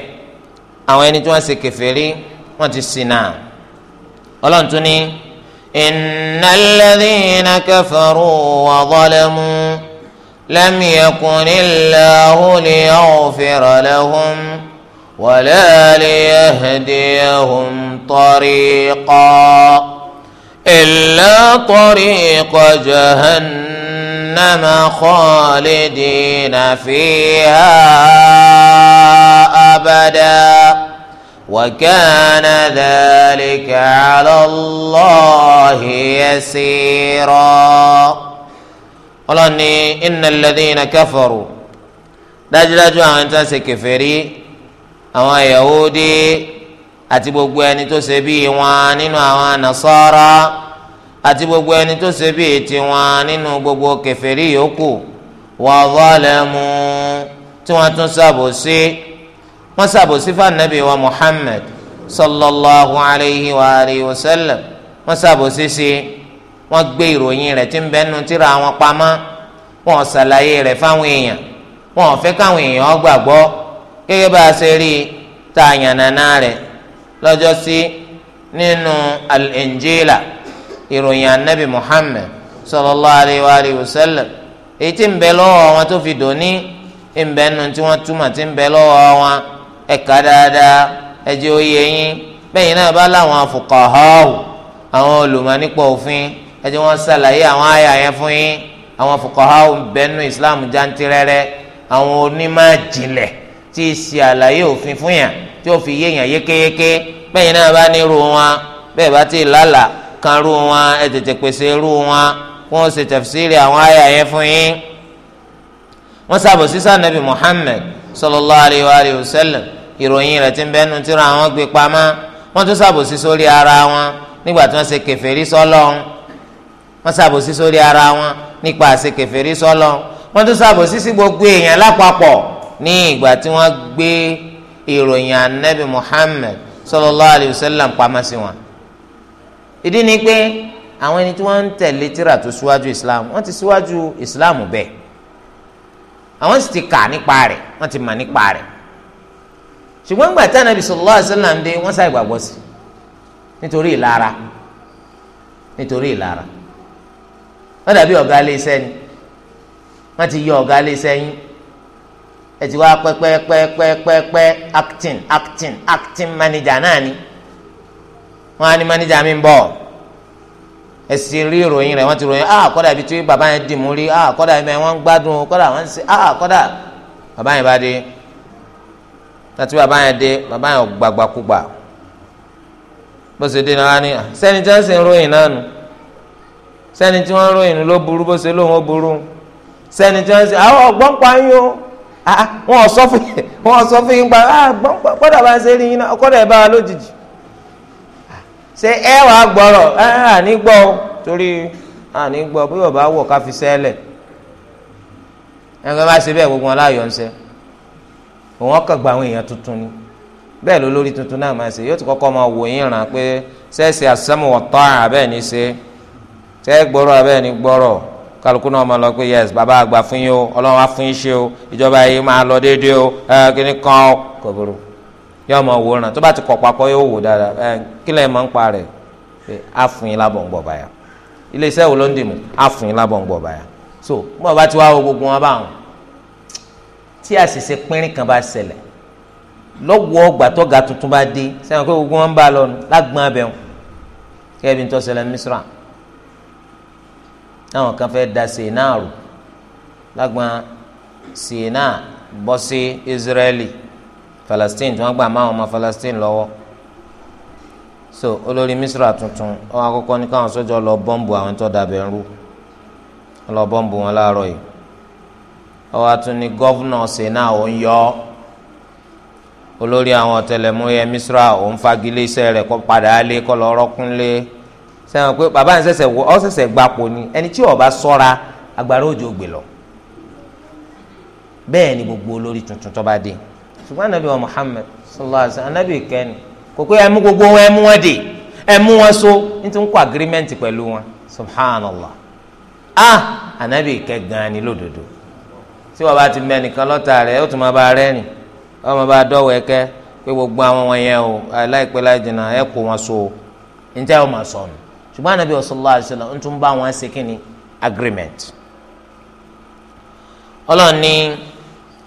àwọn ẹni tí wọ́n ṣe kèfèrí wọ́n ti ṣìnà ọlọ́run tún ní innal ladhina kafaru wa zalamu. لم يكن الله ليغفر لهم ولا ليهديهم طريقا إلا طريق جهنم خالدين فيها أبدا وكان ذلك على الله يسيرا ọlọ́ni innal ladhina kafaru dájúdájú àwọn ẹni tó ń ṣe kèfèrí àwọn Yahudi àti gbogbo ẹni tó ṣe bíi wọn nínú àwọn Nasara àti gbogbo ẹni tó ṣe bíi tiwọn nínú gbogbo kèfèrí yòókù wa zalamu tí wọ́n tún ṣàbòsí wọ́n ṣàbòsí fànàbí wa Muhammad sallallahu alayhi wa sallam wọ́n ṣàbòsí sí i. wọ́n gbé ìròyìn rẹ̀ tí ń bẹ nínú wọn pamọ́ wọ́n ṣàlàyé rẹ̀ fáwọn èèyàn wọ́n fẹ́ káwọn èèyàn ọ gẹ́gẹ́ bá a ṣe rí tá a rẹ̀ lọ́jọ́ sí nínú al ìròyìn anabi muhammed sallallahu alayhi wa alayhi wa èyí tí ń bẹ wọn tó fi ń tí tí ń bẹ wọn dáadáa òye ẹ jẹ́ wọ́n ṣàlàyé àwọn àyà yẹn fún yín àwọn fuqaha bẹ́nu islam jantirẹrẹ àwọn onímọ̀-jìnlẹ̀ tí ì ṣe àlàyé òfin fún yàn tí ó fi yéèyàn yékéyéké bẹ́ẹ̀ náà bá ní irú wọn bẹ́ẹ̀ bá ti lálà kan irú wọn ẹ tètè pèsè irú wọn wọn ò ṣe tafsiri àwọn àyà yẹn fún yín. wọ́n sábò sísá nàbì Muhammad sallallahu alayhi wa alayhi wa sallam ìròyìn rẹ̀ ti ń bẹ́nu tíra àwọn gbé pamọ́ wọ́n tún sábò sí sórí ara wọn nígbà tí wọ́n ṣe kèfèrí sọ́lọ́run wọ́n ṣàbòsí sórí ara wọn nípa àṣekèfèrí sọ́lọ́ wọ́n tún ṣàbòsí sí gbogbo èèyàn lápapọ̀ ní ìgbà tí wọ́n gbé ìròyìn anabi Muhammad sallallahu alayhi wa sallam pamọ́ sí wọn. ìdí ni pé àwọn ẹni tí wọ́n ń tẹ̀lé tíra tó síwájú Islam wọ́n ti síwájú Islam bẹ́ẹ̀ àwọn sì ti kà nípa rẹ̀ wọ́n ti mà nípa rẹ̀ ṣùgbọ́n gbà tí anabi sallallahu alayhi sallam dé wọ́n ṣàìgbàgbọ́ sí nítorí ìlara nítorí ìlara wọ́n dàbí ọ̀gá ilé iṣẹ́ ni wọ́n ti yọ ọ̀gá ilé iṣẹ́ yín ẹ ti wá acting acting acting manager náà ni wọ́n á ní manager mi ń ẹ sì rí ìròyìn rẹ wọ́n ti ròyìn ah kọ́dà ibi tí bàbá yẹn dì mú rí ah yẹn ń gbádùn ah bàbá yẹn bá dé bàbá yẹn dé bàbá yẹn gbàgbàkúgbà bó ṣe dé náà wá ní tí sì ń ròyìn sẹni tí wọ́n ròyìn ló burú bó ṣe lóun ó burú sẹni tí wọ́n ṣe àwọn pa yín o ah, ah, wọn sọ fún yín (laughs) wọn sọ fún yín pa ọ̀gbọ́n ah, pa bá ṣe rí yín náà ṣe ẹ wàá gbọ́rọ̀ àní o torí àní bí bàbá wọ ká fi bá ṣe bẹ́ẹ̀ gbogbo wọn láàyò ń ṣe òun ọkàn ni ló ṣe yóò ti máa wò yín ràn pé tẹ́ gbọ́rọ̀ abẹ́ ni gbọ́rọ̀ kálukú náà máa lọ pé yẹs bàbá àgbà fún yín o ọlọ́run á fún yín ṣe o ìjọba yìí máa lọ déédéé o ẹ kíní kan o kò burú yóò máa wò ràn tó bá ti kọ̀ papọ̀ yóò wò dáadáa ẹ kílẹ̀ máa ń pa pé á fún lábọ̀ ń gbọ̀ báyà ilé iṣẹ́ wo ló ń dì mú á fún lábọ̀ ń gbọ̀ báyà so bọ́ọ̀ bá ti wá wo gbogbo wọn báwọn tí àṣìṣe pínrín kan bá ṣẹlẹ̀ lọ́wọ́ ọgbà tọ́ga tuntun bá dé sẹ́wọ̀n táwọn kan fẹ́ da sèénà rò lágbọn sèénà bọ́ sí israeli palestine tí wọ́n gbà máa wọn ọmọ palestine lọ́wọ́ so olórí misra tuntun ọ àkọ́kọ́ ní káwọn sójà lọ bọ́ǹbù àwọn tó dàbẹ̀ ń rú lọ bọ́ǹbù wọn láàárọ̀ yìí ọ wá tún ní gọ́vnọ̀ sèénà ò yọ olórí àwọn ọ̀tẹlẹ̀múyẹ́ misra ò fagilé iṣẹ́ rẹ̀ kó padà lé kó lọ rọ́kúnlé. sẹ́wọ̀n pé bàbá yẹn sẹ̀sẹ̀ wọ ọ́ ẹni tí ọba sọ́ra agbára òjò gbè lọ bẹ́ẹ̀ gbogbo olórí tuntun tó dé ṣùgbọ́n anabi wa Muhammad sallallahu alaihi wa sallam anabi kẹ́ni kò ẹ gbogbo wọn ẹ mú wọn dé ẹ so ní ti ń kó agreement pẹ̀lú wọn subhanallah anabi ah, kẹ́ gan ni lódodo tí bá ti rẹ̀ ó tún máa bá bá dọ́wọ́ pé gbogbo àwọn wọn yẹn o so máa ṣùgbọ́n anabi sallallahu alaihi wasallam ń tún bá wọn ṣe kí ni agreement ọlọ́run ni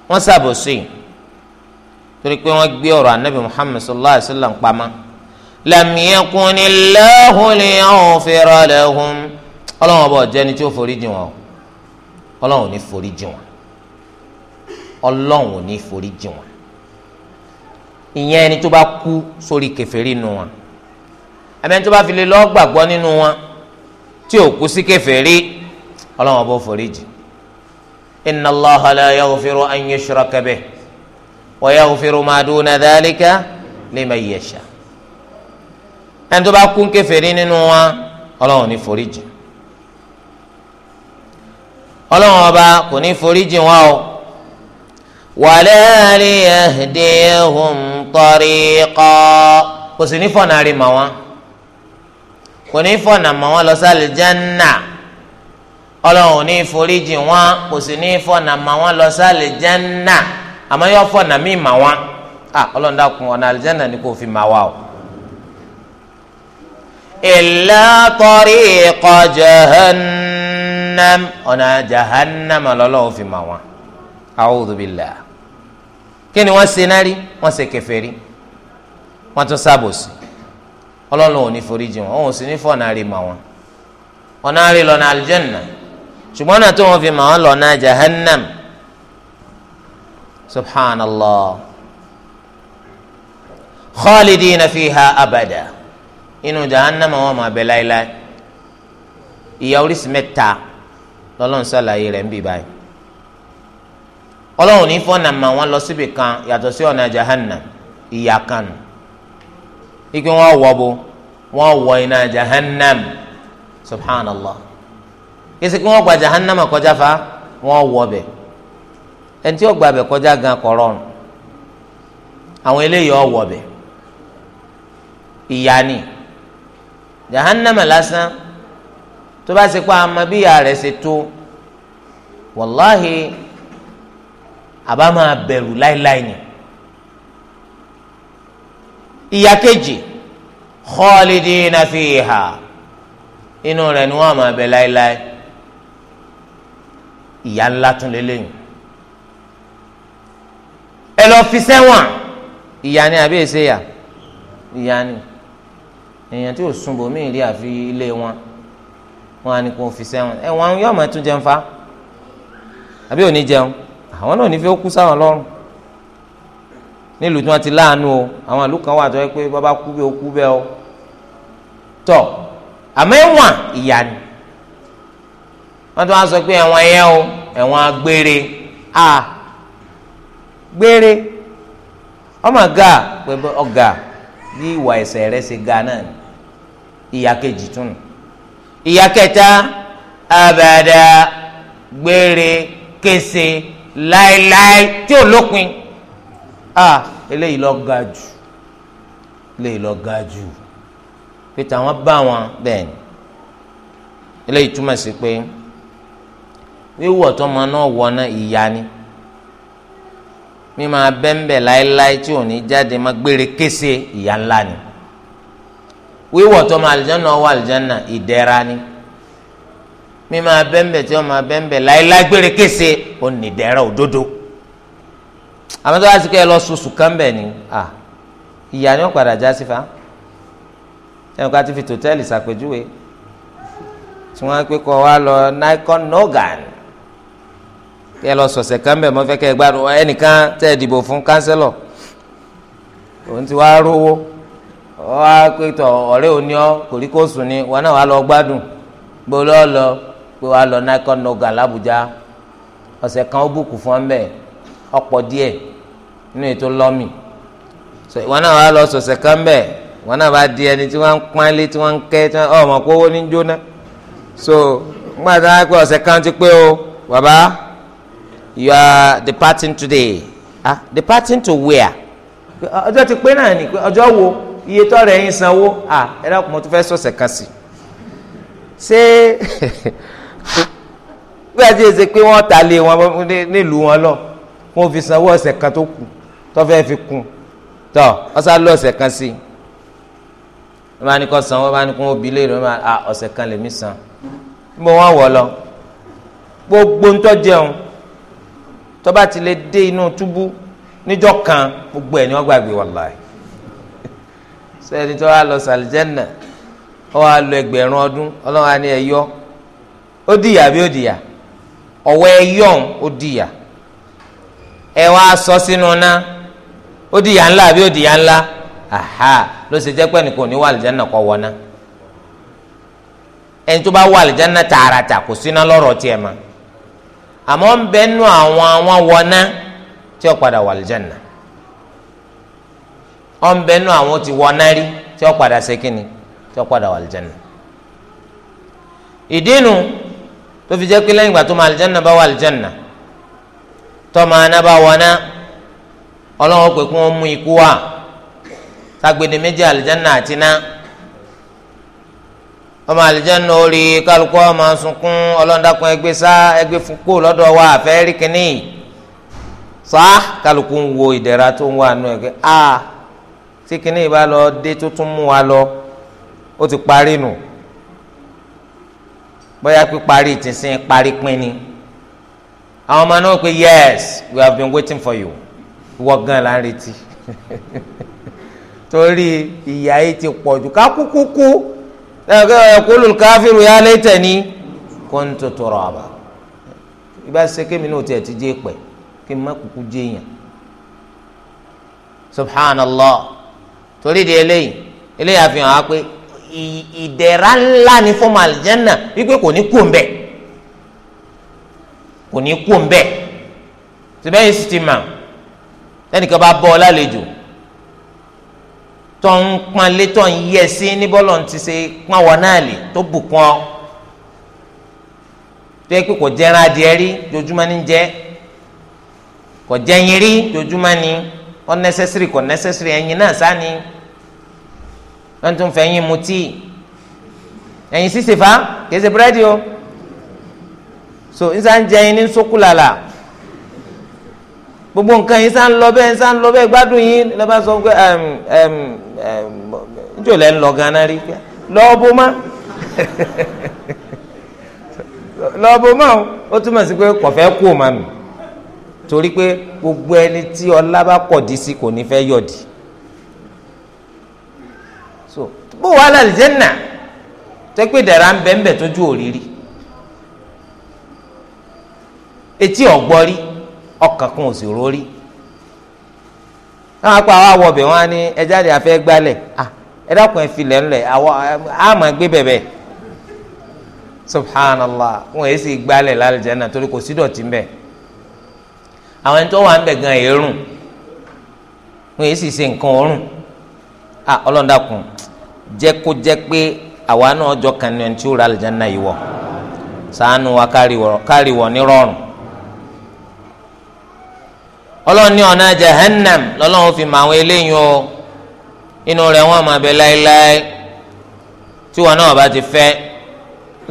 wọ́n ṣàbòsí torí pé wọ́n gbé ọ̀rọ̀ anabi muhammad sallallahu alaihi wasallam pamọ́ lam yakunillahu liyaghfira lahum ọlọ́run ọba ọ̀jẹ́ni tí ó forí jì wọ́n ọlọ́run ò ní forí jì wọ́n ọlọ́run ò ní forí jì wọ́n ìyẹn ẹni tó bá kú sórí kèfèrí nu wọn ẹ̀mẹ́ni tó bá fi lè lọ́ọ́ gbàgbọ́ nínú wọn tí ò kú sí kèfèrí ọlọ́wọ́n bó foríjì inna Allaha la yaghfiru an yushraka bihi wa yaghfiru ma duna dhalika liman yasha ẹni tó bá kú kèfèrí nínú wọn ọlọ́wọ́n ní foríjì ọlọ́wọ́n ọba kò ní foríjì wọn o wala liyahdihum tariqa kò sì ní fọ̀nà àrèmà wọn kò ní fọ̀nà mọ́ wọn lọ sálẹ̀ jẹ́nà ọlọ́run ò ní foríjì wọn kò sì ní fọ̀nà mọ́ wọn lọ sálẹ̀ jẹ́nà àmọ́ yọ fọ̀nà mí mà wọn à ọlọ́run dákun ọ̀nà àlìjẹ́nà ni kò fi mà wá o. illa tariqa jahannam ọ̀nà jahannam ọlọ́run fi mà wọn a'udhu billah kí ni wọ́n ṣe náà rí wọ́n ṣe kèfèrí wọ́n tún sábòsí ọlọ́run ò ní foríjì wọn òun sì ní fọ̀nà rí mọ̀ wọn ọ̀nà rí lọ́nà aljanna ṣùgbọ́n ọ̀nà tó wọn fi mọ̀ wọn lọ́nà jahannam subhanallah khalidina fiha abada inú jahannam wọn máa bẹ láéláé ìyà oríṣi mẹ́ta lọ́lọ́run ṣàlàyé rẹ̀ ń bì báyìí ọlọ́run ní fọ̀nà mọ̀ wọn lọ síbi kan yàtọ̀ sí ọ̀nà jahannam ìyà kan ikú wọn wọ bo wọn wọ iná jahannam subhanallah kìsì kí wọn gba jahannam kọjá fa wọn wọ bẹ ẹni tí ó gba bẹ kọjá gan kọrọrùn àwọn eléyìí ó wọ bẹ ìyá ni jahannam lásán tó bá ṣe pa ama bí ìyá rẹ ṣe tó wàláhi àbá máa bẹ̀rù láíláí yẹn. ìyá kejì khalidina fiha inú rẹ̀ ni wọ́n máa bẹ láéláé ìyá ńlá tún lélẹ́yìn ẹ lọ fi sẹ́wọ̀n ìyá ni àbí èsè yà ìyá ni èèyàn tí ò sunbọ míì rí àfi ilé wọn wọn á ní kó fi sẹ́wọ̀n ẹ̀wọ̀n yóò máa tún jẹun fa àbí òní jẹun àwọn náà ní fi ó kú sáwọn lọ́rùn nílùú tí wọ́n ti láàánú o àwọn ìlú kan wà tó yẹ pé bàbá kú bẹ́ẹ̀ ó kú bẹ́ẹ̀ o tọ̀ àmọ́ ẹ̀wọ̀n ìyà ni wọ́n tún wá sọ pé ẹ̀wọ̀n ẹ̀yẹ o ẹ̀wọ̀n agbére a gbére ọmọ ga pé ọ̀gá bí ìwà ẹ̀ṣẹ̀ rẹ̀ ṣe ga náà ni ìyà kejì tún nù ìyà kẹta abàdà gbére kése láéláé tí ò lópin. Ah, eléyìí lọ ga jù eléyìí lọ ga jù pété àwọn bá wọn bẹ́ẹ̀ ni eléyìí túmọ̀ sí pé wíwọ̀ tọmọ náà wọ náà ìyá ni mímọ abẹ́ńbẹ̀ láéláé tí ò ní jáde má gbére kése ìyá ńlá ni wíwọ̀ tọmọ àlìjáná wọ àlìjáná ìdẹ̀ra ni mímọ abẹ́ńbẹ̀ tí ọmọ abẹ́ńbẹ̀ láéláé gbére kése ò ní ìdẹ̀ra òdodo àmọ́ tó bá ti kẹ́ ẹ lọ sọ̀sù kan bẹ̀ ni ìyá ni wọ́n padà já sí fa ẹnì kan ti fi tòtẹ́ẹ̀lì ṣàpèjúwe tí wọ́n pé kọ́ wa lọ Nikon Nogan kẹ́ ẹ lọ sọ̀sẹ̀ kan bẹ̀ mọ́ fẹ́ kẹ́ ẹ gbádùn ẹnìkan tẹ́ ẹ dìbò fún kánsẹ́lọ̀ òun ti wá rówó wá pé tọ̀ ọ̀rẹ́ òní ọ kòríkòsùn ni wọn náà wá lọ gbádùn gbólọ́ lọ pé wá lọ Nikon Nogan l'Abuja ọ̀sẹ̀ kan ó bùkún fún ọ ọ̀pọ̀ díẹ̀ nínú ètò lọ́mì ìwọ náà wà lọ sọ̀sẹ̀ kan bẹ́ẹ̀ ìwọ náà bá di ẹni tí wọ́n ń pánlé tí wọ́n ń kẹ́ tí wọ́n ọmọ kówó ní jóná so nígbà tí wọ́n á pé ọ̀sẹ̀ kan ti pé o bàbá you are departing today ah departing to where ọjọ́ ti pé náà ni pé ọjọ́ wo iye tọrọ ẹ̀yin sanwó ah ẹ dákun mo tún fẹ́ sọ̀sẹ̀ kan sí ṣé (laughs) bí ṣe pé wọ́n ta lé wọn nílùú wọn lọ wọn fi sanwó ọ̀sẹ̀ kan tó kù tó fẹ́ fi kún tọ ọsà lọ ọ̀sẹ̀ kan sí wọn bá ní kó san wọn bá ní kó wọn bi léèrè wọn bá a ọ̀sẹ̀ kan lèmi san mo wọn wọ lọ gbogbo ńtọ jẹun tó bá ti lè dé inú túbú níjọ́ kan gbogbo ẹ ni wọn gbàgbé wàláì sẹ́ni (laughs) tó wá lọ sàlìjẹ́nà ó wá lọ ẹgbẹ̀rún ọdún ọlọ́run á ní ẹ̀yọ́ ó dìyà bí ó dìyà ọ̀wọ́ ẹ̀yọ́ ó dìyà ẹ wá sọ sínú ná ó di yà ńlá àbí ó di yà ńlá aha ló ṣe jẹ́ pé nìkan ò ní wà àlìjáná kọ́ wọ́n ná ẹni tó bá wà àlìjáná tààràtà kò síná lọ́rọ̀ tiẹ̀ ma àmọ́ ń bẹ́ nú àwọn àwọn wọ́n ná tí ó padà wà àlìjáná ọ̀ ń bẹ́ nú àwọn ti wọ́n ná rí tí ó padà ṣe tí ó padà wà àlìjáná ìdí nu tó fi jẹ́ pé lẹ́yìn ìgbà tó ma àlìjáná bá wà àlìjáná tọ́mọ anábà wọná ọlọ́wọ́n pè kí wọ́n mú ikú wá sagbede méjì alìjáná àti ná ọmọ alìjáná orí kálukú ọmọ sunkún ọlọ́ndàkùn ẹgbẹ́ sá ẹgbẹ́ fúnkú lọ́dọ̀ wa àfẹ́ rí kínní sá kálukú ń wo ìdẹ̀ra tó ń wà nù ẹgbẹ́ a tí kínní ìbá lọ dé tó tún mú wa lọ ó ti parí nù bóyá píparí tìsín parí pín ni àwọn ọmọ náà pé yes we have been waiting for you wọ́n gan la ń retí (laughs) torí ìyá yìí ti pọ̀ jù ká kúkú kú yaqulul kafiru ya laytani kuntu turaba ìbá ṣe kémi náà tiẹ̀ ti jẹ́ pẹ̀ kí n má kúkú jẹ́ yàn subhanallah torí di eléyìí eléyìí àfihàn wa pé ìdẹ̀ra ńlá ni fún màlìjẹ́nà wípé kò ní kú mbẹ́ kò ní kú ńbẹ síbẹ̀ yìí sì ti mà lẹ́nìkan bá bọ́ ọ lálejò tó ń panlé tó ń yẹ sí ní bọ́lọ̀ ti ṣe pánwọ́ náà lè tó bùkún ọ tó yẹ pé kò jẹran adìẹ rí jojúmọ́ ní jẹ kò jẹyin rí jojúmọ́ ní unnecessary kò necessary ẹyin náà sá ni tún fẹ́ yín mutí ẹyin sísè fa kì ṣe búrẹ́dì o. so nsá ń jẹ yín ní gbogbo nǹkan yín sá ń lọ bẹ́ẹ̀ gbádùn yín lọ rí (laughs) torí pé gbogbo ẹni tí kò ní fẹ́ yọ̀dí wàhálà lè jẹ́ nà tẹ́pẹ́ dàrá ń bẹ́ẹ̀ etí ọ̀gbọ́rí ọkàn kan ò sì rórí pa àwọn awọbẹ wọn ni ẹ jáde afẹ gbálẹ̀ ẹ ẹ filẹ̀ ńlẹ̀ àwọn àmọ́ gbé bẹ̀bẹ̀ subhanallah wọn èyí sì mbẹ àwọn ẹni tó wà ń bẹ gan èrún wọn sì ṣe nǹkan ọrùn ọlọ́dàkùn kó pé àwa náà ọlọ́run ní ọ̀nà jahannam lọ́lọ́run fi mọ àwọn eléyìí o inú rẹ̀ wọ́n máa bẹ láéláé tí wọn náà bá ti fẹ́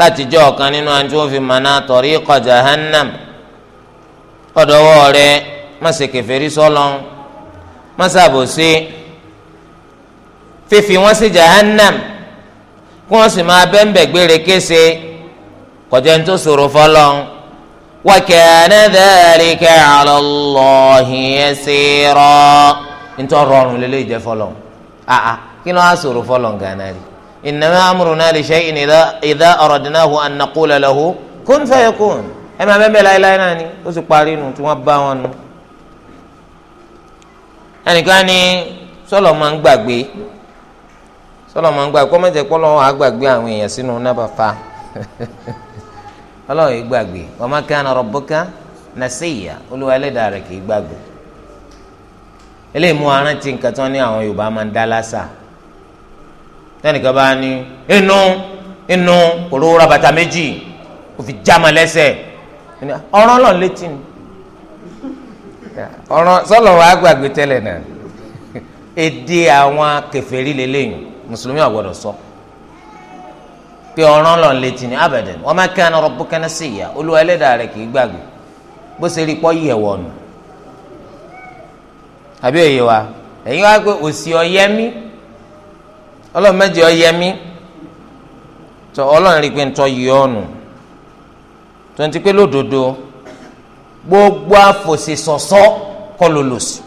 láti jẹ́ ọ̀kan nínú àwọn tí wọ́n fi mọ̀nà tariqa jahannam ọ̀dọ́wọ́ rẹ má ṣe kèfèrí sọ́lọ́n má ṣàbòsí fífi wọ́n sí jahannam kí wọ́n sì máa bẹ́ńbẹ̀ gbére kése kọjá ní tó ṣòro fọ́lọ́n. وكان ذلك على الله يسيرا انت رون للي جا فلون اه كيلو اسور فلون غاناري انما امرنا لشيء اذا اذا اردناه ان نقول له كن فيكون اما بمبي لا اله الا انت وسو باري نو تي وان با وان ẹnìkan ni sọlọ máa ń gbàgbé sọlọ máa ń gbàgbé kọ́mẹ́tẹ̀ pọ́lọ́wọ́ àgbàgbé àwọn èèyàn sínú nábàfà ọlọ́run yìí gbàgbé wa ma kana rabbuka nasiya rẹ̀ kì í gbàgbé eléyìí mú arántí nǹkan tí wọ́n ní àwọn yorùbá máa ń dá lásà tẹnìkan bá ní inú inú kò lówó méjì kò fi jáma lẹ́sẹ̀ ọ̀rọ̀ ọlọ́run létí ni ọ̀rọ̀ sọlọ wa gbàgbé tẹ́lẹ̀ náà èdè àwọn lélẹ́yìn mùsùlùmí sọ. pé ọ̀ràn lọ létí ni abadan wa ma kana rabbuka nasiya olúwa ẹlẹ́dàá rẹ kì í gbàgbé bó ṣe rí pọ́ yẹ̀ wọ̀nù àbí òye wa ẹ̀yin wá pé òsì ọ̀yẹ́mí ọlọ́run mẹ́jẹ ọ̀yẹ́mí tọ ọlọ́run rí pé ń tọ́ yẹ ọ̀nù tó ń ti pé lódodo gbogbo àfòsí sọ̀sọ́ kọ́ ló lò sí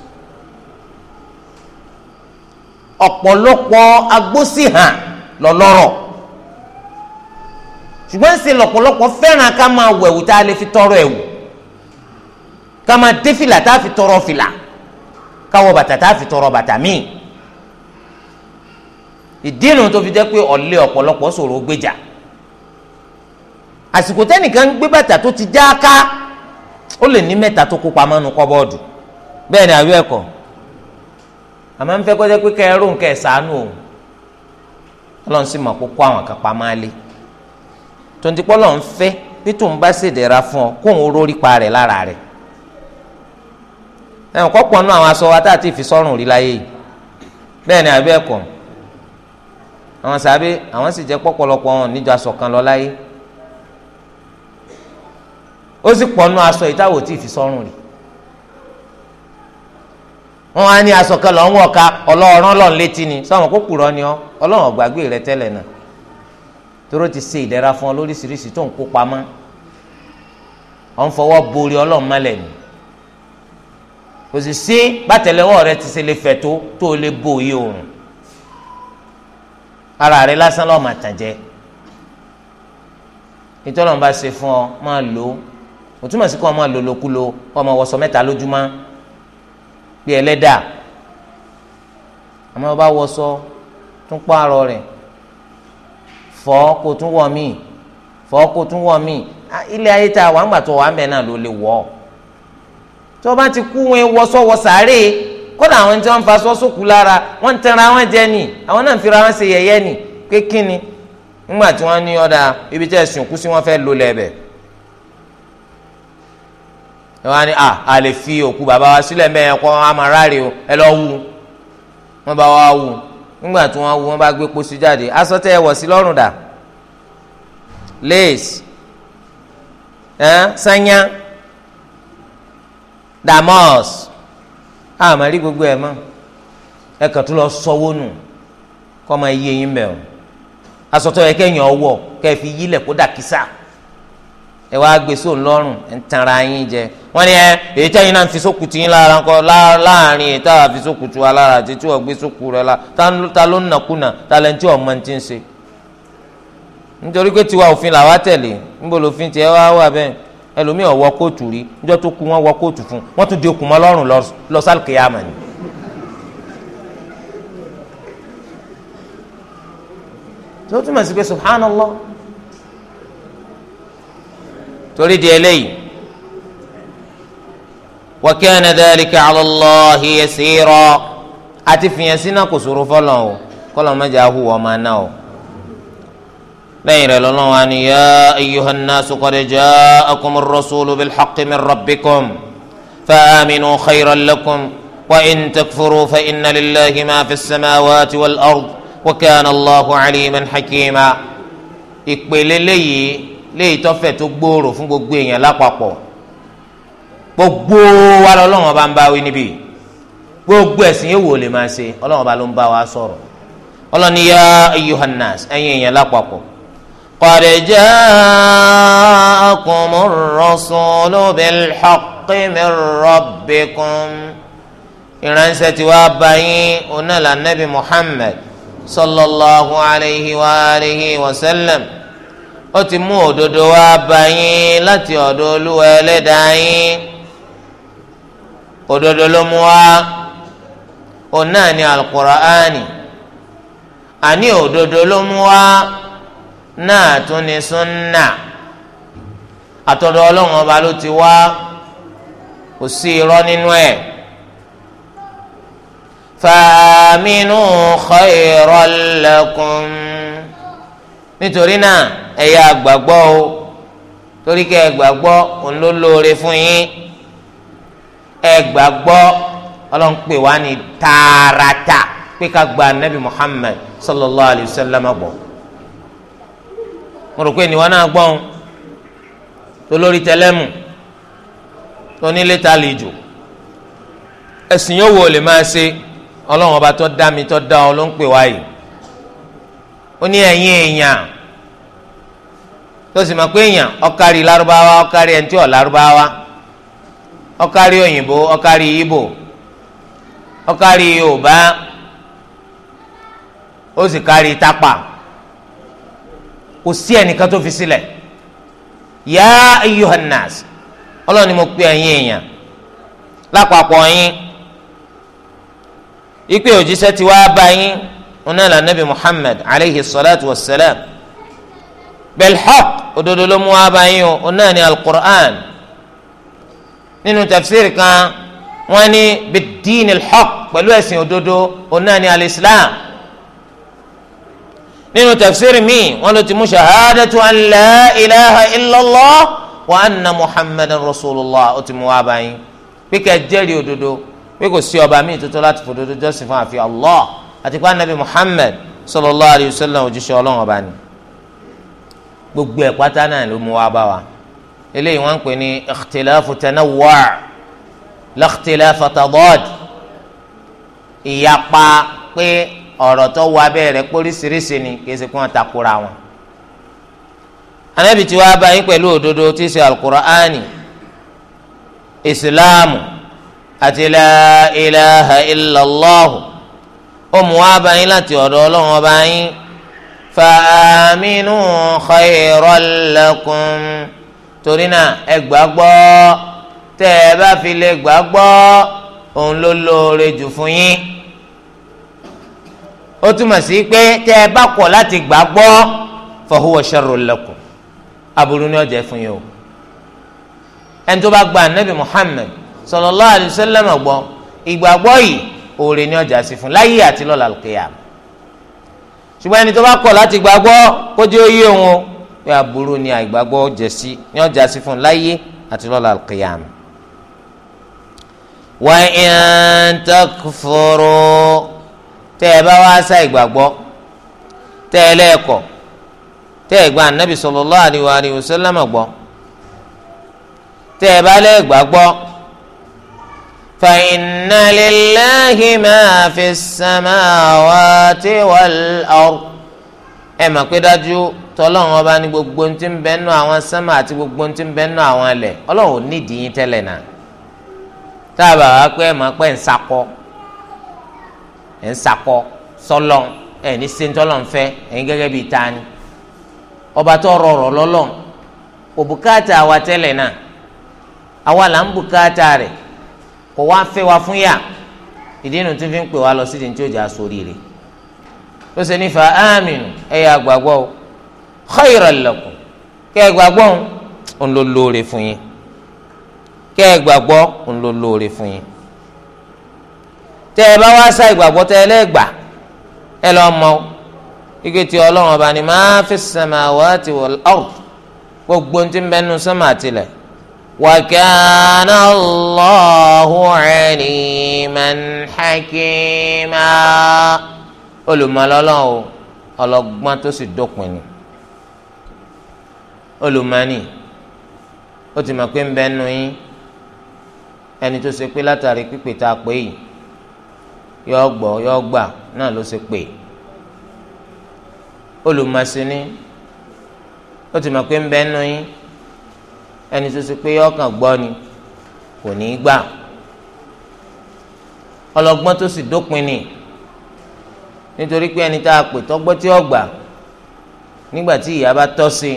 ọ̀pọ̀lọpọ̀ agbósí hàn lọ́lọ́rọ̀. ṣùgbọ́n ṣe lọ́pọ̀lọpọ̀ fẹ́ràn ká máa wẹ̀wù tá a lè fi tọrọ ẹ̀wù ká máa dé fìlà tá a fi tọrọ fìlà ká wọ bàtà tá fi tọrọ bàtà míì ìdí nu tó fi jẹ́ pé ọ̀lẹ́ ọ̀pọ̀lọpọ̀ sọ̀rọ̀ gbéjà àsìkò tẹ́nìkan gbé bàtà tó ti já ká ó lè ní mẹ́ta tó kópa mọ́nu kọ́bọ́ọ̀dù bẹ́ẹ̀ ni ẹ̀kọ́ ń fẹ́ kọ́jẹ́ pé ọlọ́run sì mọ̀ kó tonti pọlọ ń fẹ́ bí tòun bá ṣèdẹ̀ra fún ọ kóun rórí pa rẹ̀ lára rẹ̀ ẹ̀wọ̀n kọ́pọ̀ náà àwọn aṣọ wa tá a ti fi sọ́rùn rí láyé yìí bẹ́ẹ̀ ni àbẹ́ ẹ̀kọ́ àwọn sábẹ́ àwọn sì jẹ́ pọ̀pọ̀lọpọ̀ wọn níjọ aṣọ kan lọ láyé ó sì pọ̀ nú aṣọ ìtawò tí ì fi sọ́rùn rí wọn á ní aṣọ kan lọ ń wọ̀ ká ọlọ́ọ̀rán lọ́n létí ni sọ́wọ́n kó kùrọ̀ ni ọ ọlọ́run ọ̀gbàgbé rẹ tẹ́lẹ̀ náà tóró ti ṣe ìdẹ̀ra fún ọ lóríṣiríṣi tó ń kó pamọ́ ọ ń fọwọ́ borí ọlọ́run mọ́lẹ̀ ni kò sì sí bàtẹ́lẹwọ́ rẹ ti ṣe lè fẹ̀ tó tó lè bo òye òrùn ara rẹ lásán lọ́ọ́ máa tàn jẹ ìtọ́lọ́run bá ṣe fún ọ máa lò ó ó túmọ̀ sí kó o máa lò lòkulò kó o máa wọṣọ mẹ́ta lójúmọ́ bí ẹlẹ́dà àmọ́ bá wọṣọ tún pààrọ̀ rẹ̀ Fọ kó tún wọ̀ mí fọ́ kó tún wọ̀ mí ilé ayé tá wà ń gbà tó wà ń bẹ̀ náà ló lè wọ̀ tí wọ́n bá ti kú wọn wọ sọ́wọ́ kódà àwọn tí wọ́n ń fa sọ́sọ́kù lára wọ́n ń tẹnra wọn jẹ ni àwọn náà ń fira wọn ṣe yẹ̀yẹ́ ni pé kí ni ńgbà tí wọ́n ní ọ̀dà ibi tí ẹ̀sùn kú sí wọ́n fẹ́ lò lẹ́bẹ̀ ẹ wá ní à lè fi òkú bàbá wa sílẹ̀ mẹ́ẹ̀ẹ́kọ́ àmàrà o ẹ lọ́ wù wọ́n bá wá wù. nígbà tí wọ́n wọ́n bá gbé pósí jáde aṣọ tẹ́ ẹ wọ̀ sí lọ́rùn dà lace ẹn sanya damos àmàlí gbogbo ẹ̀ mọ́ ẹ kàn tún lọ sọ́wọ́ nù kọ́ máa yé yín bẹ̀ ọ́ aṣọ tó yẹ kẹ́yìn ọwọ́ kẹ́ fi yílẹ̀ kó dà kísà. ẹ wá gbé sóun lọ́rùn ẹ ń tanra yín jẹ wọ́n ní ẹ èyí tẹ́yìn náà ń fi tí yín lára ńkọ láàrin èyí tá a fi sókù tu alára àti tí wọ́n gbé la ta ló ń ta lẹ́ni tí mọ ti ń ṣe. nítorí pé tiwa òfin làwa tẹ̀lé níbo lòfin di mọ́ lọ́rùn lọ torí di eléyìí wa kana dhalika ala Allahi yasira àti fìyàn sínú kò sòro fọlọ́ o kọlọ́ mẹ́jọ ahuwọ́ máa ná o lẹ́yìn rẹ̀ lọ́nà wa ni ya ayyuhan nasu qad ja'akumur rasulu bil haqqi min rabbikum fa aminu khayran lakum wa in takfuru fa inna lillahi ma fi samawati wal ard wa kana Allahu aliman hakima ìpele léyìí. léyìí tọ́fẹ̀ tó gbòòrò fún gbogbo èèyàn lápapọ̀ gbogbo wa lọ́lọ́run ọba ń bá wí níbí gbogbo ẹ̀sìn yóò wò lè máa ṣe ọlọ́run ọba ló ń bá wa sọ̀rọ̀ ọlọ́ni ya ayyuhan nas ẹ̀yin èèyàn lápapọ̀ qad ja'akumur rasulu bil haqqi min ìránṣẹ́ tí wàá bá yín onílànàbí Muhammad sallallahu alayhi wa alihi wa sallam ó ti mú òdodo wá bá yín láti ọ̀dọ̀ olúwa ẹlẹ́dàá yín òdodo ló mú wá òun náà ni alukur'ani àní òdodo ló mú wá náà tún ni sunna àtọ̀dọ̀ ọlọ́run ọba ló ti wá kò sí irọ́ nínú ẹ̀ fàmínú khayran lakum nítorí náà ẹ̀yà gbàgbọ́ o torí kẹ́ ẹ gbàgbọ́ òun ló lóore fún yín ẹ gbàgbọ́ ọlọ́run pè wá ní tààràtà pé ká gba Nabi Muhammad sallallahu alayhi wa sallam gbọ́ mo rò pé ìníwọ́n náà gbọ́n tó lórí tẹlẹ́mù tó nílé ta lè jù ẹ̀sìn yóò wò lè máa ṣe ọlọ́run ọba tó dá mi tó dá ọ ló ń pè wá yìí ó ní ẹ̀yin èèyàn tó sì mọ̀ pé èèyàn ọ̀kárí lárúbáwá ọ̀kárí ẹni tí ò òyìnbó ibo ọ̀kárí yorùbá ó sì kárí tápà kò sí ẹnìkan tó fi sílẹ̀ yá ayyuhannas ni mo pe ẹ̀yin èèyàn lápapọ̀ yín ìpè òjíṣẹ́ bá yín nabi muhammad aleyhi salatu wa belhaq òdodo ló mú wá báyìí o òun náà ni alukur'an nínú tafsir kan wọ́n ní biddiini alhaq pẹ̀lú ẹ̀sìn òdodo òun náà ni alislam nínú tafsir míì wọ́n ló ti mú shahadatu an la ilaha illallah wa anna muhammadan rasulillah ó ti mú wá báyìí pé ká jẹ́rìí òdodo pé kò sí ọba míì tuntun láti fòdodo jọ́sìn fún àfi allah àti pé anabi muhammad sallallahu alayhi wa sallam òjíṣẹ́ ọlọ́run ọba ni gbogbo ẹ̀ pátá náà ló mú wa bá wa eléyìí wọ́n ń pè ní ikhtilafu tanawwu' la ikhtilafu tadad ìyapa pé ọ̀rọ̀ tó wà bẹ́ẹ̀rẹ̀ póríṣiríṣi ni kì í ṣe kí wọ́n takora wọn. anábì tí wàá bá yín pẹ̀lú òdodo tí ṣe alukur'ani ìsìláàmù àti la ilaha illallah ó mú wàá bá yín láti ọ̀dọ̀ ọlọ́run ọba yín fàámínú khayran lakum torí náà ẹ gbàgbọ́ tẹ́ ẹ bá fi lè gbàgbọ́ òun ló lóore jù fún yín ó túmọ̀ sí pé tẹ́ ẹ bá kọ̀ láti gbàgbọ́ fahuwa sharrun lakum aburú ni ó fún yín o ẹni tó bá gba anabi Muhammad sallallahu alaihi gbọ́ ìgbàgbọ́ yìí oore ni ó jásí fún láyé àti lọ́la al ṣùgbọ́n ẹni tó bá kọ̀ láti gbàgbọ́ kó jẹ́ oyé òun o pé aburú ni àìgbàgbọ́ jẹ sí ni ó jà sí fún láyé àti lọ́la alqiyam. wa in takfuru tẹ́ ẹ bá wá sá ìgbàgbọ́ tẹ́ ẹ lẹ́ẹ̀kọ́ tẹ́ ẹ gba anabi sallallahu alaihi wa sallam gbọ́ tẹ́ ẹ bá lẹ́ẹ̀gbàgbọ́. فإن لله ما في السماوات والأرض ẹ pé dájú tọ́lọ́run ọba ní gbogbo ohun tí ń bẹ nù àwọn sánmà àti gbogbo ohun tí ń bẹ nù àwọn ilẹ̀ ọlọ́run ò nídìí yín tẹ́lẹ̀ náà tá a bá wá pé ẹ pé ń sakọ ń sakọ ẹ ọba tó rọrọ kò wá fẹ́ wa fún yà ìdí inú tí fi ń pè wá lọ sídìí tí ó jà sórí rẹ̀ ó sì ní fa ẹ yà gbàgbọ́ o khayran lakum kẹ́ ẹ gbàgbọ́ òun ló lóore fún yín kẹ́ ẹ gbàgbọ́ òun ló lóore fún yín tẹ́ ẹ bá wá sá ìgbàgbọ́ tẹ́ ẹ lẹ́gbàá ẹ lọ́ mọ́ ike ti ọlọ́run ọba ni ma fi samawati wal ard gbogbo ti ń bẹ́nu sánmà àtìlẹ̀ وكان الله عليما حكيما olùmọlọlọrun ọlọ́gbọ́n tó sì dópin ni olùmọani ó ti mọ̀ pé ń bẹ nu yín ẹni tó ṣe pé látàrí pípé tá a yìí yọ gbọ́ yọ gbà náà ló ṣe pè olùmọsí ni ó ti mọ̀ pé ń bẹ nu yín ẹni tó ṣe pé ọkàn gbọ́ ni kò ní í gbà ọlọ́gbọ́n tó sì dópin ni nítorí pé ẹni tá a pè tọ́gbọ́ tí ó gbà nígbà tí ìyá bá tọ́ sí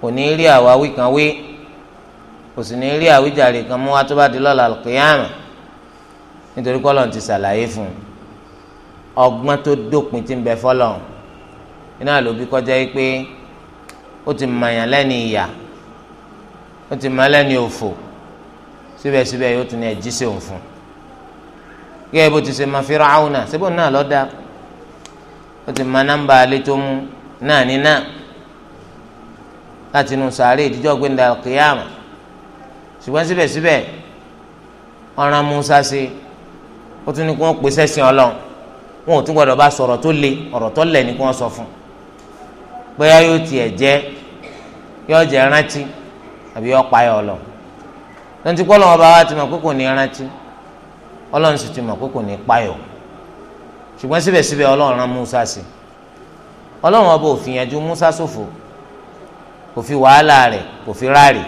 kò ní rí àwáwí kan wí kò sì ní rí àwíjàre kan mú wá tó bá di lọ́la kìíyàmù nítorí kọ́lọ̀ ti ṣàlàyé fún un ọgbọ́n tó dópin ti ń bẹ fọ́lọ̀ iná ló bí kọjá yìí pé ó ti mọ̀yàn lẹ́ni ìyá ó ti mọ ẹlẹ́ni òfò síbẹ̀síbẹ̀ yóò tún ní ẹ̀jí sí òun fún gẹ́gẹ́ bó ti ṣe máa fi ráhùn náà síbò náà lọ́dà ó ti mọ nọ́mbà alẹ́ tó mú náà ní náà láti inú sàárè ìdíjọ́ gbẹ̀ndà kìyàmù ṣùgbọ́n síbẹ̀síbẹ̀ ọ̀ràn Musa ṣe ó tún ní kí wọ́n pèsè ẹ̀sìn ọlọ́run wọn ò tún gbọdọ̀ bá sọ̀rọ̀ tó le ọ̀rọ̀ tó lẹ̀ ní kí wọ́n sọ fún bóyá yóò tiẹ̀ jẹ́ yóò jẹ́ rántí àbí yọ payọ lọ lọ́ntì pọ́ lọ́wọ́ bá wa ti mọ̀ pé kò ní rántí ọlọ́run sì ti mọ̀ pé kò ní payọ ṣùgbọ́n síbẹ̀síbẹ̀ ọlọ́run rán Musa sí ọlọ́run ọba ò fi yanjú Musa ṣòfò kò fi wàhálà rẹ̀ kò fi ráàrè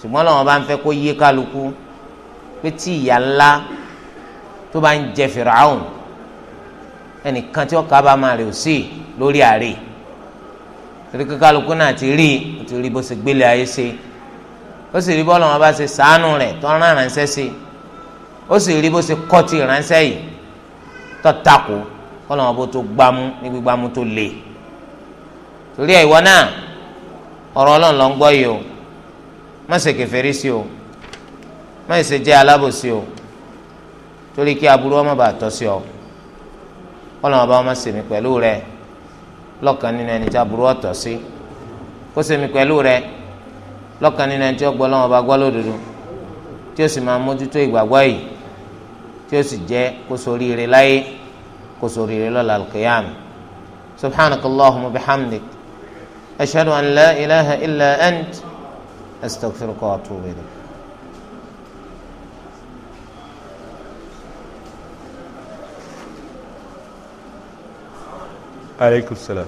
ṣùgbọ́n ọlọ́run bá ń fẹ́ kó yé kálukú pé tí ìyà ńlá tó bá ń jẹ Fìràhùn ẹnìkan tí ó kábàámà rẹ̀ ò sí lórí àárẹ̀ torí pé kálukú náà ti rí ti rí bó ṣe gbélé ayé ṣe ó sì rí bọ́ọ̀lù wọn bá ṣe sàánú rẹ̀ tó rán ránṣẹ́ sí ó sì rí bó ṣe kọ́ ti ránṣẹ́ yìí tó takò bọ́ọ̀lù wọn bó tó gbámú ní gbígbámú tó le torí ẹ̀ ìwọ náà ọ̀rọ̀ ọlọ́run ló ń gbọ́ yìí o má ṣe kèfèrí sí o má ṣe jẹ́ alábòsí o torí kí aburú ọmọ bá tọ́ sí ọ bọ́ọ̀lù wọn bá wọn má ṣèmí pẹ̀lú rẹ̀ lọ́kàn nínú ẹni tí aburú ọ̀tọ̀ sí kó sèmi pẹ̀lú rẹ lọ́kàn nínú ẹni tí ó gbọ́ lọ́wọ́ bá gbọ́ lódodo tí ó sì máa mójútó ìgbàgbọ́ yìí tí ó sì jẹ́ kó ṣoríire láyé kó ṣoríire lọ́la alqiyam subhanaka allahumma bihamdik ashhadu an la ilaha illa ant astaghfiruka wa atubu ilayk. عليكم السلام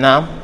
Naam.